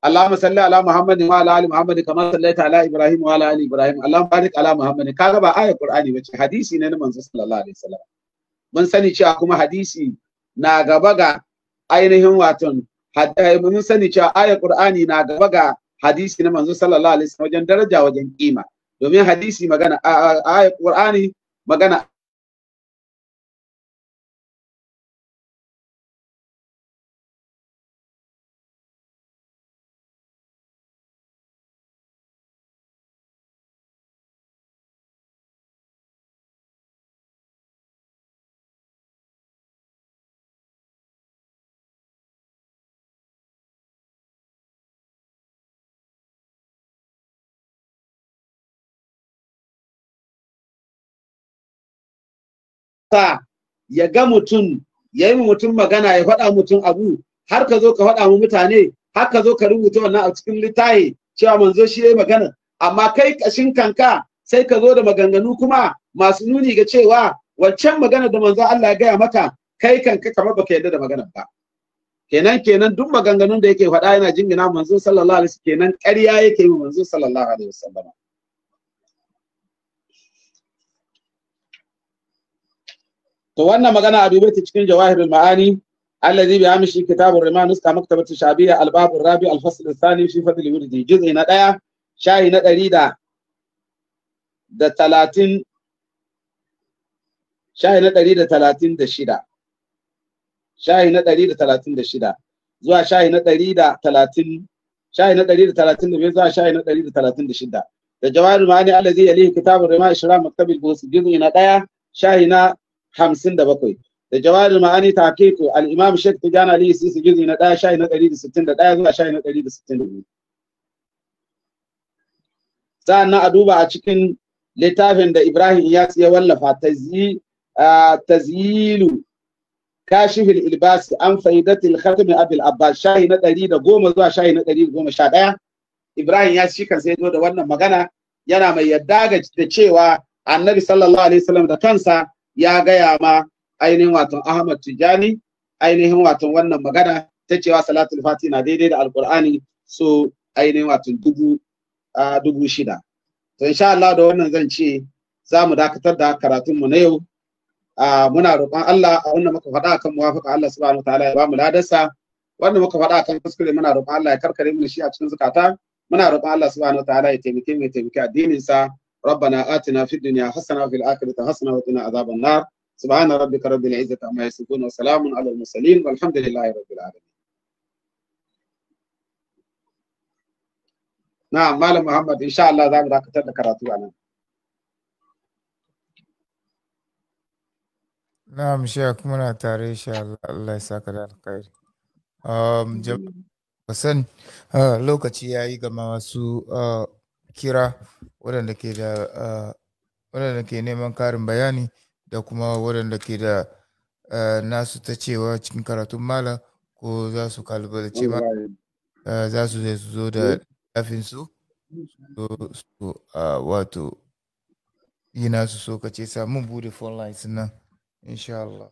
اللهم صل على محمد وعلى ال محمد كما صليت على ابراهيم وعلى ال ابراهيم اللهم بارك على محمد kaga ba ayar qur'ani bace hadisi ne na manzo sallallahu alaihi wasallam mun sani cewa kuma hadisi na gaba ga ainihin waton Eh, mun sani cewa ayar qur'ani na gaba ga hadisi na manzo sallallahu alaihi wasallam wajen daraja wajen kima domin hadisi magana ayar qur'ani magana sa ya ga mutum ya yi mutum magana ya faɗa mutum abu har ka zo ka faɗa mu mutane har ka zo ka rubuta wannan a cikin littafi cewa manzo shi ya yi magana amma kai kashin kanka sai ka zo da maganganu kuma masu nuni ga cewa wancan magana da manzo Allah ya gaya maka kai kanka kamar baka yarda da magana ba kenan kenan duk maganganun da yake faɗa yana jingina manzo sallallahu alaihi wasallam kenan ƙarya yake yi manzo sallallahu alaihi wasallam to wannan magana a dube ta cikin jawahirul ma'ani allazi bi amshi kitabur rima nuska maktabatu shabiya albab rabi alfasl athani fi fadl wurdi juz'i na daya shayi na ɗari da da talatin shayi na da talatin da na ɗari da talatin zuwa shayi na ɗari da talatin shayi na ɗari da talatin zuwa shayi na ɗari da talatin da da jawahirul ma'ani allazi yalihi kitabur rima ishra maktabil busi juz'i na daya shayi na hamsin da bakwai da jawabin ma'ani ta hakiku al'imam shek tijjani Ali sisi juzi na ɗaya shayi na ɗari da sittin da ɗaya zuwa shayi na ɗari da sittin da biyu sa'an a duba a cikin littafin da ibrahim ya ya wallafa tazyilu kashifil ilbasi an faidatil khatmi abil abbas shayi na ɗari da goma zuwa shayi na ɗari da goma sha ɗaya ibrahim ya shi kansa ya da wannan magana yana mai yadda da cewa annabi sallallahu alaihi wasallam da kansa ya gaya ma ainihin watan Ahmad Tijani ainihin watan wannan magana ta cewa salatul fati na daidai da alkur'ani so ainihin watan dubu a dubu shida to insha Allah da wannan zan ce za mu dakatar da karatun mu na yau muna roƙon Allah a wannan muka faɗa kan muwafaka Allah subhanahu Ta'ala ya ba mu ladarsa Wannan muka faɗa kan kuskure muna roƙon Allah ya karkare mu shi a cikin zakata. muna roƙon Allah subhanahu Ta'ala ya taimake mu ya taimake addinin sa ربنا آتنا في الدنيا حسنة وفي الآخرة حسنة وقنا عذاب النار سبحان ربك رب العزة عما يصفون وسلام على المرسلين والحمد لله رب العالمين نعم ماlam Muhammad insha Allah za mu dakatar da karatu a nan Na'am Sheikh muna tare insha Allah Allah ya saka da alkhairi um jama'a lokaci yayi ga masu kira waɗanda ke da eh, waɗanda ke neman karin bayani da kuma waɗanda ke da eh, nasu ta cewa cikin karatun malam ko za su kalibalace ma eh, za su zai su zo da lafinsu su ah, wato yi nasu so ka samun bude phone lines nan insha Allah.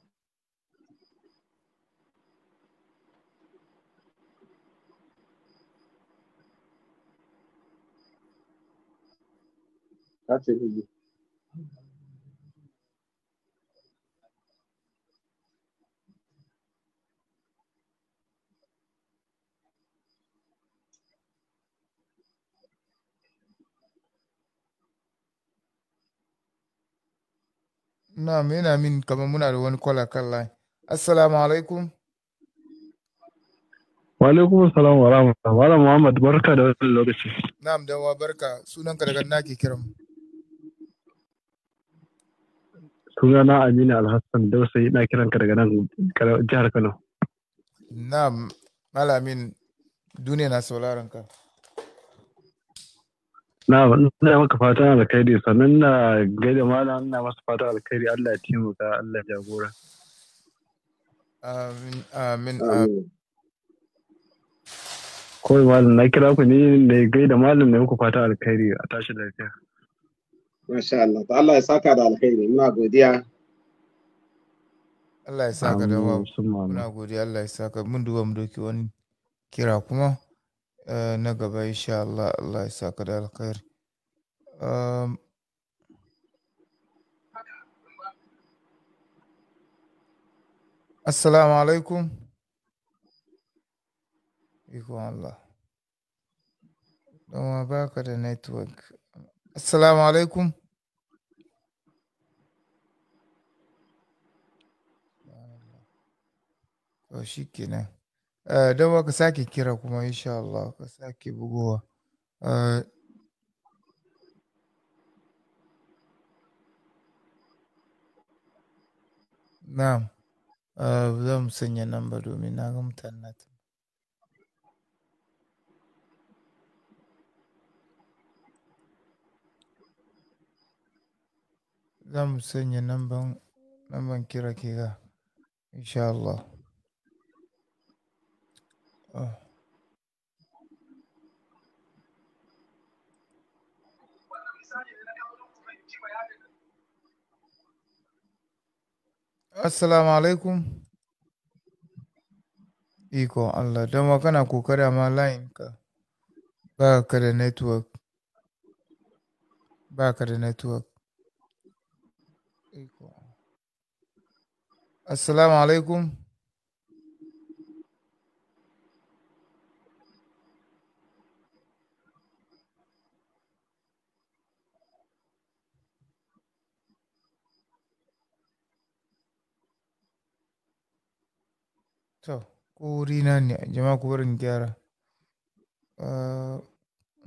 That's it. Na'am, min kama muna da wani kwala kan line. Assalamu alaikum. Wa alaikum assalam wa rahmatullah. Malam Muhammadu, barka da wannan lokaci. Na'am, dan wa barka. Sunanka daga nake kiran mu. Tuna na Aminu Alhassan Dausayi na kiran ka daga nan jihar Kano. Na malamin duniya na sauraron ka. Na ina maka fata alkhairi sannan na gaida malam na masu fata alkhairi Allah ya ka, Allah ya jagora. Amin amin amin. Kawai malam na kira ku ne da gaida malam na muku fata alkhairi a tashi lafiya. Masha Allah, ta Allah ya saka da alkhairi, muna godiya. Allah ya saka da wa, muna godiya Allah ya saka, mun duba mu doki wani kira kuma eh, na gaba insha Allah, Allah ya saka da alkhairi. Um, Assalamu alaikum. Ikon Allah. Don wa ka da network. Assalamu alaikum. To shi kenan. Eh, don ka sake kira kuma insha Allah ka sake bugowa. Na eh, na'am. Eh, zan sanya ba domin na ga mutane na za Zan sanya nan namban kira ke ga insha Allah. asalamu ah. Assalamu alaikum. Iko Allah, don kana kokari amma layin ka ba ka da network. Ba ka da network. Iko. Assalamu alaikum. Ko wurina ne, jama'a ku bari in gyara. Ah,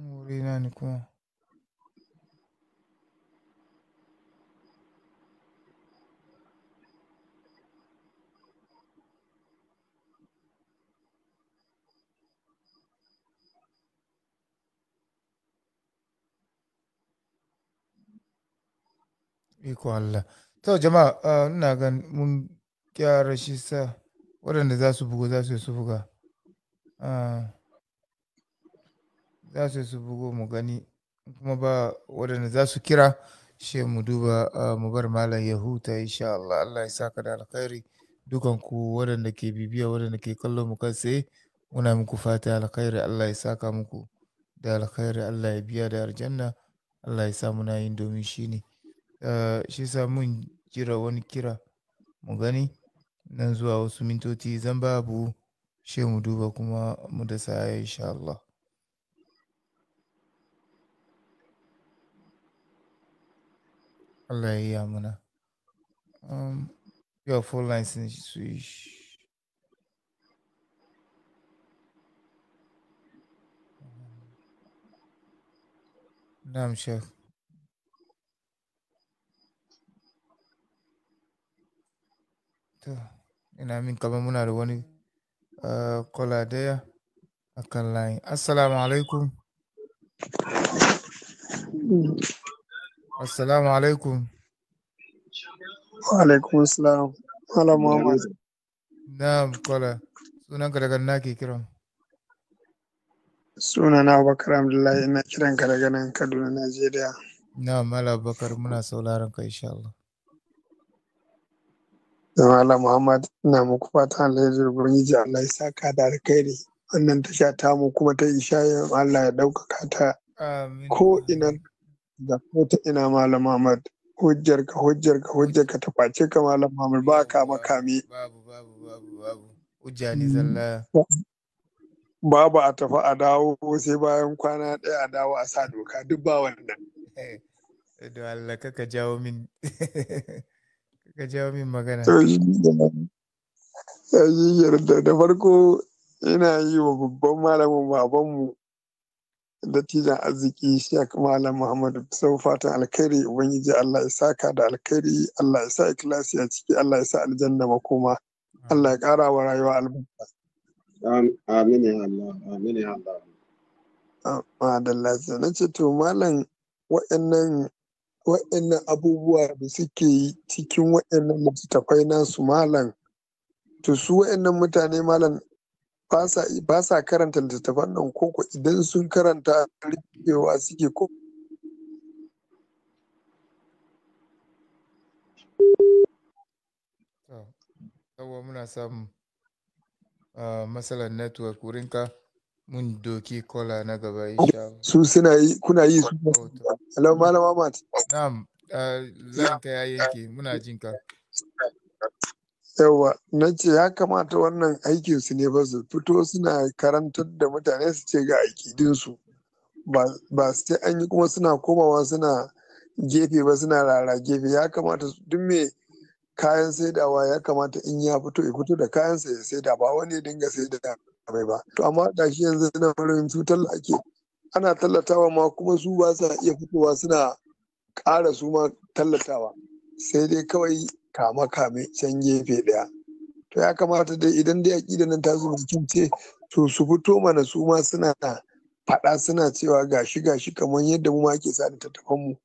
wurina ne kuma. iko Allah. To jama'a, ah, ina gan mun gyara shi sa. waɗanda za su bugu za su su buga ah, za su su bugu mu gani kuma ba waɗanda za su kira shi mu duba ah, mu bar malam ya huta insha Allah Allah ya saka da alkhairi dukan ku waɗanda ke bibiya waɗanda ke kallon mu kan sai muna muku fata alkhairi Allah ya saka muku da alkhairi Allah ya biya da aljanna Allah ya sa muna yin domin shi ne ah, shi sa mun jira wani kira mu gani nan zuwa wasu mintoci zan babu shi mu duba kuma mu da saya insha Allah. Allah ya muna. Um, your full license switch. نعم شيخ تو ina min kama muna da wani kola eh, daya a kan layin assalamu alaikum assalamu alaikum wa alaikum assalam ala Muhammadu. na'am kola sunanka daga na ke kiran na abubakar abdullahi ina kiran ka daga nan kaduna najeriya Na ala abubakar muna sauraron ka insha Allah da Muhammad na muku fatan alheri Ubangiji Allah ya saka da alkhairi wannan tasha ta mu kuma ta isha Allah ya ɗaukaka ta ko ina da ko ta ina Malam Muhammad hujjar ka hujjar ka hujjar ka ta face ka Malam Muhammad ba ka makami babu babu babu babu hujja ne zalla babu a tafi a dawo sai bayan kwana ɗaya a dawo a sa doka duk ba wannan da Allah kaka jawo min ka jawo min magana ya yarda da farko ina yi wa babban malamin babanmu dattijan arziki kuma malam muhammadu sau fatan alkhairi ubangiji allah ya ka da alkhairi allah ya sa ikilasi a ciki allah ya sa aljanna makoma allah ya kara wa rayuwa albarka amin ya allah amin ya allah na ce to malam wa'annan waɗannan abubuwa da suke yi cikin waɗannan littattafai nasu malam to su waɗannan mutane malam ba sa karanta littattafan nan koko idan sun karanta rikewa suke ko yawwa muna samun ah, matsalar network wurinka mun doki kola na gaba yi su suna yi kuna yi su Allah malam Ahmad na'am zan ta ya yake muna jin ka yawa na ce ya kamata wannan aikin su ne ba su fito suna karantar da mutane su ce ga din su ba su ce an yi kuma suna komawa suna gefe ba suna rara gefe ya kamata duk mai kayan saidawa ya kamata in ya fito ya fito da kayan sa ya saida ba wani ya dinga saida malamai ba to amma da shi yanzu na farin cutar da ake ana tallatawa ma kuma su ba sa iya fitowa suna kara su ma tallatawa sai dai kawai kama kame can gefe ɗaya to ya kamata dai idan dai aƙida nan ta zuwa jikin ce to su fito mana su ma suna faɗa suna cewa gashi gashi kamar yadda mu ma ake sa littattafan mu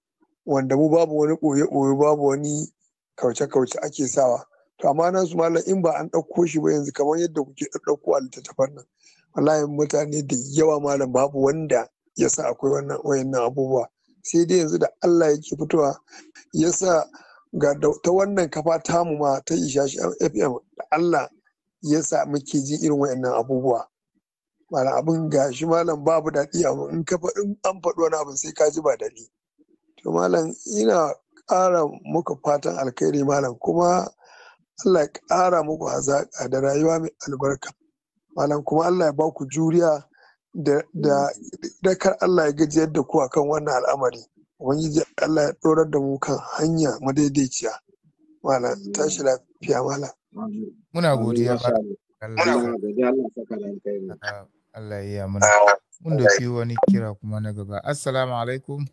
wanda mu babu wani ɓoye ɓoye babu wani kauce kauce ake sawa to amma nan su malam in ba an ɗauko shi ba yanzu kamar yadda kuke ɗauko a littattafan nan wallahi mutane da yawa malam babu wanda ya sa akwai wannan wayannan abubuwa sai dai yanzu da Allah yake fitowa ya sa ga ta wannan kafa tamu ma ta ishashi fm da Allah ya sa muke jin irin wayannan abubuwa malam abin gashi malam babu daɗi abu in ka faɗi an faɗi wani abin sai ka ji ba dadi. to malam ina ƙara muka fatan alkhairi malam kuma Allah ya ƙara muku hazaƙa da rayuwa mai albarka malam kuma Allah ya ba ku juriya da kar Allah ya gaji yadda ku akan wannan al'amari ubangiji Allah ya ɗorar da mu kan hanya madaidaiciya malam tashi lafiya malam muna godiya Allah ya yi muna mun da wani kira kuma na gaba assalamu alaikum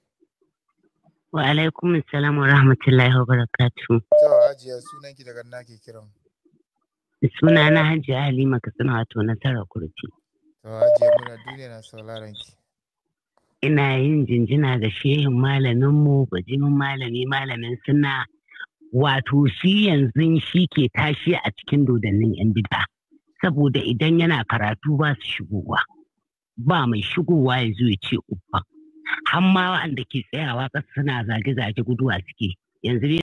Wa alaikum salam wa rahmatullahi wa barakatuhu. Hajiya sunan ki daga na ke kiran. Suna na Hajiya Halima Katsina wato tara Kurti. Hajiya muna duniya na sauraron ki. Ina yin jinjina ga shehin malamin mu bajimin malami malamin suna wato shi yanzu shi ke tashi a cikin dodannin yan bida saboda idan yana karatu ba su shigowa ba mai shigowa ya zo ya ce uban har ma wa'anda ke tsayawa ƙasa suna zage-zage guduwa suke yanzu ne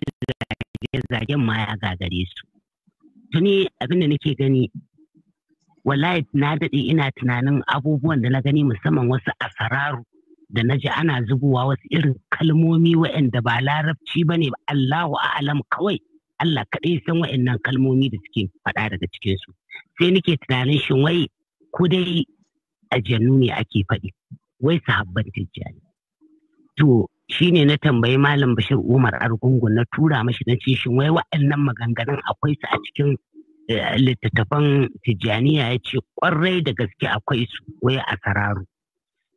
zage-zagen ma ya gagare su tuni abin da nake gani wallahi na daɗe ina tunanin abubuwan da na gani musamman wasu asararu da na ji ana zubowa wasu irin kalmomi waɗanda ba larabci ba ne Allahu a'alam kawai Allah kaɗai san waɗannan kalmomi da suke faɗa daga cikinsu sai nake tunanin shi wai ko dai ajannu ne ake faɗi wai sahabban tijjani to shine na tambayi malam bashir umar argungu na tura mashi na ce shin wai wa'annan maganganun akwai su a cikin eh, littattafan tijjaniya ya ce ƙwarai da gaske akwai su wai a sararu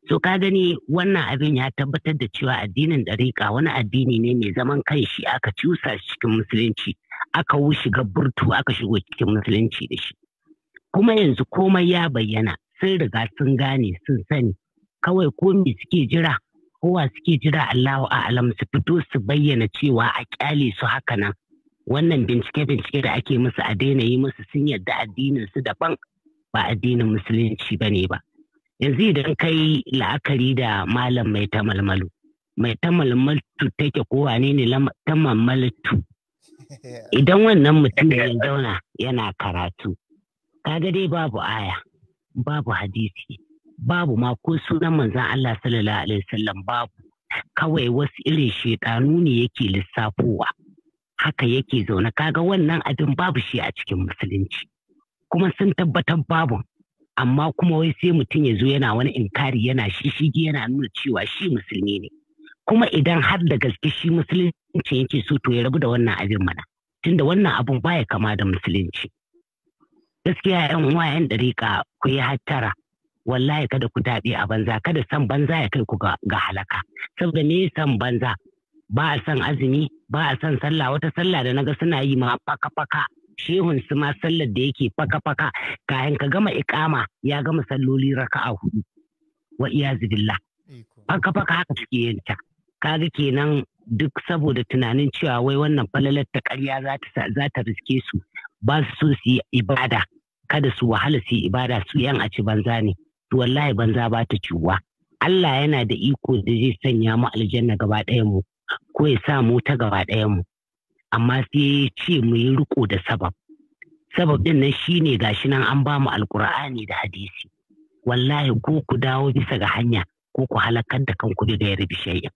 so ka gani wannan abin ya tabbatar da cewa addinin ɗariƙa wani addini ne mai zaman kanshi aka cusa cikin musulunci aka shiga burtu aka shigo cikin musulunci da shi kuma yanzu komai ya bayyana sun riga sun gane sun sani kawai ko me suke jira kowa suke jira Allahu a'lam su fito su bayyana cewa a kyale su haka nan wannan bincike-bincike da ake musu a daina yi musu sun yadda addinin su daban ba addinin musulunci ba ne ba yanzu idan kai la'akari da malam mai tamalmalu mai tamalmaltu take kowa ne ne tamalmaltu idan wannan mutum ya zauna yana karatu kaga dai babu aya babu hadisi babu ma ko sunan manzon Allah sallallahu alaihi wasallam babu kawai wasu irin shedanu ne yake lissafowa haka yake zaune kaga wannan abin babu shi a cikin musulunci kuma sun tabbatar babu amma kuma wai sai mutum ya zo yana wani inkari yana shishigi yana nuna cewa shi musulmi ne kuma idan har da gaske shi musulunci yake so to ya rabu da wannan abin mana tunda wannan abun baya kama da musulunci gaskiya yan uwa yan dariƙa ku yi hattara wallahi kada ku daɗe a banza kada san banza ya kai ku ga halaka saboda me san banza ba a san azumi ba a san sallah wata sallah da naga suna yi ma faka faka shehun su ma sallar da yake faka faka kayan ka gama ikama ya gama salloli raka'a hudu wa iyazu billah faka faka haka suke yin ta kaga kenan duk saboda tunanin cewa wai wannan falalar ta ƙarya za ta riske su ba su so su yi ibada kada su wahala su yi ibada su yan a ci banza ne to wallahi banza ba ta ciwuwa. Allah yana da iko da zai sanya mu aljanna gaba ɗayan mu ko ya sa mu ta gaba ɗaya mu amma sai ya ce mu yi riko da sabab sabab din nan shine shi nan an ba mu alkur'ani da hadisi wallahi ko ku dawo bisa ga hanya ko ku halakar da kanku da ya rubi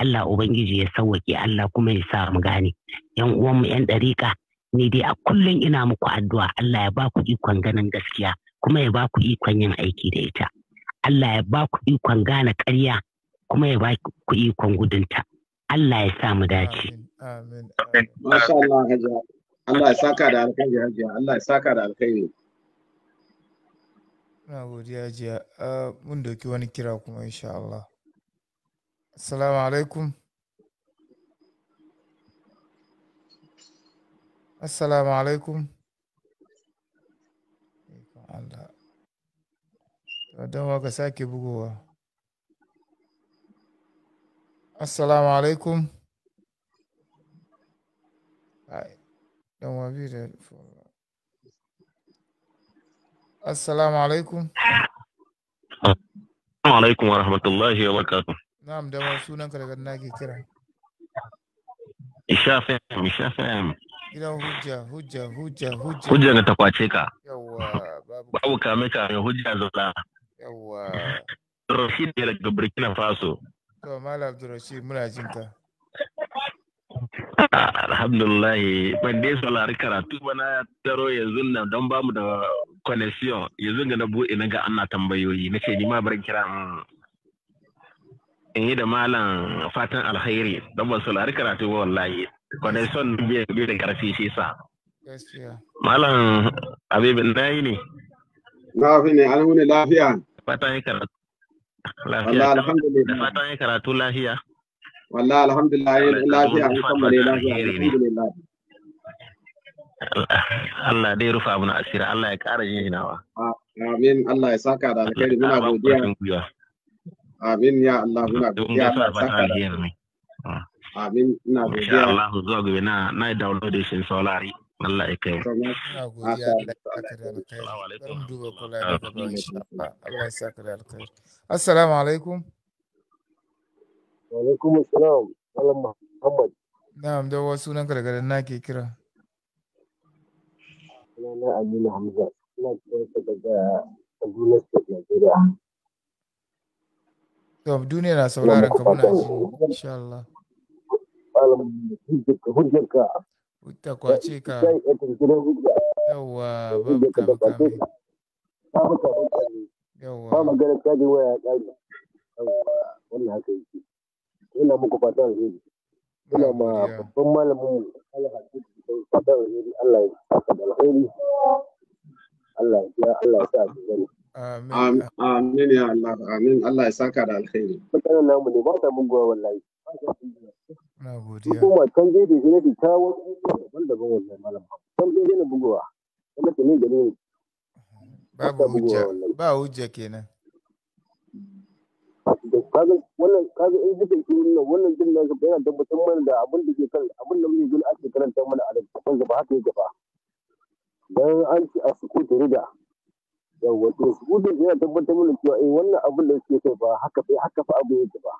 Allah ubangiji ya sauwake Allah kuma ya sa mu gane yan uwan mu yan dariƙa ni dai a kullum ina muku addu'a Allah ya ba ku ikon ganin gaskiya kuma ya ba ku ikon yin aiki da ita. Allah ya ba ku ikon gane ƙarya kuma ya ba ku ikon gudunta. Allah ya sa mu dace. Amin. Masha Allah hajiya. Allah ya saka da alkhairi hajiya. Allah ya saka da alkhairi. Na godiya hajiya. Ah, mun doki wani kira kuma insha Allah. Assalamu alaikum. Assalamu alaikum. Allah don ka sake bugowa assalamu alaikum don wabi da assalamu alaikum assalamu alaikum wa rahmatullahi wa barakatuh na'am da sunan ka daga nake kira ishafem ishafem gidan hujja hujja hujja hujja hujja ka Yawwa, babu kame kame hujja zauna Yawwa. Rashid ne daga Burkina Faso to Malam Abdulrashid muna jin ka ah, Alhamdulillah ban dai saurari karatu ba na taro yanzu nan don bamu da connection yanzu ga na buɗe na ga ana tambayoyi na ce ni ma bar kira mm, in yi da malam fatan alkhairi don ban saurari karatu ba wallahi connection son bai da karfi shi sa malam abibin na yi ne lafi ne an wuni lafiya fatan yi karatu lafiya da fatan yi karatu lafiya wallah alhamdulillah yi lafiya an kammale lafiya Allah dai rufa abin asira Allah ya kara yin hinawa. Amin Allah ya saka da alkhairi muna godiya. Amin ya Allah muna godiya Allah ya saka da alkhairi. Amin ina godiya. Insha Allah gobe na na Salam Muhammad. na kira. Sunana Aminu Hamza. kira daga Kaduna State, Nigeria. duniya na sauraron ji insha Allah. malam hujjarka hujjarka ta kwace ka yawa babu kame babu kame yawa ba magana waya wannan haka yake ina muku alheri ina ma babban malamin alheri Allah ya saka da alheri Allah ya Allah ya Amin. Amin ya Allah. Amin. Allah ya saka da alheri. Mutanen namu ne ba ta mun gowa wallahi. Na ta wasu daban-daban wannan malam. Can jeje na bugowa. Kuma ta ne Babu hujja. Ba hujja kenan. Kaga wannan kaga in suka yi wannan wannan nan yana tabbatar mana da abin da ke kan abin da muke gani ake karanta mana a littafin ba haka yake ba. Dan an ci a sukutu rida. Yawwa to sukutu yana tabbatar mana cewa eh wannan abin da suke kai ba haka bai haka fa abu yake ba.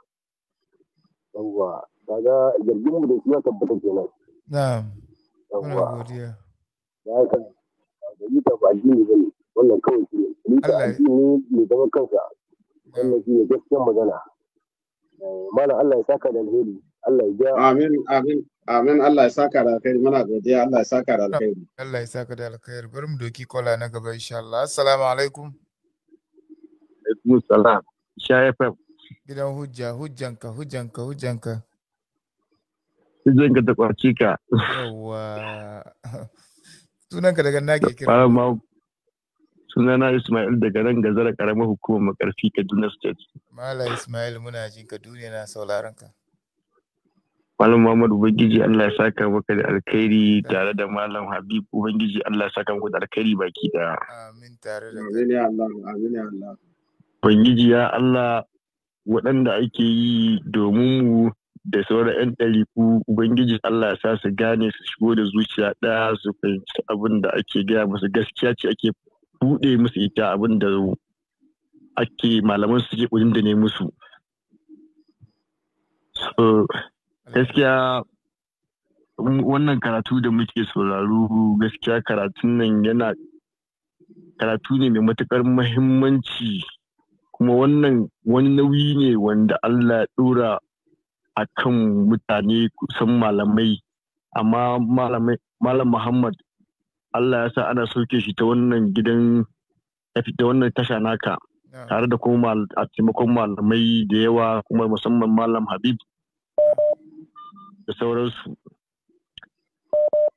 yawwa kaga ya tabbata kenan na'am godiya ya ka da alheri Allah ya ja amin amin amin Allah ya saka da alheri muna godiya Allah ya saka da alheri Allah ya saka da alheri bari mu doki kola na gaba insha Allah assalamu alaikum alaikum salam sha gidan hujja hujjanka hujjanka hujjanka hujjanka ta kwaci ka yawa sunanka daga na ke kira sunana Ismail daga nan zara karamar hukumar makarfi Kaduna State. Mala Ismail muna jin ka duniya na sauraron ka. Malam Muhammad Ubangiji Allah ya saka maka da alkhairi tare da Malam Habib Ubangiji Allah ya saka maka da alkhairi baki daya. Amin tare da Allah. Amin Allah. Ubangiji ya Allah waɗanda ake yi domin mu da sauran 'yan ɗariku ubangiji Allah ya sa su gane su shigo da zuciya ɗaya su fahimci abin da ake gaya musu gaskiya ce ake buɗe musu ita abin da ake malaman su ke da ne musu gaskiya wannan karatu da muke sauraro gaskiya karatun nan yana karatu ne mai matuƙar muhimmanci kuma wannan wani nauyi ne wanda Allah ya dora a kan mutane kusan malamai amma malam Muhammad Allah ya sa ana sauke shi ta wannan gidan ta wannan tasha naka tare da kuma a taimakon malamai da yawa kuma musamman malam Habib da sauransu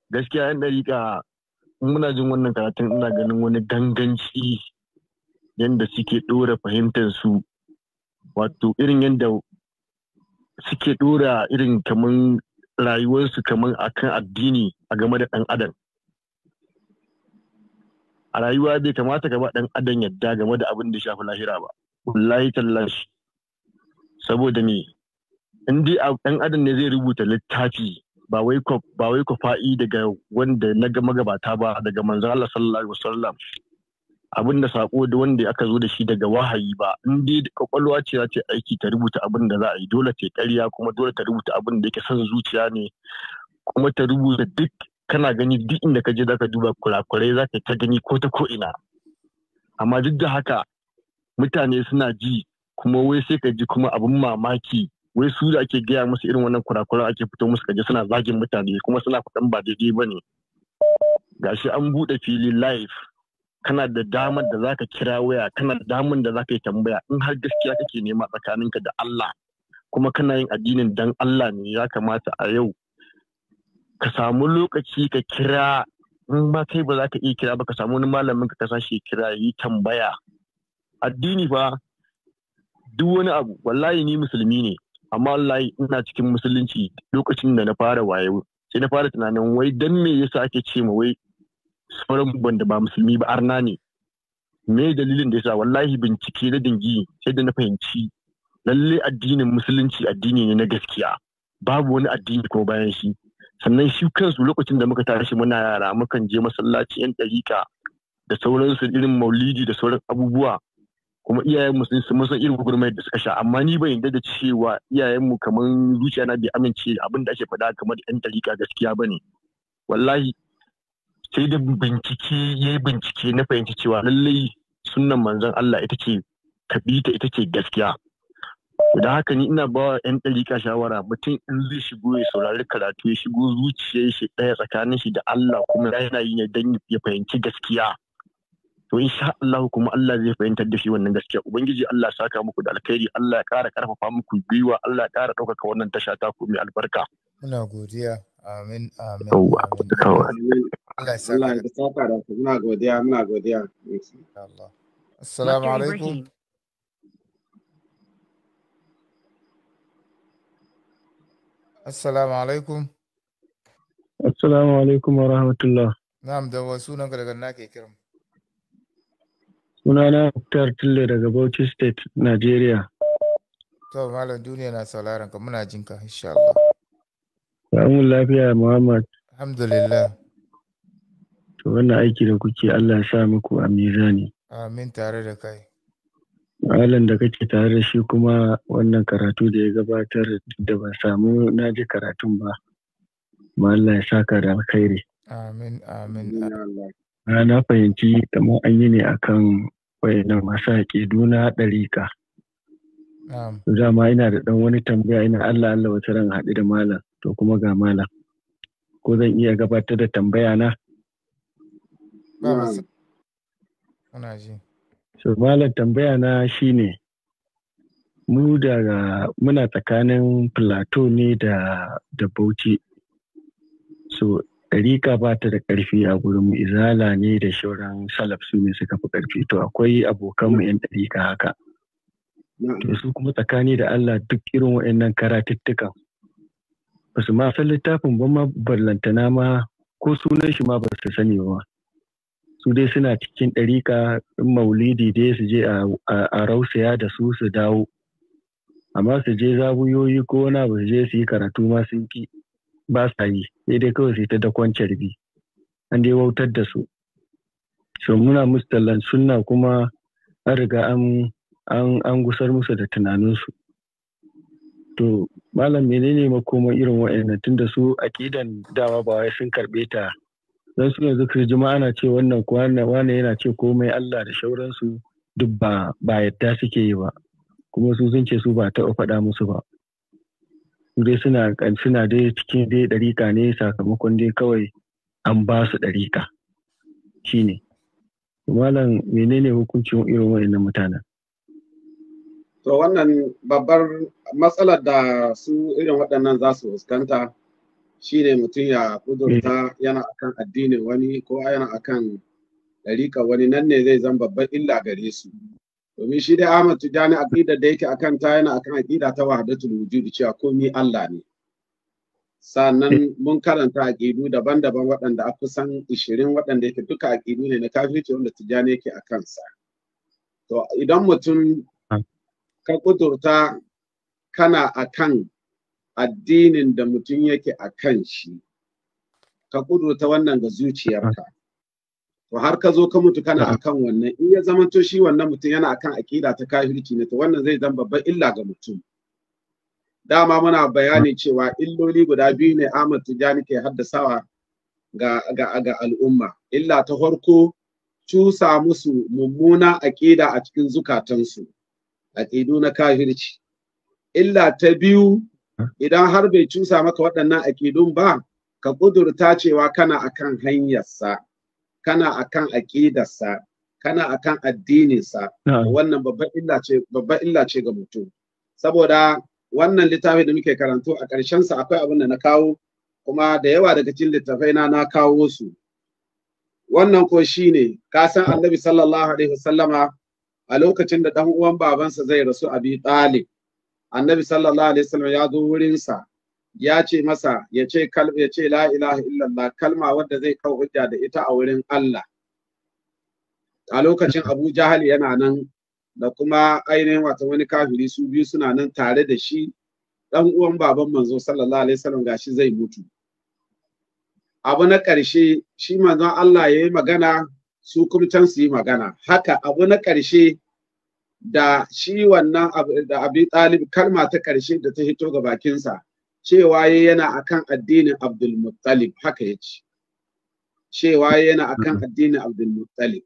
gaskiya yan dariƙa muna jin wannan karatun ina ganin wani ganganci yadda suke ɗora fahimtarsu wato irin yadda suke ɗora irin kamar rayuwarsu kamar akan addini a game da ɗan adam a rayuwa bai kamata ka ɗan adam yadda game da abin da shafi lahira ba wallahi tallashi saboda me in dai ɗan adam ne zai rubuta littafi ba wai fa'i daga wanda na magabata ba daga manzo Allah sallallahu alaihi wasallam abin da sako da wanda aka zo da shi daga wahayi ba in dai kwakwalwa ce ce aiki ta rubuta abin da za a yi dole ta karya kuma dole ta rubuta abin da yake son zuciya ne kuma ta rubuta duk kana gani duk inda ka je za ka duba kurakurai za ka ta gani ko ta ko ina amma duk da haka mutane suna ji kuma wai sai ka ji kuma abin mamaki wai su da ake gaya musu irin wannan kurakurai ake fito musu ka je suna zagin mutane kuma suna faɗan ba daidai ba ne gashi an buɗe filin live kana da damar da zaka kira waya kana da damar da zaka yi tambaya in har gaskiya kake nema tsakaninka da Allah kuma kana yin addinin dan Allah ne ya kamata a yau ka samu lokaci ka kira in ba kai ba za ka iya kira ba ka samu wani malamin ka ka shi kira yi tambaya addini fa duk wani abu wallahi ni musulmi ne amma wallahi ina cikin musulunci lokacin da na fara wayo sai na fara tunanin wai dan me yasa ake ce ma wai sauran wanda ba musulmi ba arna ne me dalilin da ya sa wallahi bincike na dingi sai da na fahimci lalle addinin musulunci addini ne na gaskiya babu wani addini ko bayan shi sannan shi kansu lokacin da muka tashi muna yara mukan je masallaci yan dariƙa da sauransu irin maulidi da sauran abubuwa kuma iyayenmu sun san irin gurmai da suka sha amma ni ban yarda da cewa iyayenmu kamar zuciya na bai amince abin da ake faɗa kamar yan ɗarika gaskiya bane wallahi sai da bincike ya yi bincike na fahimci cewa lallai sunan manzon Allah ita ce kabita ita ce gaskiya da haka ni ina ba wa yan ɗarika shawara mutum in zai shigo ya saurari karatu ya shigo zuciyar shi ɗaya tsakanin shi da Allah kuma yana yi ne don ya fahimci gaskiya to sha Allah kuma Allah zai fahimtar da shi wannan gaskiya ubangiji Allah saka muku da alkhairi Allah ya ƙara ƙarfafa muku gwiwa Allah ya ƙara ɗaukaka wannan tasha ta ku mai albarka muna godiya Amin, amin. Allah ya saka da ku. Muna godiya, muna godiya. Allah. Assalamu alaikum. Assalamu alaikum. Assalamu alaikum wa rahmatullah. Na'am da wa sunan daga na kiran. Sunana Muktar Tille daga Bauchi State, Nigeria. To malam duniya na sauraron ka muna jinka insha Allah. Samun lafiya Muhammad. Alhamdulillah. To wannan aiki da kuke Allah sa muku a mizani. Amin tare da kai. Alan da kake tare da shi kuma wannan karatu da ya gabatar da ban samu na ji karatun ba. Ma Allah ya saka da alkhairi. Amin amin. Na fahimci kamar an yi ne akan wayannan masu duna ɗari ka. Zama ina da ɗan wani tambaya ina Allah Allah wata ran haɗu da malam. to kuma ga malam ko zan iya gabatar da tambaya na so malam tambaya na shine mu daga muna tsakanin plateau ne da da bauchi so ɗarika ba ta da ƙarfi a gurin izala ne da shauran salaf su ne suka fi ƙarfi to akwai abokanmu 'yan ɗarika haka to su kuma tsakani da Allah duk irin waɗannan karatuttukan ba su ma san littafin ba ma ballantana ma ko sunan shi ma ba su sani ba su dai suna cikin ɗarika maulidi dai su je a rausaya da su su dawo amma su je zabuyoyi ko wani abu su je su yi karatu ma sun ki ba sa yi sai dai kawai su ta dakon carbi an dai wautar da su so muna tallan sunna kuma an riga an gusar musu da tunaninsu To, malam menene makoma irin wa'annan tunda su akidan dawa ba wai sun karbe ta. Don su yanzu juma'a ana ce wannan ko wane yana ce komai Allah da shauransu duk ba ba yadda suke yi ba. Kuma su sun ce su ba taɓa faɗa musu ba. Su dai suna suna dai cikin dai ɗarika ne sakamakon dai kawai an ba su ɗarika. Shi ne. Malam menene hukuncin irin wa'annan mutanen? to wannan babbar matsalar da su irin waɗannan za su fuskanta shine mutum ya kudurta mm. yana akan addinin wani ko yana akan ɗariƙa wani nan ne zai zan babbar illa gare su domin shi dai Ahmad Tijani aqida da yake akan ta yana akan aƙida ta wahdatul wujud cewa komi Allah ne sannan mm. mun karanta aqidu daban-daban waɗanda a kusan 20 waɗanda yake duka aqidu ne na kafirci wanda tijjani yake a kansa. to idan mutum ka kudurta kana kan addinin da mutum yake a kan shi ka kudurta wannan ga zuciyarka to har ka zo ka mutu kana kan wannan in ya zama to shi wannan mutum yana akan aƙida ta kafirci ne to wannan zai zama babban illa ga mutum dama muna bayani cewa illoli guda biyu ne Ahmad Tijani ke haddasawa ga ga ga al'umma illa ta farko cusa musu mummuna aƙida a cikin zukatansu aƙidu na kafirci illa ta biyu idan har bai cusa maka waɗannan aƙidun ba ka ƙudurta cewa kana akan hanyarsa kana akan aƙidarsa kana akan addininsa wannan babban illa ce babban illa ce ga mutum saboda wannan littafi da muke karantu a ƙarshen sa akwai abin da na kawo kuma da yawa daga cikin littafai na na kawo su wannan ko shine ka san annabi sallallahu alaihi wasallama a lokacin da dan uwan babansa zai rasu abi talib annabi sallallahu alaihi wasallam ya zo wurinsa ya ce masa ya ce ya ce la ilaha illallah kalma wadda zai kawo hujja da ita a wurin Allah a lokacin Abu Jahal yana nan da kuma ainihin wato wani kafiri su biyu suna nan tare da shi dan uwan baban manzo sallallahu alaihi wasallam gashi zai mutu abu na ƙarshe shi manzon Allah ya yi magana su kuma can su yi magana haka abu na ƙarshe da shi wannan da abi talib kalma ta ƙarshe da ta hito ga bakinsa cewa yana akan addinin abdul muttalib haka ya ce cewa yana akan mm-hmm. addinin abdul muttalib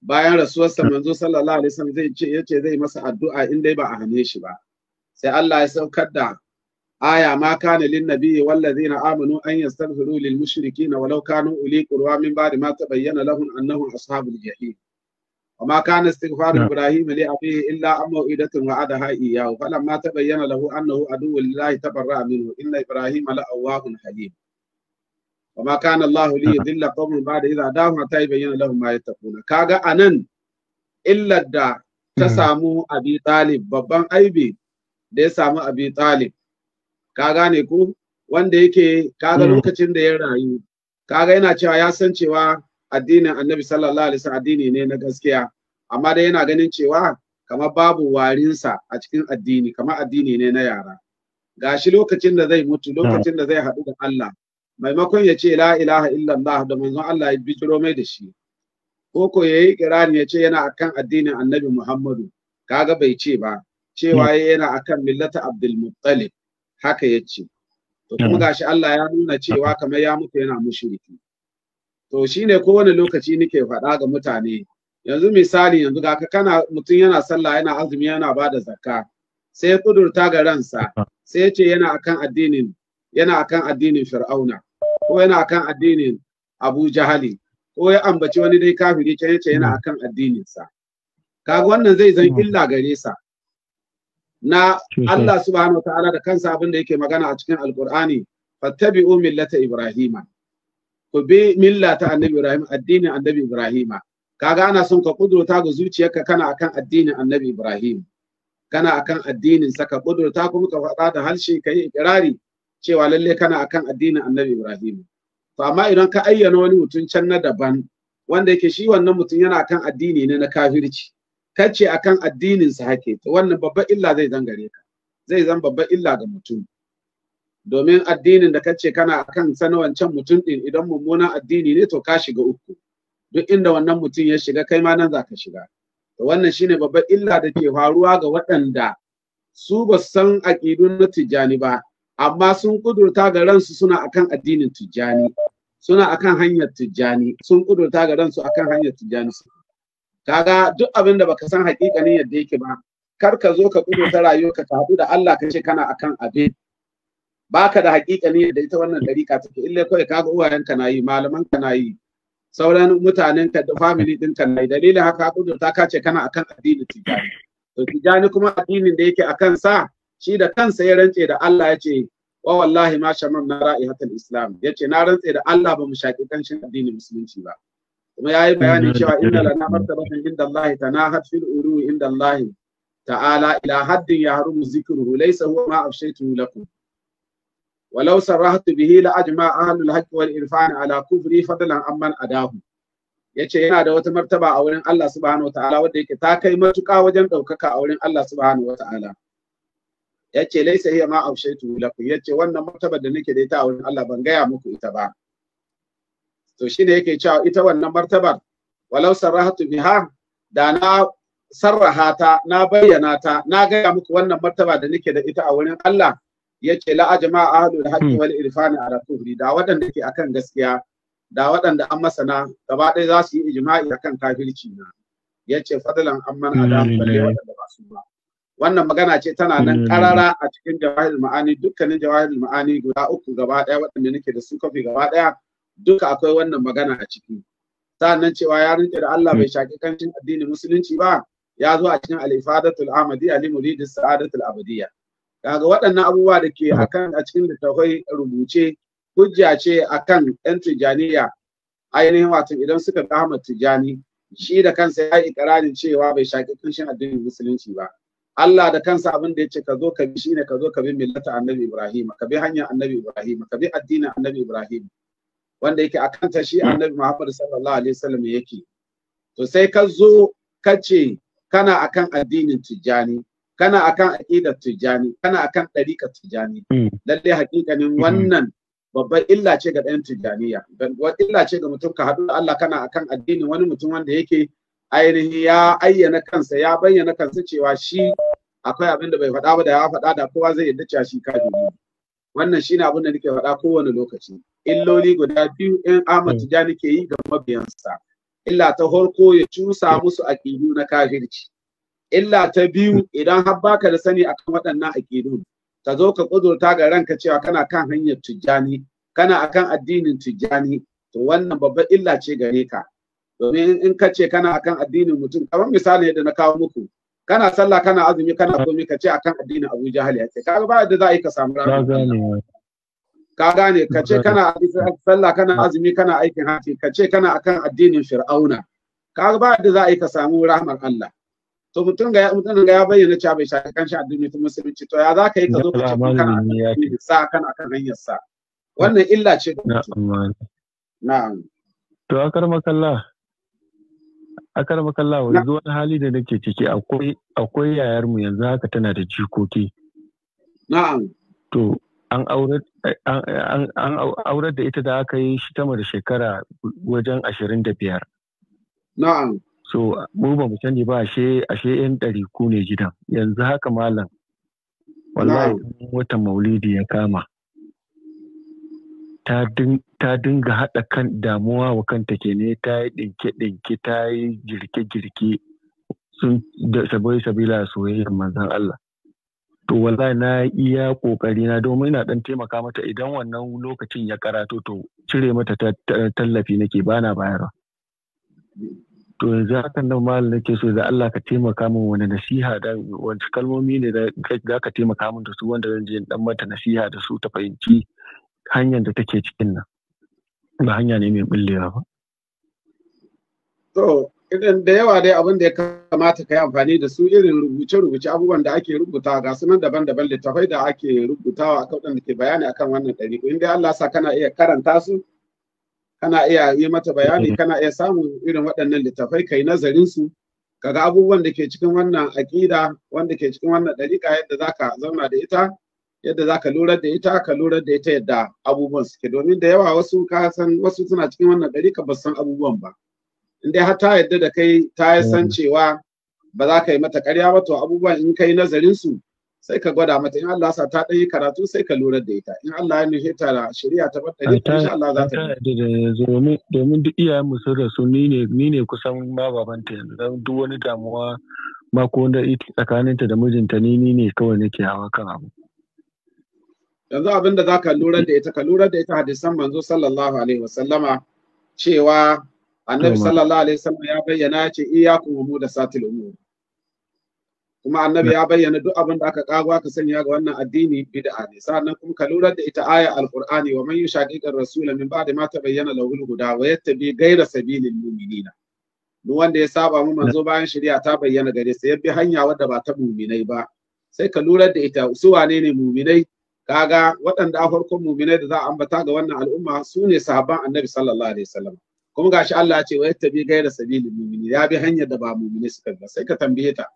bayan rasuwarsa mm-hmm. manzo sallallahu alaihi wasallam zai ce yace zai masa addu'a in dai ba a hane shi ba sai Allah ya saukar da aya ma kana lin nabiyyi wal ladzina amanu an yastaghfiru lil mushrikeena walau kanu uli qurwa min ba'di ma tabayyana lahum annahum ashabul jahim وما كان استغفار ابراهيم لابيه الا عن موعده وعدها اياه فلما تبين له انه عدو لله تبرا منه ان ابراهيم لاواه حليم وما كان الله ليضل قوم بعد اذا هداهم حتى يبين لهم ما يتقون كاغا انن الا دا ta samu abi talib babban aibi da ya samu abi ka gane ko wanda yake kaga hmm. lokacin da ya rayu kaga yana cewa ya san cewa addinin annabi sallallahu alaihi wasallam addini ne na gaskiya amma dai yana ganin cewa kamar babu warinsa a cikin addini kamar addini ne na yara gashi lokacin da zai mutu hmm. lokacin da zai haɗu da Allah maimakon ya ce la ilaha illallah da manzon Allah ya bijiro mai da shi ko ko yayi kirani ya ce yana akan addinin annabi Muhammadu kaga bai ce ba cewa hmm. yana akan millata Abdul Muttalib haka ya ce to kuma gashi Allah ya nuna cewa kamar ya mutu yana mushriki to shine ko Wani lokaci nake faɗa ga mutane yanzu misali yanzu ga ka kana mutum yana sallah yana azumi yana bada zakka sai ya kudurta ga ransa sai ya ce yana akan addinin yana akan addinin fir'auna ko yana akan addinin abu jahali ko ya ambaci wani dai kafiri can ya ce yana akan sa. kaga wannan zai zan illa gare sa na Allah subhanahu ta'ala da kansa abin da yake magana a cikin alkur'ani fattabi'u millata ibrahima ku bi milla annabi ibrahim addinin annabi ibrahima kaga ana son ka kudurta ga zuciyarka kana akan addinin annabi ibrahim kana akan addinin sa ka kudurta kuma ka faɗa da harshe ka yi ikirari cewa lalle kana akan addinin annabi ibrahim to amma idan ka ayyana wani mutum can na daban wanda yake shi wannan mutum yana kan addini ne na kafirci kace akan addinin sa hake to wannan babban illa zai zan gare ka zai zan babban illa ga mutum domin addinin da kace kana akan sanawancan mutum din idan mummunan addini ne to ka shiga uku duk inda wannan mutum ya shiga kai ma nan za ka shiga to wannan shine babban illa da ke faruwa ga waɗanda su ba san aƙidun na tijjani ba amma sun kudurta ga ransu suna akan addinin tijjani suna akan hanyar tijjani sun kudurta ga ransu akan hanyar tijjani kaga duk abin da baka san hakikanin yadda yake ba kar ka zo ka ta rayuwa ka haɗu da Allah ka ce kana akan abin baka da hakikanin yadda ita wannan dariƙa take illa kawai kaga uwayen na yi malaman ka na sauran mutanen ka da family din ka na yi dalilin haka ta ka ce kana akan addinin tijani to tijani kuma addinin da yake akan sa shi da kansa ya rantse da Allah ya ce wa wallahi ma shaman na ra'ihatul islam yace na rantse da Allah ba mu shaƙi shi addinin musulunci ba kuma ya yi bayani cewa inna lana martabatan inda Allah tanahat fil ulu inda Allah ta'ala ila haddin ya harumu zikruhu laysa huwa ma afshaytu lakum ولو صرحت به لاجمع اهل الحق والعرفان على كفري فضلا عمن اداه yace yana da wata martaba a wurin Allah subhanahu wataala wanda yake ta kai matuƙa wajen ɗaukaka a wurin Allah subhanahu wataala yace laisa hiya ma afshaitu lakum yace wannan martaba da nake da ita a wurin Allah ban gaya muku ita ba to ne yake cewa ita wannan martabar walau sarrahatu biha da na sarraha ta na bayyana ta na gaya muku wannan martaba da nake da ita a wurin Allah yace la ajma ahlu alhaqi hmm. wal irfani ala kufri da waɗanda ke akan gaskiya da waɗanda an masana gaba ɗaya za su yi ijma'i akan kafirci na yace fadlan amman ada balle waɗanda ba su ba wannan magana ce tana nan karara a cikin jawahirul ma'ani dukkanin jawahirul ma'ani guda uku gaba ɗaya waɗanda nake da su kafi gaba ɗaya duka akwai wannan magana a ciki sannan cewa ya rinke da Allah bai hmm. shaki kancin addinin musulunci ba ya zo a cikin al-ifadatul amadi ali muridis sa'adatul abadiyya kaga waɗannan abubuwa da ke akan a cikin da littafai rubuce hujja ce akan yan tijaniya ainihin wato idan suka ga Ahmad Tijani shi da kansa ya yi ikirarin cewa bai shaki kancin addinin musulunci ba Allah da kansa abin da ya ce ka zo ka bi shine ka zo ka bi millata annabi Ibrahim ka bi hanyar annabi Ibrahim ka bi addinin annabi Ibrahim wanda yake a kanta shi hmm. annabi Muhammad sallallahu alaihi wasallam yake to sai ka zo ka ce kana akan addinin tijjani kana akan aqidar tijjani kana akan dariqar tijjani hmm. lalle hakikanin hmm. wannan babbar illa ce ga ɗayan tijjaniya babbar illa ce ga mutum ka haɗu Allah kana akan addinin wani mutum wanda yake ainihin ya ayyana kansa ya bayyana kansa cewa shi akwai abin da bai faɗa ba da ya faɗa da kowa zai yarda cewa shi kafiri wannan shine abin da nake faɗa kowane lokaci illoli guda biyu in Ahmad mm. Tijani ke yi ga mabiyansa. Illa ta harko ya cusa mm. musu akidu na kafirci. Illa ta biyu mm. idan har baka da sani akan waɗannan akidu ka zo ka kudurta ga ranka cewa kana kan hanyar Tijjani, kana akan addinin Tijjani, to wannan babbar illa ce gare ka. Domin in ka ce kana akan addinin mutum, kamar misali yadda na kawo muku, kana sallah kana azumi kana komai ka ce akan addinin Abuja Jahal ya ce, ba da za a yi ka samu ranar. ka gane ka ce kana sallah kana azumi kana aikin haji ka ce kana akan addinin fir'auna ka ba da za a yi ka samu rahmar Allah to mutum ga mutum ga ya bayyana cewa bai shaka kanshi addini ta musulunci to ya za ka yi ka zo ka ce kana sa kana akan hanyar sa wannan illa ce na'am to akar makalla akar makalla wani zuwan hali da nake ciki akwai akwai yayar mu yanzu haka tana da jikoki na'am to an aurar da ita da aka yi shi tamar shekara wajen ashirin da biyar. Na'am. So, mu ba mu sani ba ashe ashe yan ɗari ku ne gidan. Yanzu haka malam. Wallahi wata maulidi ya kama. Ta dinga haɗa kan damuwa wa kanta ke ne ta yi ɗinke-ɗinke ta yi girke-girke sun da sabai sabila soyayyar manzon Allah. to wallahi na iya kokari na domin ina dan taimaka mata idan wannan lokacin ya karato to cire mata tallafi nake bana bayarwa to yanzu hakan nan malam nake so da Allah ka taimaka min wani nasiha da wani kalmomi ne da za ka taimaka min da su wanda zan je dan mata nasiha da su ta fahimci hanyar da take cikin nan ba hanya ne mai bullewa ba to da yawa dai abin da ya kamata ka yi amfani da su irin rubuce-rubuce abubuwan da ake rubuta ga sunan daban-daban littafai da ake rubutawa a kaudan da ke bayani akan wannan ko inda Allah sa kana iya karanta su kana iya yi mata bayani mm-hmm. kana iya samun irin waɗannan littafai kai nazarin su kaga abubuwan da ke cikin wannan aƙida wanda ke cikin wannan ɗariƙa yadda zaka zauna da ita yadda zaka lura da ita ka lura da ita yadda abubuwan suke domin da yawa wasu ka san wasu suna cikin wannan ɗariƙa ba san abubuwan ba in dai har ta yadda da kai ta yi san mm. cewa ba za ka yi mata ƙarya ba to abubuwan in kai nazarin su sai ka gwada mata in Allah sa ta ɗan yi karatu sai ka lura da ita in Allah ya nufe ta shari'a ta bar ɗari insha Allah za ta domin domin duk iyayen mu sun rasu ni ne ni ne kusan ma babanta yanzu dan duk wani damuwa ma ko wanda tsakaninta da mijinta ni ni ne kawai nake hawa kan abu yanzu abin da za ka lura da ita ka lura da ita hadisan manzo sallallahu alaihi wasallama cewa annabi sallallahu alaihi wasallam ya bayyana ya ce iyyakum da satil umur kuma annabi ya bayyana duk abin da aka kago aka sanya ga wannan addini bid'a ne sannan kuma ka lura da ita aya alqur'ani wa man ar-rasul min ba'di ma tabayyana lahu al-huda wa yattabi ghayra sabilil mu'minina duk wanda ya saba mu manzo bayan shari'a ta bayyana gare sa ya bi hanya wadda ba ta mu'minai ba sai ka lura da ita su wane ne mu'minai kaga waɗanda a farkon mu'minai da za a ambata ga wannan al'umma su ne sahabban annabi sallallahu alaihi wasallam kuma gashi Allah ya ce wa bi gaira sabilin mu'mini ya bi hanyar da ba mu'mini suka ga sai ka tambaye ta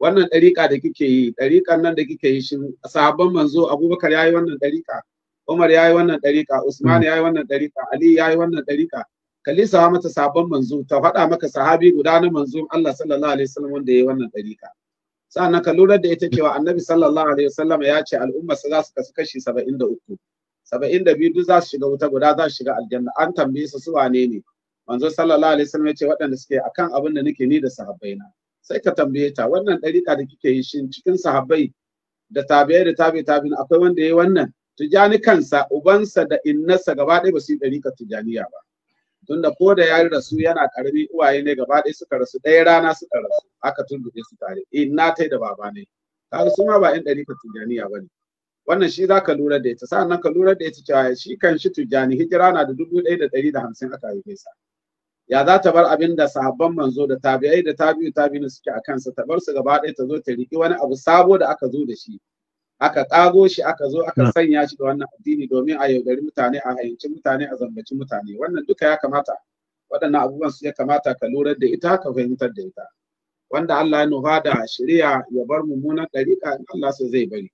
wannan dariƙa da kike yi dariƙan nan da kike yi shin sahabban manzo Abubakar yayi wannan dariƙa Umar yayi wannan dariƙa Usman yayi wannan dariƙa Ali yayi wannan dariƙa kalisa mata sabon manzo ta faɗa maka sahabi guda na manzo Allah sallallahu alaihi wasallam wanda yayi wannan dariƙa sannan ka lura da ita cewa annabi sallallahu alaihi wasallam ya ce al'umma za su kasu kashi 73 72 duk za su shiga wuta guda za su shiga aljanna an tambaye su su wane ne manzo sallallahu alaihi wasallam ya ce waɗanda suke akan abin da nake ni da sahabbaina sai ka tambaye ta wannan ɗariƙa da kike yi shin cikin sahabbai da tabi'ai da tabi tabin akwai wanda yayi wannan Tujani kansa ubansa da innarsa gaba ɗaya ba su yi ɗariƙa tujaniya ba tunda ko da ya rasu yana karami uwaye ne gaba ɗaya suka rasu ɗaya rana suka rasu aka tunduɗe su tare inna eh, tai da baba ne kaga su ma ba ƴan ɗariƙa tujaniya ba ne wannan shi za ka lura da ita sa'annan ka lura da ita cewa shi kan shi tujani hijira na da dubu ɗaya da ɗari da hamsin aka haife sa ya za ta bar abin da sahabban manzo da tabi'ai da tabi'u tabi'in suke a kansa ta bar su gaba ɗaya ta zo ta riƙi wani abu sabo da aka zo da shi aka ƙago shi aka zo aka sanya shi da wannan addini domin a yaudari mutane a hayyanci mutane a zambaci mutane wannan duka ya kamata waɗannan abubuwan su ya kamata ka lura da ita ka fahimtar da ita wanda Allah ya nufa da shari'a ya bar mummunan ɗariƙa in Allah so zai bari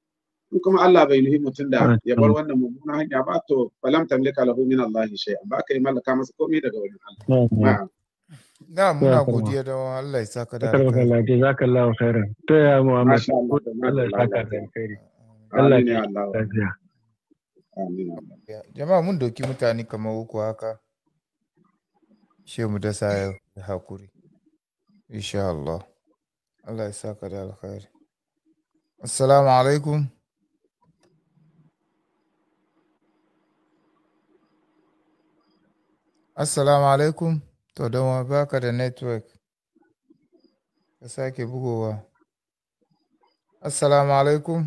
in kuma Allah bai nuhi mutum da ya bar wannan mummunan hanya ba to falam tamlika lahu min Allah shay'an ba ka yi mallaka masa komai daga wani. Allah na muna godiya da Allah ya saka da ya alkhairi jazakallahu khairan to ya Muhammad Allah ya saka da alkhairi Allah ya lafiya jama'a mun doki mutane kamar uku haka shemu da sa hakuri insha Allah Allah ya saka da alkhairi assalamu alaikum Assalamu alaikum, to don baka da network, ka sake bugowa. Assalamu alaikum.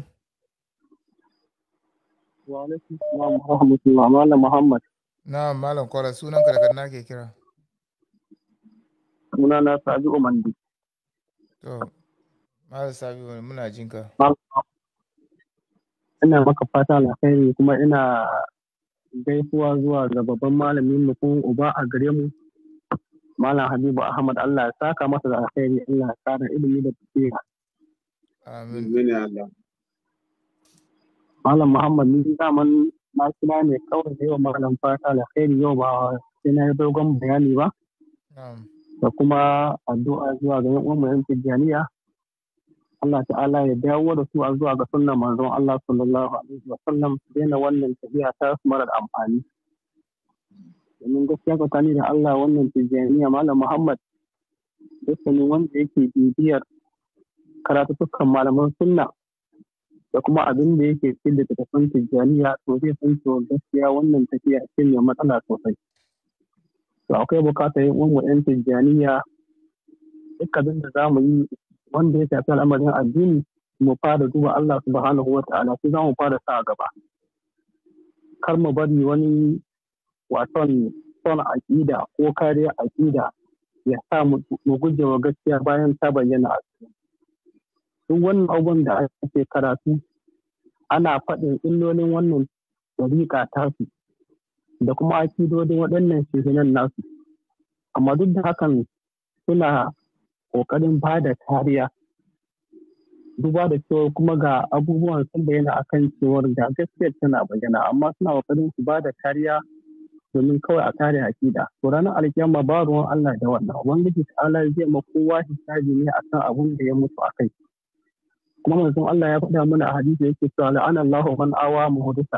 Wa alaikum wa rahmatullah, Muhammad. Na Malam Kwara, sunan karkar na ke kira. Muna na Sabi Umandi. To, Malam Sabi muna jinka. Ina maka fata alkhairi kuma ina gaisuwa zuwa ga babban malamin mu ko uba a gare mu Malam Habibu Ahmad Allah ya saka masa da alkhairi Allah ya kara ilimi da basira. Amin. Allah. Malam Muhammad ni zaman na kina ne kawai da yau malam fata alkhairi yau ba sai na yi dogon bayani ba. Da kuma addu'a zuwa ga yan uwan mu yan Tijjaniya Allah ta'ala ya dawo da su a zuwa ga sunnan manzon Allah sallallahu alaihi wa sallam daina wannan tafiya ta marar amfani domin gaskiya tsakani da Allah wannan tijjaniya malam Muhammad dukkanin wanda yake bibiyar karatu dukkan malaman sunna da kuma abin da yake cikin san tijjaniya to zai san cewa gaskiya wannan tafiya ce ne matsala sosai to akwai bukatar yin uwan 'yan tijjaniya duk abin da za mu yi wanda ya shafi al'amarin addini mu fara duba Allah subhanahu wa ta'ala shi za mu fara sa gaba kar mu bari wani waton son aƙida ko kariya aƙida ya sa mu guje wa gaskiya bayan ta bayyana a duk wannan abubuwan da ake karatu ana faɗin illolin wannan dariƙa tasu da kuma akidodin waɗannan shehinan nasu amma duk da hakan suna ƙoƙarin ba da kariya duba da cewa kuma ga abubuwan sun bayyana akan cewar ga gaskiyar tana bayyana amma suna ƙoƙarin su ba da kariya domin kawai a kare hakida to ranar alkiyama ba ruwan Allah da wannan ubangiji ta'ala zai ma kowa hisabi ne akan abun da ya mutu kai. kuma manzon Allah ya faɗa mana a hadisi yake cewa la'ana Allahu man awa muhdisa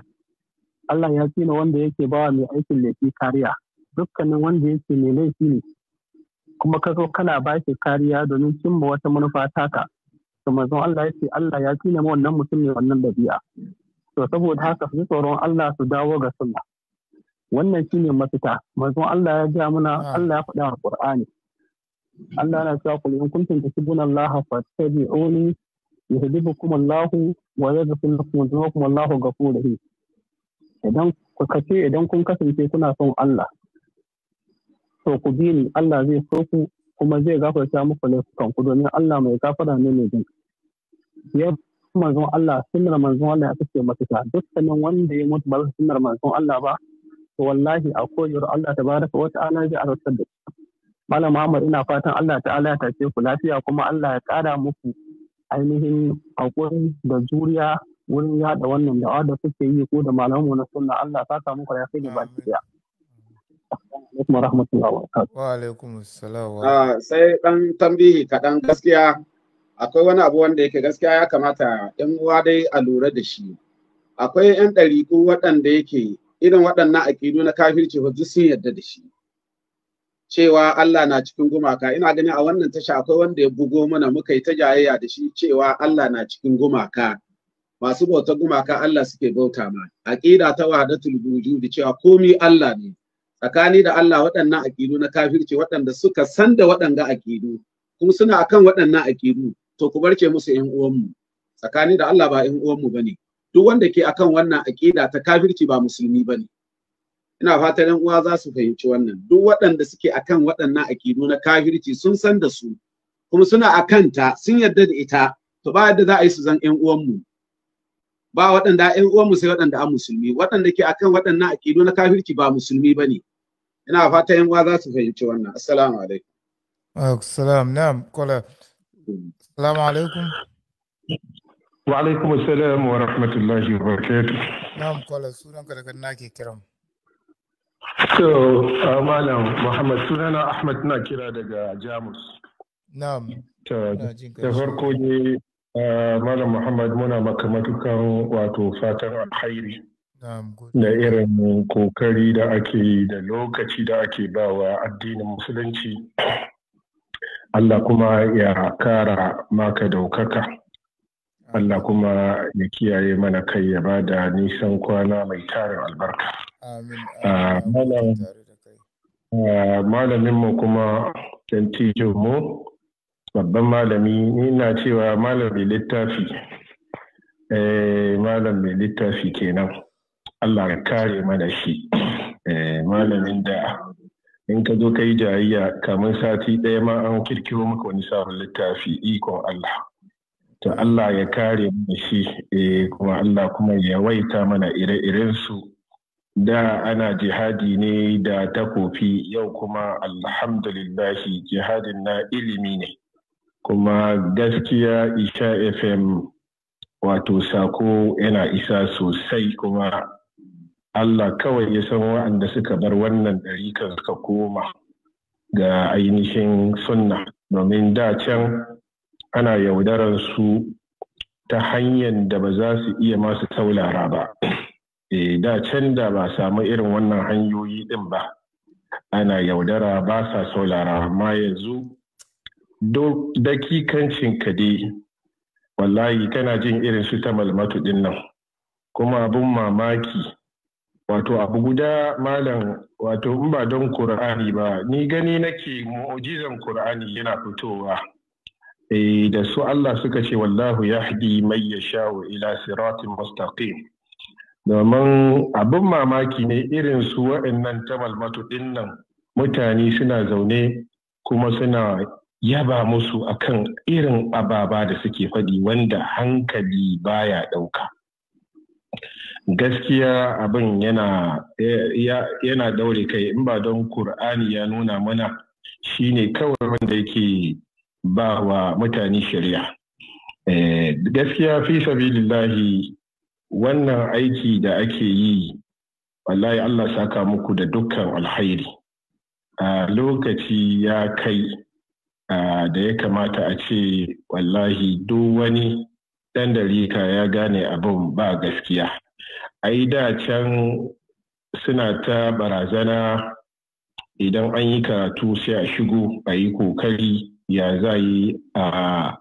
Allah ya tsina wanda yake bawa mai aikin laifi kariya dukkanin wanda yake mai laifi ne kuma ka zo kana ba shi kariya domin cimma wata manufa taka to manzon Allah ya ce Allah ya kine ma wannan mutum ne wannan dabi'a to saboda haka su tsoron Allah su dawo ga sunna wannan shine mafita manzon Allah ya ga muna ah. Allah ya faɗa a Qur'ani Allah yana cewa kullu in kuntum tuhibbuna Allah fattabi'uni yuhibbukum Allah wa yaghfir lakum dhunubakum wallahu ghafurur rahim idan ku kace idan kun kasance kuna son Allah to ku bi ni Allah zai so ku kuma zai gafarta muku laifukan ku domin Allah mai gafara ne mai jin ya manzon Allah sunnar manzon Allah ita ce duk dukkanin wanda ya mutu ba sunnar manzon Allah ba to wallahi a koyar Allah tabaraka wa ta'ala zai arsa da Malam Muhammad ina fatan Allah ta'ala ya tace ku lafiya kuma Allah ya kara muku ainihin hakuri da juriya wurin yada wannan da'a da suke yi ko da malamu na sunna Allah ta samu ku lafiya ba ki alaikum wa ah, sai dan tambihi kaɗan gaskiya akwai wani abu wanda yake gaskiya ya kamata yan uwa dai a lura da shi akwai yan ɗariƙu waɗanda yake irin waɗannan aƙidu na kafirci ba sun yarda da shi cewa Allah na cikin gumaka ina gani a wannan tasha akwai wanda ya bugo mana muka yi ta jayayya da shi cewa Allah na cikin gumaka masu bauta gumaka Allah suke bauta ma aƙida ta wahadatul wujudi cewa komi Allah ne tsakani da Allah waɗannan aƙidu na kafirci waɗanda suka san da waɗanga aƙidu kuma suna akan waɗannan aƙidu to ku barke musu ƴan uwanmu tsakani da Allah ba ƴan uwanmu bane duk wanda ke akan wannan aƙida ta kafirci ba musulmi bane ina fatan ƴan uwa za su fahimci wannan duk waɗanda suke akan waɗannan aƙidu na kafirci sun san da su kuma suna akan ta sun yarda da ita to ba yadda za a yi su zan ƴan uwanmu ba waɗanda ƴan uwan musulmi sai waɗanda an musulmi waɗanda ke akan waɗannan aƙidu na kafirci ba musulmi bane ina fata ƴan uwa za su fahimci wannan assalamu alaikum Assalamu na'am kola assalamu alaikum wa alaikum assalam wa rahmatullahi wa barakatuh na'am kola sunanka daga ke kira so uh, malam muhammad sunana ahmad na kira daga jamus na'am ta farko ne Eh, malam Muhammad muna maka matukan wato fatan alkhairi da irin kokari da ake yi da lokaci da ake bawa addinin musulunci. Allah kuma ya kara maka daukaka. Allah kuma ya kiyaye mana kai ya ba da nisan kwana mai tarin albarka. Ah, ah, Malamin mu kuma, mu babban malami ni na cewa malam mai littafi eh, malam mai littafi kenan Allah ya kare mana shi eh, malamin da in ka zo ka yi jayayya kamar sati ɗaya ma an kirkiro maka wani sabon littafi ikon Allah to Allah ya kare mana shi eh, kuma Allah kuma ya waita mana ire-irensu da ana jihadi ne da takofi yau kuma alhamdulillahi jihadin na ilimi ne kuma gaskiya isha fm wato sako yana isa sosai kuma allah kawai ya san wa'anda suka bar wannan kan suka koma ga ainihin sunna domin da can ana yaudarar su ta hanyar da ba za su iya masu saulara ba e da can da ba samu irin wannan hanyoyi din ba ana yaudara ba sa saulara amma yanzu dakikancin ka dai wallahi kana jin irin su ta malmatu din nan kuma abun mamaki wato abu guda malam wato in ba don Kur'ani ba ni gani nake mu'jizan Kur'ani yana fitowa eh da su Allah suka ce wallahu yahdi may yasha ila siratin mustaqim domin abin mamaki ne irin su wa'annan ta malmatu din mutane suna zaune kuma suna yaba musu akan irin ababa da suke faɗi wanda hankali baya ɗauka. Gaskiya abin yana, yana daure kai in ba don Kur'ani ya nuna mana shi ne kawai wanda yake ba wa mutane shari'a. Eh, gaskiya fi sabilillahi wannan aiki da ake yi wallahi Allah saka muku da dukkan alhairi. A ah, lokaci ya kai Ah, da ya kamata a ce wallahi duk wani ɗan dalika ya gane abin ba gaskiya. Ai da can suna ta barazana idan an yi karatu sai a shigo a yi kokari ya za yi a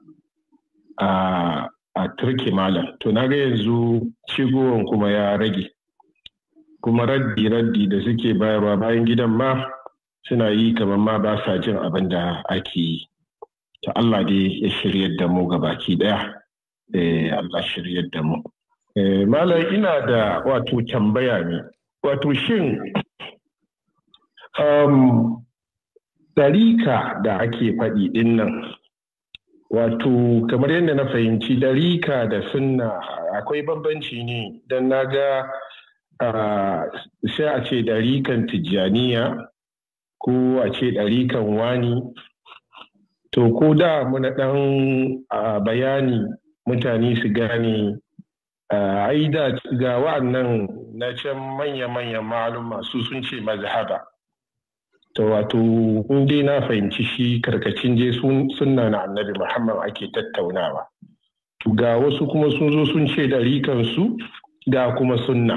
a turki malam. To na ga yanzu shigowan kuma ya rage. Kuma raddi-raddi da suke bayarwa bayan gidan ma suna yi kamar ma ba sa jin abin da ake yi ta Allah dai ya shirya da mu ga baki ɗaya eh, Allah shiryar da mu eh, malam ina da wato tambaya ne wato shin um, ɗarika da ake faɗi ɗin nan wato kamar yadda na fahimci ɗarika da sunna akwai bambanci ne don na ga ah, sai a ce ɗarikan tijjaniya ko a ce ɗarikan wani to ko da muna ɗan bayani mutane su gane aida ga wa'annan na can manya-manyan maluma su sun ce mazhaba to wato in dai na fahimci shi karkacin je sunna na annabi muhammad ake tattaunawa ga wasu kuma sun zo sun ce ɗarikansu ga kuma sunna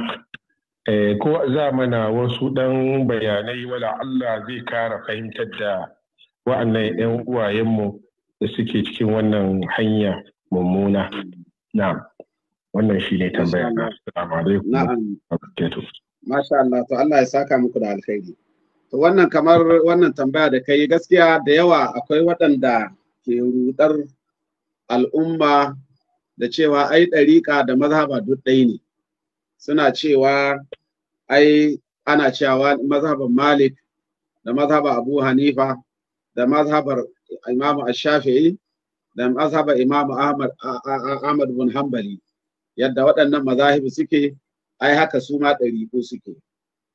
Eh, ko za mana wasu ɗan bayanai wala Allah zai kara fahimtar da wa'annan 'yan uwayenmu da suke cikin wannan hanya mummuna. Na, Wannan shi ne tambaya na. Na'am. Masha Allah, to Allah ya saka muku da alkhairi. To wannan kamar wannan tambaya da kai gaskiya da yawa akwai waɗanda ke rudar al'umma da cewa ai ɗariƙa da mazhaba duk ɗaya ne. suna cewa ai ana cewa mazhaban malik da mazhaban abu hanifa da mazhabar imamu ash-shafi'i da mazhabar imamu ahmad ahmad bin hanbali yadda waɗannan mazahibi suke ai haka su ma ɗari ko suke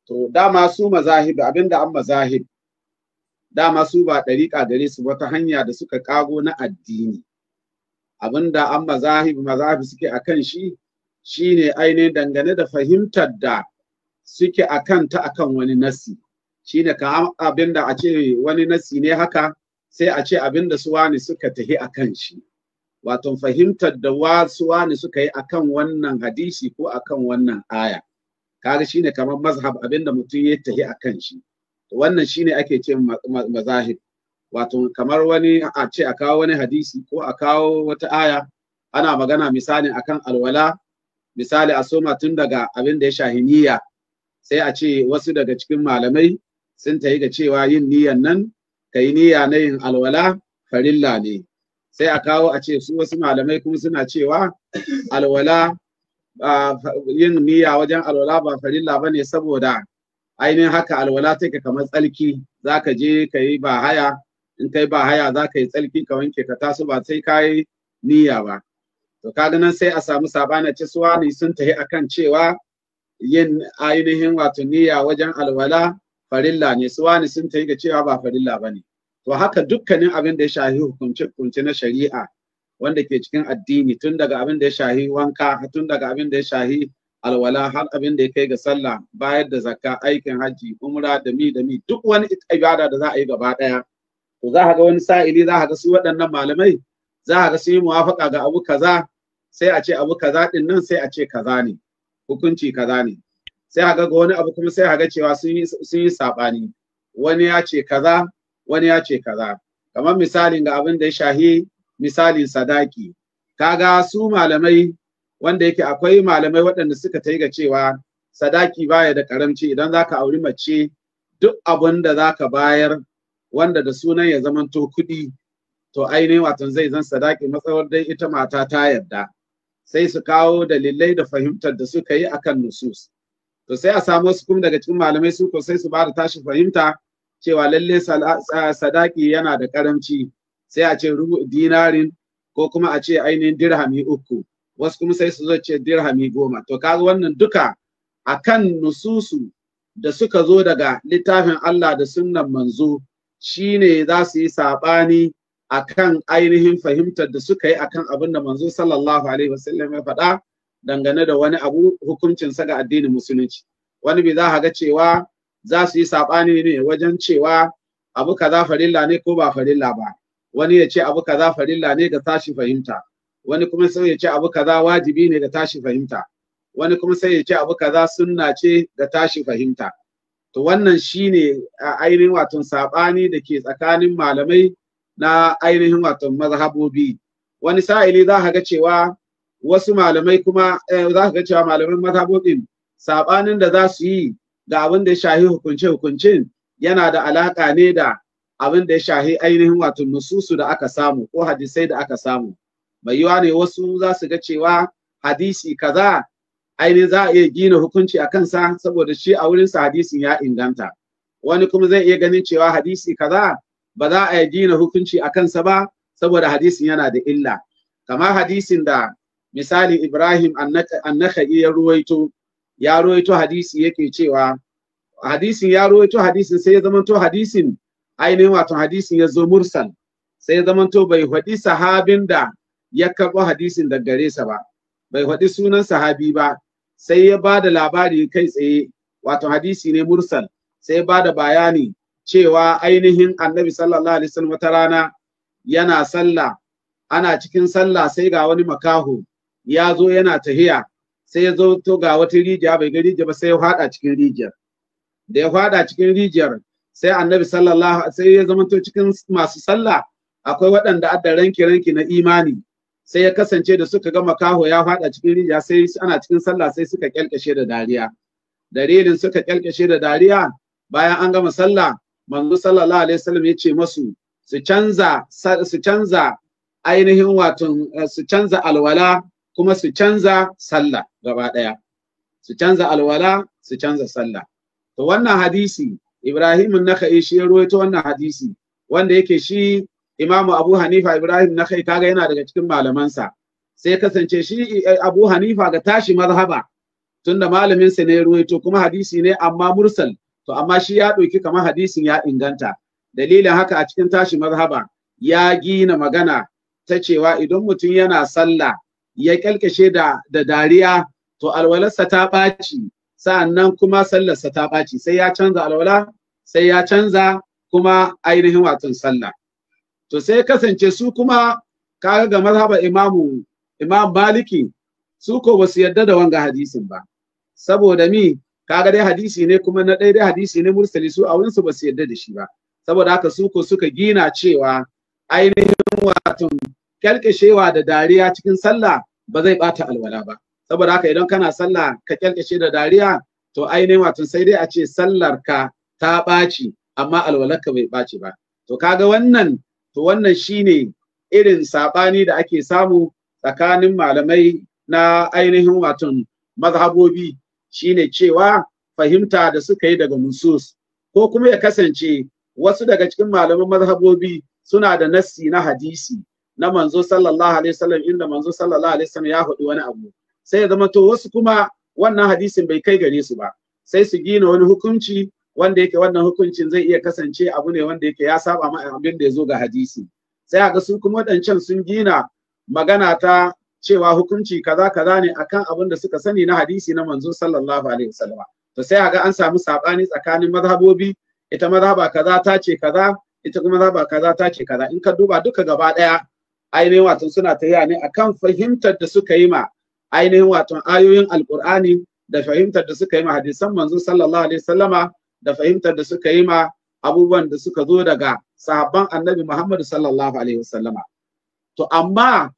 to dama su mazahibi abinda an mazahib dama su ba ɗariƙa gare su wata hanya da suka ƙago na addini abinda an mazahibi mazahibi suke akan shi shine ainihin dangane da fahimtar da suke a ta akan wani nasi shine ka abin a ce wani nasi ne haka sai a ce abinda da wani suka tahi a kan shi wato fahimtar da wasu suwani suka yi akan wannan hadisi ko akan wannan aya kaga shine kamar mazhab abin da mutum ya tahi a kan shi wannan shine ake ce mazahib wato kamar wani a ce a kawo wani hadisi ko a kawo wata aya ana magana misali akan alwala misali a soma tun daga abin da ya shahi niyya sai a ce wasu daga cikin malamai sun tayi ga cewa yin niyyan nan ka yi niyya na yin alwala farilla ne sai a kawo a ce su wasu malamai kuma suna cewa alwala yin niyya wajen alwala ba farilla ba ne saboda ainihin haka alwala ta take kamar tsarki, za ka je ka yi ba haya in ka yi ba haya za ka yi tsalki ka wanke ka taso ba sai ka yi niyya ba to kaga nan sai a samu sabana ci suwa ne sun tahi akan cewa yin ainihin wato niyya wajen alwala farilla ne suwa ne sun tahi da cewa ba farilla bane to haka dukkanin abin da ya shahi hukunce hukunce na shari'a wanda ke cikin addini tun daga abin da ya shahi wanka tun daga abin da ya shahi alwala har abin da ya kai ga sallah bayar da zakka aikin haji umra da mi da mi duk wani ibada da za a yi gaba daya to za ka ga wani sa'ili za ka ga su waɗannan malamai za ka ga su yi muwafaka ga abu kaza sai a ce abu kaza din nan sai a ce kaza ne hukunci kaza ne sai a ga wani abu kuma sai a ga cewa sun yi saɓani wani ya ce kaza wani ya ce kaza kamar misalin ga abin da ya shahi misalin sadaki kaga su malamai wanda yake akwai malamai waɗanda suka ta ga cewa sadaki baya da karamci idan zaka auri mace duk abin da zaka bayar wanda da sunan ya zamanto kuɗi to ainihin watan zai zan sadaki matsawar dai ita mata ta yarda sai su kawo dalilai da fahimtar da suka yi akan nusus to sai a samu wasu kuma daga cikin malamai su ko sai su ba da tashi fahimta cewa lalle sadaki yana da karamci sai a ce rubu dinarin ko kuma a ce ainihin dirhami uku wasu kuma sai su zo ce dirhami goma to kaga wannan duka akan nususu da suka zo daga littafin Allah da sunnan manzo shine za su yi sabani akan ainihin fahimtar da suka yi akan abin da manzo sallallahu alaihi wasallam ya faɗa dangane da wani abu hukuncinsa ga addinin musulunci wani bai za ga cewa za su yi saɓani ne wajen cewa abu kaza farilla ne ko ba farilla ba wani ya ce abu kaza farilla ne ga tashi fahimta wani kuma sai ya ce abu kaza wajibi ne ga tashi fahimta wani kuma sai ya ce abu kaza sunna ce ga tashi fahimta to wannan shine ainihin wato saɓani da ke tsakanin malamai na ainihin wato mazhabobi wani sa'ili za ka ga cewa wasu malamai kuma eh, za ka ga cewa malaman mazhabobin sabanin da za su yi ga abin da ya shahi hukunce hukuncin yana da alaka ne da abin da ya shahi ainihin wato nususu da aka samu ko hadisai da aka samu mai yiwa ne wasu za su ga cewa hadisi kaza ainihin za a iya gina hukunci a kansa saboda shi a wurinsa hadisin ya inganta wani kuma zai iya ganin cewa hadisi kaza ba za a gina hukunci a kansa ba saboda hadisin yana da illa kama hadisin da misali Ibrahim Annaka ya ruwaito ya ruwaito hadisi yake cewa hadisin ya ruwaito hadisin sai ya zamanto hadisin ainihin wato hadisin ya zo mursal sai ya zamanto bai haɗi sahabin da ya karɓo hadisin da gare sa ba bai haɗi sunan sahabi ba sai ya ba da labari kai tsaye wato hadisi ne mursal sai ya ba da bayani cewa ainihin annabi sallallahu alaihi wasallam wata rana yana sallah ana cikin sallah sai ga wani makaho ya zo yana tahiya sai ya zo to ga wata rijiya bai ga rijiya ba sai ya fada cikin rijiyar da ya fada cikin rijiyar sai annabi sallallahu sai ya zamanto cikin masu sallah akwai waɗanda adda ranki ranki na imani sai ya kasance da suka ga makaho ya fada cikin rijiya sai ana cikin sallah sai suka kyalkashe da dariya dalilin suka kyalkashe da dariya bayan an gama sallah manzo sallallahu alaihi wasallam ya ce masu su canza su canza ainihin watan eh, su canza alwala kuma su canza sallah gaba daya su canza alwala su canza sallah to wannan hadisi Ibrahim an-Nakhai shi ya ruwaito wannan hadisi wanda yake shi Imam Abu Hanifa Ibrahim an-Nakhai kaga yana daga cikin malamansa sai kasance shi eh, Abu Hanifa ga tashi mazhaba tunda malamin sa ne ya ruwaito kuma hadisi ne amma mursal to amma shi ya ɗauki kamar hadisin ya inganta dalilin haka a cikin tashi mazhaba ya gina magana ta cewa idan mutum yana sallah ya kyalkashe da da dariya to alwalarsa ta ɓaci sa'annan kuma sallarsa ta ɓaci sai ya canza alwala sai ya canza kuma ainihin watan sallah to sai kasance su kuma kaga ga mazhaba imamu imam maliki su ko basu yarda da wanga hadisin ba saboda mi kaga dai hadisi ne kuma na ɗaya dai hadisi ne mursali su a wurinsu ba su yarda da shi ba saboda haka su ko suka gina cewa ainihin wato kyalkashewa da dariya cikin sallah ba zai bata alwala ba saboda haka idan kana sallah ka kyalkashe da dariya to ainihin wato sai dai a ce sallar ka ta ɓaci amma alwalarka bai ɓaci ba to kaga wannan to wannan shine irin saɓani da ake samu tsakanin malamai na ainihin wato mazhabobi shine cewa fahimta da suka yi daga Musus ko kuma ya kasance wasu daga cikin malaman mazhabobi suna da nassi na hadisi na manzo sallallahu alaihi wasallam inda manzo sallallahu alaihi wasallam ya hudu wani abu sai ya zama to wasu kuma wannan hadisin bai kai gare su ba sai su gina wani hukunci wanda yake wannan hukuncin zai iya kasance abu ne wanda yake ya saba ma abin da ya zo ga hadisi sai a ga su kuma waɗancan sun gina magana ta cewa hukunci kaza kaza ne akan abin da suka sani na hadisi na manzo sallallahu alaihi wasallam to sai ga an samu sabani tsakanin mazhabobi ita mazhaba kaza ta ce kaza ita kuma mazhaba kaza ta ce kaza in ka duba duka gaba daya ainihin wato suna tafiya ne akan fahimtar da suka yi ma ainihin wato ayoyin alqur'ani da fahimtar da suka yi ma hadisan manzo sallallahu alaihi wasallama da fahimtar da suka yi ma abubuwan da suka zo daga sahabban annabi Muhammad sallallahu alaihi wasallama to amma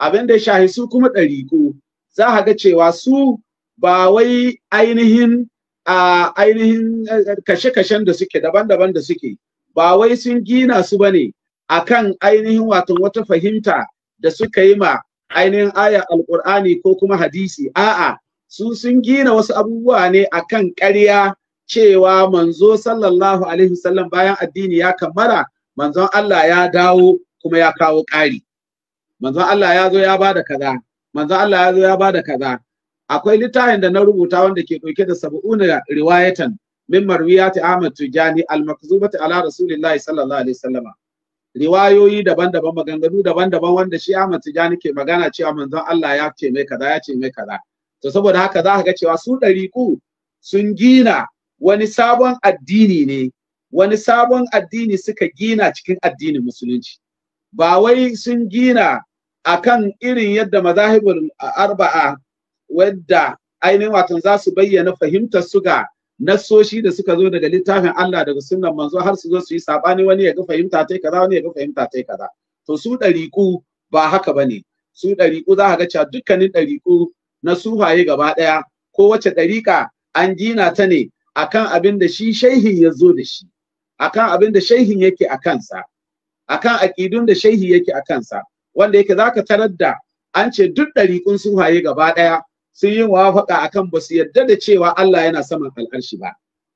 abin da ya shahi su kuma ɗariƙo za a ga cewa su ba wai ainihin a ainihin eh, kashe-kashen da suke daban-daban da suke ba wai sun gina su ba ne a kan ainihin watan wata fahimta da suka yi ma ainihin aya alƙur'ani ko kuma hadisi a'a su sun gina wasu abubuwa ne a kan ƙarya cewa manzo sallallahu alaihi wasallam bayan addini ya kammala manzon Allah ya dawo kuma ya kawo ƙari manzon Allah ya zo ya bada kaza manzon Allah ya zo ya bada kaza akwai littafin da na rubuta wanda ke dauke da sab'una riwayatan min marwiyati Ahmad Tijani al-maktubati ala rasulillahi sallallahu alaihi wasallam riwayoyi daban-daban maganganu daban-daban wanda shi Ahmad Tijani ke magana cewa manzon Allah ya ce mai kaza ya ce mai kaza to saboda haka za ka ga cewa su ɗariku sun gina wani sabon addini ne wani sabon addini suka gina cikin addinin musulunci ba wai sun gina akan irin yadda mazahibul arba'a wadda ainihin watan za su bayyana fahimtar su ga nassoshi da suka zo daga littafin Allah daga sunnan manzo har su zo su yi sabani wani ya ga fahimta tai kaza wani ya ga fahimta tai kaza to su dariku ba haka bane su dariku za ka ga cewa dukkanin dariku na suhaye gaba daya ko wace dariƙa an gina ta ne akan abin da shi shaihin ya zo da shi akan abin da shaihin yake a kansa akan aƙidun da shaihi yake a kansa wanda yake zaka tarar da an ce duk ɗariƙun suhaye gaba ɗaya sun yi muwafaƙa akan ba su yarda da cewa Allah yana saman alƙarshi ba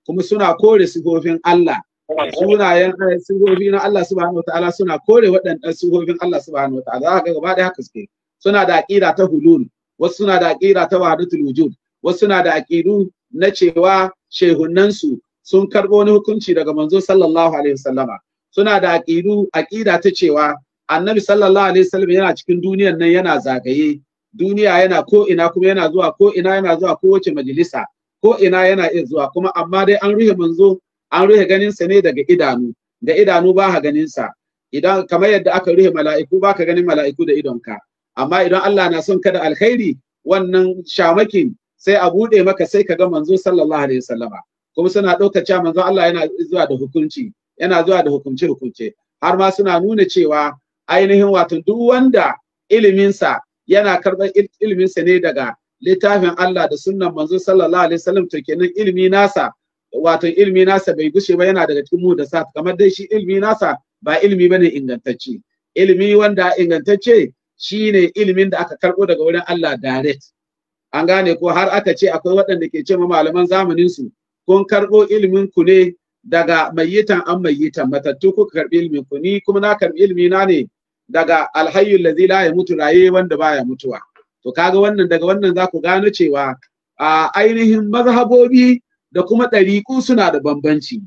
kuma suna kore sifofin Allah sunayen eh, sifofi na Allah subhanahu wataala suna kore waɗannan sifofin Allah subhanahu wataala zaka gaba ɗaya haka suke suna da aqida ta hulul wasu suna da aqida ta wahdatul wujud wasu suna da aqidu na cewa su sun karɓo wani hukunci daga manzo sallallahu alaihi wasallama suna da aqidu aqida ta cewa annabi sallallahu alaihi wasallam yana cikin duniyar nan yana zagaye duniya yana ko ina kuma yana zuwa ko ina yana zuwa ko wace majalisa ko ina yana iya zuwa kuma amma dai an ruhe manzo an ruhe ganin sa ne daga idanu da idanu ba ha ganin sa idan kamar yadda aka ruhe mala'iku ba ka ganin mala'iku da idonka amma idan Allah na son ka da alkhairi wannan shamakin sai a bude maka sai ka ga manzo sallallahu alaihi wasallama kuma suna dauka cewa manzo Allah yana zuwa da hukunci yana zuwa da hukunce hukunce har ma suna nuna cewa ainihin wato duk wanda iliminsa yana karɓar iliminsa ne daga littafin Allah da sunnan manzo sallallahu alaihi wasallam to kenan ilimi nasa wato ilimi nasa bai gushe ba yana daga cikin mu da sa kamar dai shi ilimi nasa ba ilimi bane ingantacce ilimi wanda ingantacce shine ilimin da aka karbo daga wurin Allah direct an gane ko har aka ce akwai waɗanda ke ce malaman zamanin su kun karɓo ilimin ku ne daga mayyitan an mayyitan matattu kuka karbi ilmi ku ni kuma na karbi ilmi na ne daga alhayyul ladzi la yamutu raye wanda baya mutuwa to kaga wannan daga wannan za ku gano cewa a ainihin mazhabobi da kuma ɗariƙu suna da bambanci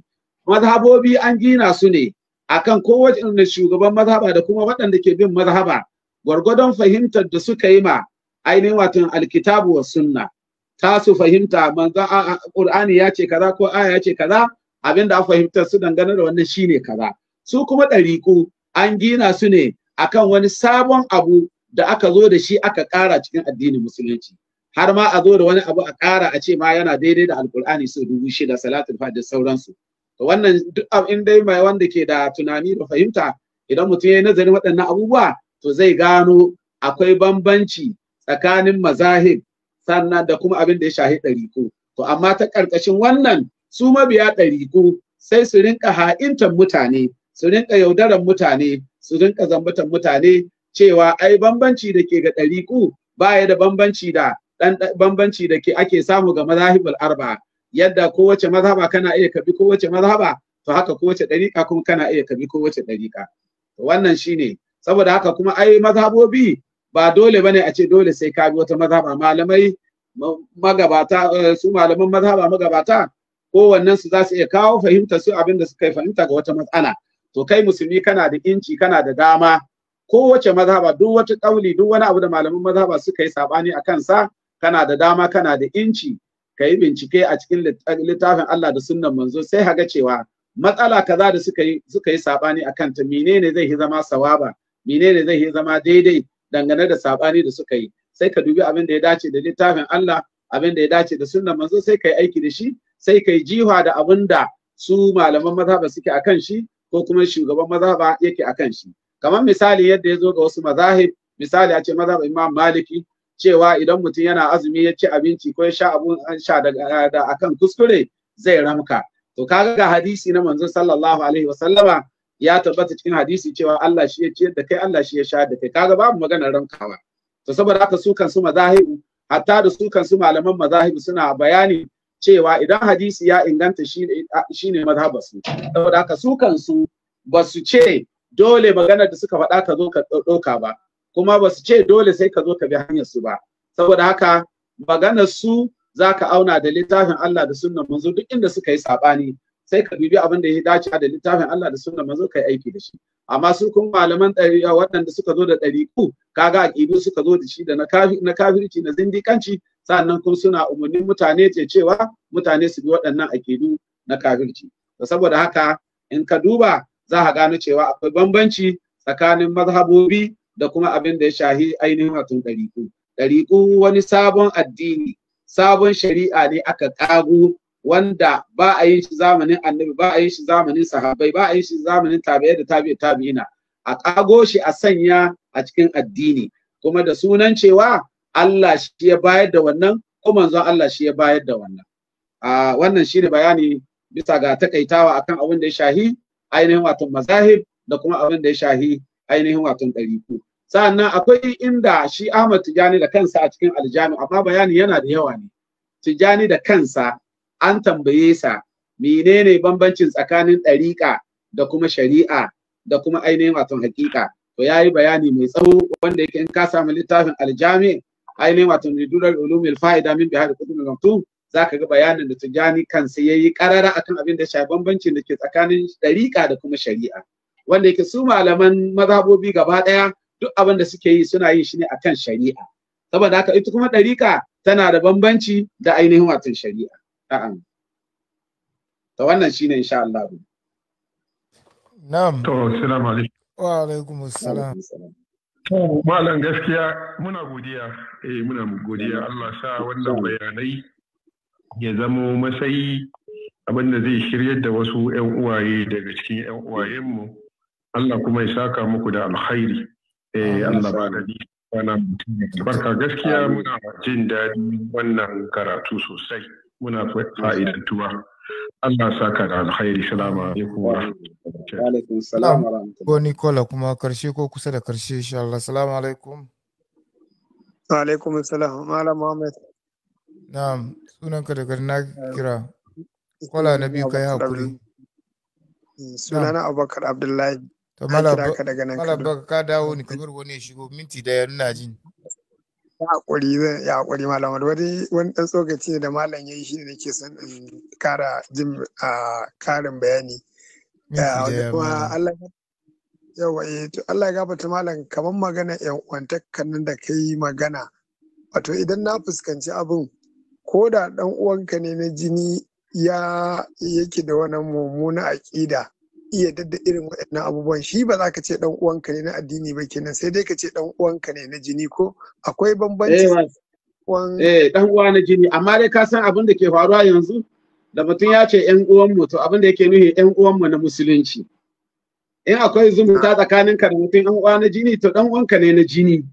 mazhabobi an gina su ne akan kowace shugaban mazhaba da kuma waɗanda ke bin mazhaba gwargwadon fahimtar da suka yi ma ainihin watan alkitabu wa sunna ta su fahimta manzo qur'ani ya ce kaza ko aya ya ce kaza abinda aka fahimtar su dangane da wannan shine kaza su kuma ɗariku an gina su ne akan wani sabon abu da aka zo da shi aka kara cikin addinin musulunci har ma a zo da wani abu a kara a ce ma yana daidai da alkur'ani sun dubu shida salatul fatiha sauransu to wannan duk in dai mai wanda ke da tunani da fahimta idan mutum ya nazarin waɗannan abubuwa to zai gano akwai bambanci tsakanin mazahib sannan da kuma abin da ya shahi ɗariko to amma ta ƙarƙashin wannan su mabiya ɗariku sai su rinka ha'intan mutane su rinka yaudaran mutane su rinka zambatan mutane cewa ai bambanci da ke ga ɗariku baya da bambanci da dan bambanci da ke ake samu ga mazahibul arba yadda kowace mazhaba kana iya kabi kowace mazhaba to haka kowace ɗariƙa kuma kana iya kabi kowace ɗariƙa wannan shine saboda haka kuma ai mazhabobi ba dole bane a ce dole sai ka bi wata mazhaba malamai magabata eh, su malaman mazhaba magabata kowannen su za su iya kawo fahimta su abin da suka yi fahimta ga wata matsala to kai musulmi kana da inci kana da dama kowace mazhaba duk wata kauli duk wani abu da malaman mazhaba suka yi sabani a kansa kana da dama kana da inci ka yi bincike a cikin littafin Allah da sunnan manzo sai haga cewa matsala kaza da suka yi suka yi sabani a kanta menene zai yi zama sawaba menene zai yi zama daidai dangane da sabani da suka yi sai ka dubi abin da ya dace da littafin Allah abin da ya dace da sunnan manzo sai ka yi aiki da shi sai kai jiwa da abin da su malaman mazhaba suke akan shi ko kuma shugaban mazhaba yake akan shi kamar misali yadda ya zo ga wasu mazahib misali a ce mazhab imam maliki cewa idan mutum yana azumi ya ci abinci ko ya sha abun an sha da akan kuskure zai ramka to kaga ga hadisi na manzon sallallahu alaihi wasallama ya tabbata cikin hadisi cewa Allah shi ya ciyar da kai Allah shi ya sha da kai kaga babu maganar rankawa to saboda haka su su mazahib hatta da su su malaman mazahib suna bayani cewa idan hadisi ya inganta shine mazhabar su saboda haka su kansu ba su ce dole maganar da suka faɗa ka zo ka ɗauka ba kuma ba su ce dole sai ka zo ka bi hanyar su ba saboda haka maganar su za ka auna da littafin Allah da sunnan manzo duk inda suka yi saɓani sai ka dubi abin da ya dace da littafin Allah da sunnar manzo kai aiki da shi amma su kun malaman ɗari'a waɗanda suka zo da ɗariku kaga aƙidu suka zo da shi da na kafirci na zindikanci sannan kun suna umarnin mutane ce cewa mutane su bi waɗannan aƙidu na kafirci da saboda haka in ka duba za ka gano cewa akwai bambanci tsakanin mazhabobi da kuma abin da ya shahi ainihin watun ɗariku ɗariku wani sabon addini sabon shari'a ne aka kago wanda ba a yin shi zamanin annabi ba a yin shi zamanin sahabbai ba a yin shi zamanin tabi'ai da tabi'i tabi'ina a kago shi a sanya a cikin addini kuma da sunan cewa Allah shi ya bayar da wannan ko manzon Allah shi ya bayar da wannan a wannan shine bayani bisa ga takaitawa akan abin da ya shahi ainihin wato mazahib da kuma abin da ya shahi ainihin wato ɗariku sa'annan akwai inda shi Ahmad Tijani da kansa a cikin aljami amma bayani yana da yawa ne Tijani da kansa an tambaye sa menene bambancin tsakanin ɗariƙa da kuma shari'a da kuma ainihin wato hakika to yi bayani mai tsawo wanda yake in ka samu littafin aljami ainihin wato nidurar ulumil fa'ida min bihar kutubul za zaka ga bayanin da tijani kansa yayi karara akan abin da shafi bambancin da ke tsakanin ɗariƙa da kuma shari'a wanda yake su malaman mazhabobi gaba ɗaya duk abin da suke yi suna yin shi ne akan shari'a saboda haka ita kuma ɗariƙa tana da bambanci da ainihin wato shari'a na'am to wannan shi shine insha Allah na'am to assalamu alaikum wa alaikum assalam malam gaskiya muna godiya eh muna godiya Allah sa wannan bayanai ya zamo matsayi da zai shiryar da wasu 'yan uwaye daga cikin 'yan uwayenmu Allah kuma ya saka muku da alkhairi eh Allah ba da barka gaskiya muna jin daɗin wannan karatu sosai muna fa’idan tuwa. Allah sa ka da alkhairi salama ya kuma. alaikum salam ko Nicola kuma karshe ko kusa da karshe insha Allah salamu alaikum alaikum salam malam Muhammad na'am sunan ka daga na kira kola na biyu kai hakuri sunana Abubakar Abdullahi to malam ka daga nan ka dawo ni kamar wani shigo minti da ya nuna jin haƙuri zan yi haƙuri malam wani wani ɗan tsokaci da malam ya yi shi ne nake son in kara jin karin bayani eh, kuma Allah yawa eh to Allah ya gafarta malam kamar magana yan uwantakan nan da kai magana wato idan na fuskanci abin ko da dan uwanka ne na jini ya yake da wani mummuna aƙida iya dadda irin waɗannan abubuwan shi ba za ka ce ɗan uwanka ne na addini ba kenan sai dai ka ce ɗan uwanka ne na jini ko akwai bambanci eh dan eh, uwa na jini amma dai ka san abin da ke faruwa yanzu da mutum ya ce yan uwan mu to abin da yake nuhi yan uwan mu na musulunci in akwai zumunta tsakanin ka da mutum yan uwa na jini to ɗan uwanka ne na jini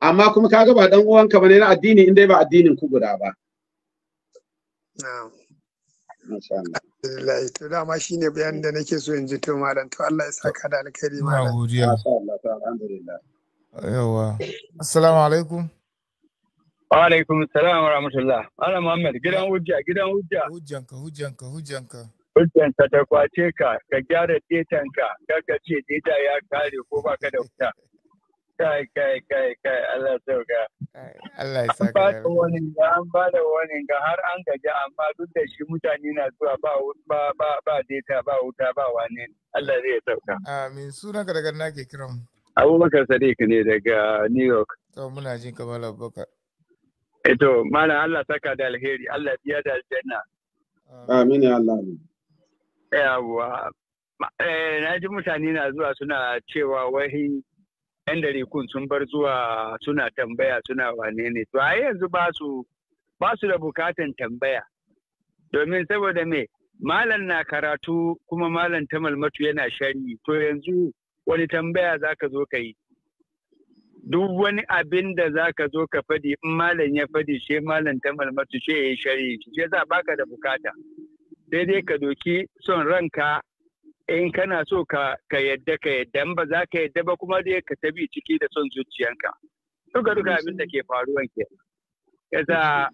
amma kuma kaga ba ɗan uwanka ba ne na addini in dai ba addinin ku guda ba na'am masha Allah Alhamdulillah to dama shine bayanin da nake so in ji to malam to Allah ya saka da alkhairi malam. Godiya. Alhamdulillah. Yawa. Assalamu alaikum. Wa alaikum salam wa rahmatullah. Malam Muhammad gidan hujja gidan hujja. ta kwace ka ka gyara detanka kar ka ce deta ya kare ko baka da wuta. kai kai kai kai Allah sauka Allah ya saka da ba wani an ba da wani ga har an gaji amma duk da shi mutane na zuwa ba ba ba ba data ba wuta ba wani Allah zai sauka amin sunan ka daga nake kiran Abubakar Sadiq ne daga New York to muna jin ka malam Abubakar eto eh, malam Allah saka da alheri Allah biya da aljanna amin ya Allah ne. eh na ji mutane na zuwa suna cewa wai yan darikun sun bar zuwa suna tambaya suna wane ne to a yanzu ba su da bukatan tambaya domin saboda me malam na karatu kuma malam ta malmatu yana shari to yanzu wani tambaya za ka zo ka yi duk wani abin da za ka zo ka fadi in malam ya fadi she malam ta malmatu she ya yi shari she za baka da bukata sai dai ka doki son ranka in kana so ka yadda ka yadda ba za ka yadda ba kuma dai ka tabi ciki da son zuciyanka duka duka abin da ke faruwan ke yasa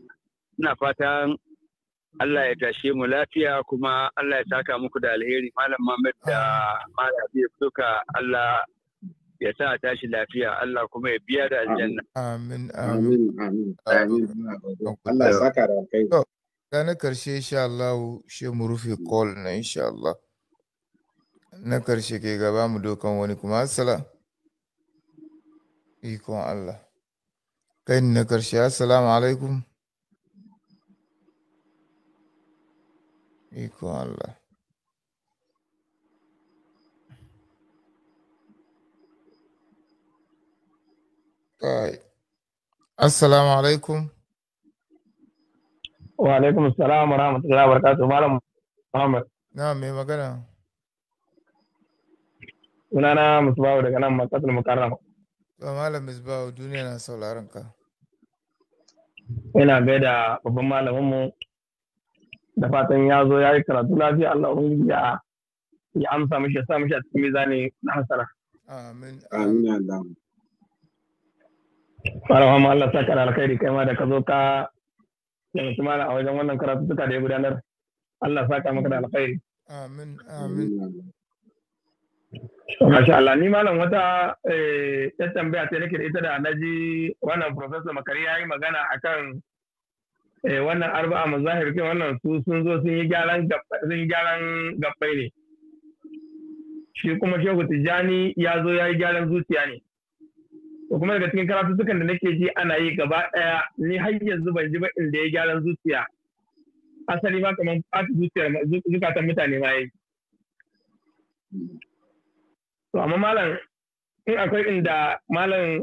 ina fatan Allah ya tashe mu lafiya kuma Allah ya saka muku da alheri malam Muhammad da malam duka Allah ya sa a tashi lafiya Allah kuma ya biya da aljanna amin amin amin Allah ya saka da kai ga na karshe insha Allah shi mu rufe call na insha Allah na ƙarshe ke gaba mu dokan wani kuma asala ikon Allah kai na ƙarshe assalamu alaikum ikon Allah kai assalamu alaikum wa alaikum assalam wa rahmatullahi wa barakatuh malam Muhammad na me magana sunana musbahu daga nan makasul mukarrama ba malam musbahu duniya na sauraron ka ina gaida babban malamin mu da fatan ya zo ya yi karatu lafiya Allah ubangiji ya ya amsa mishi ya sa mishi a cikin mizani na hasara amin amin Allah farawa ma Allah saka da alkhairi kai ma da ka zo ka da mutum a wajen wannan karatu duka da ya gudanar Allah saka maka da alkhairi amin amin Masha Allah, ni malam wata eh, ya tambaya ta nake da ita da naji wannan Professor Makari ya yi magana akan eh, wannan arba'a mazahir kai wannan su sun zo sun yi gyaran gabbai ne. Shi kuma Shehu Tijjani ya zo ya yi gyaran zuciya ne. Ko kuma daga cikin karatuttukan da nake ji ana yi gaba ɗaya ni har yanzu ban ji ba inda ya gyaran zuciya. Asali ma kamar ɓata zuciyar zukatan mutane ma yi. to amma malam in akwai inda malam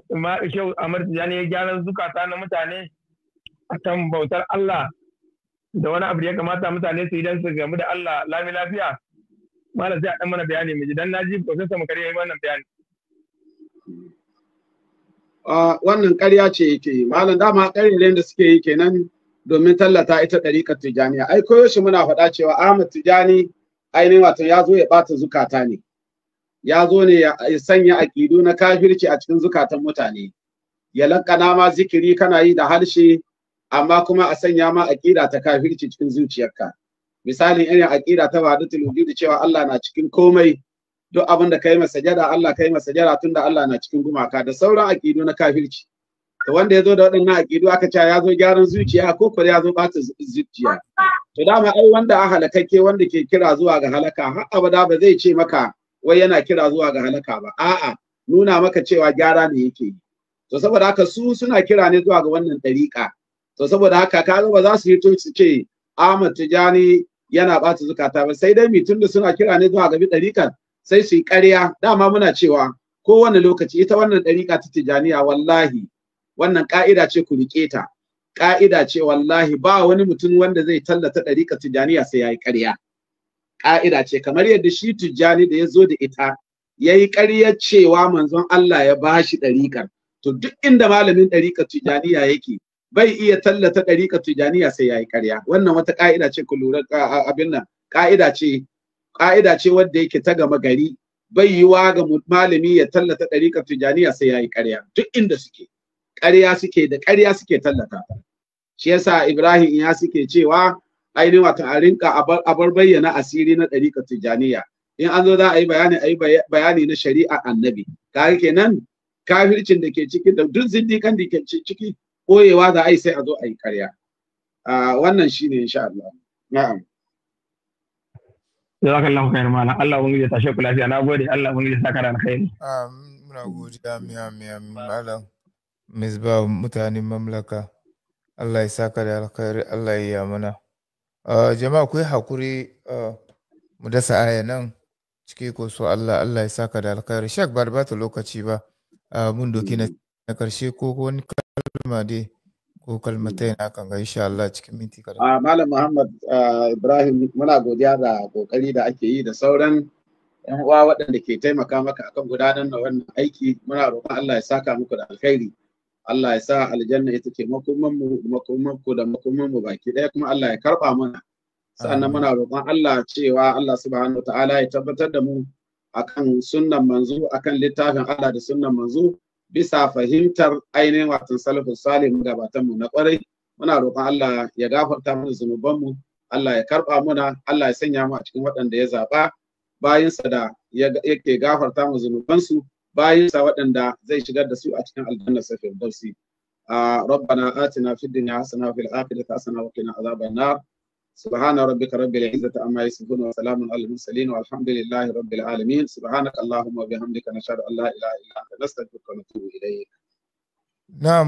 shehu amar tijani ya gyaran zukata na mutane kan bautar Allah da wani abu ya kamata mutane su yi don su gamu da Allah lami lafiya malam sai a dan mana bayani mu ji dan naji professor mu yi wannan bayani wannan karya ce yake yi malam dama ƙarerayen da suke yi kenan domin tallata ita ɗariƙar tijaniya ai koyo shi muna faɗa cewa Ahmad Tijani ainihin wato ya zo ya ɓata zukata ne ya zo ne ya sanya aƙidu na kafirci a cikin zukatan mutane ya lankana ma zikiri kana yi da harshe amma kuma a sanya ma aƙida ta kafirci cikin zuciyarka misalin irin aƙida ta wahdatul wujud cewa Allah na cikin komai duk abin da kai masajada Allah kai masajada tunda Allah na cikin gumaka da sauran aƙidu na kafirci to wanda ya zo da waɗannan aƙidu aka ce ya zo gyaran zuciya ko ko ya zo ɓata zuciya to dama ai wanda a halakakke wanda ke kira zuwa ga halaka har abada ba zai ce maka wai yana kira zuwa ga halaka ba a'a nuna maka cewa gyara ne yake yi to saboda haka su suna kira ne zuwa ga wannan dariƙa. to saboda haka kaga ba za su yi to su ce Ahmad Tijani yana ɓata zukata ba sai dai mi tunda suna kira ne zuwa ga ɗariƙar sai su yi ƙarya dama muna cewa ko Wani lokaci ita wannan dariƙa ta Tijaniya wallahi wannan ƙa'ida ce ku rike ta ka'ida ce wallahi ba wani mutum wanda zai tallata ɗariƙa Tijaniya sai ya yi ƙarya Ka'ida ce kamar yadda shi tijjani da ya zo da ita ya yi ƙaryar cewa manzon Allah ya ba shi ɗariƙar to duk inda malamin ɗariƙar tijjaniya yake bai iya tallata ɗariƙar tijjaniya sai ya yi ƙarya wannan wata ƙa'ida ce ku lura abin nan Ka'ida ce ka'ida ce wadda yake ta gama gari bai yi wa ga malami ya tallata ɗariƙar tijjaniya sai ya yi ƙarya duk inda suke ƙarya suke da ƙarya suke tallata shi yasa Ibrahim ya suke cewa ainihin wata a rinka a bar bayyana asiri na ɗarika tijaniya in an zo za a yi bayani a yi bayani na shari'a annabi ke nan kafircin da ke ciki da duk zindikan da ke ciki koyewa za a yi sai a zo a yi karya wannan shine insha Allah na'am jazakallahu khairan mana Allah ubangiji ya shekula ku lafiya na gode Allah ubangiji ya kara na khairi muna godiya amin amin amin malam mutanen mamlaka Allah ya saka da alkhairi Allah ya yi mana Ah, jama'a ku yi haƙuri ah, mu dasa aya nan ciki ko so Allah Allah ya saka da alkhairi shek ba bata lokaci ba ah, mun doki na karshe ko wani kalma dai ko ta yana kan ga insha Allah cikin minti kadan malam Muhammad Ibrahim muna godiya da kokari da ake yi da sauran yan uwa waɗanda ke taimaka maka akan gudanar da wannan aiki muna roƙon Allah ya saka muku da alkhairi Allah ya sa aljanna ita ke makoman mu makoman ku da makoman mu baki ɗaya kuma Allah ya karba mana sannan muna roƙon Allah cewa Allah subhanahu Wata'ala ya tabbatar da mu akan sunnan manzo akan littafin Allah da sunnan manzo bisa fahimtar ainihin watan salafus salih gabatan mu na kwarai muna roƙon Allah ya gafarta mana zunuban mu Allah ya karba muna Allah ya sanya mu a cikin waɗanda ya zaba bayansa da yake gafarta mu zunubansu bayinsa waɗanda zai shigar da su a cikin aljanna sa firdausi ربنا آتنا في الدنيا حسنة وفي الآخرة حسنة وقنا عذاب النار سبحان ربك رب العزة عما يصفون وسلام على المرسلين والحمد لله رب العالمين سبحانك اللهم وبحمدك نشهد أن لا إله إلا أنت نستغفرك ونتوب إليك نعم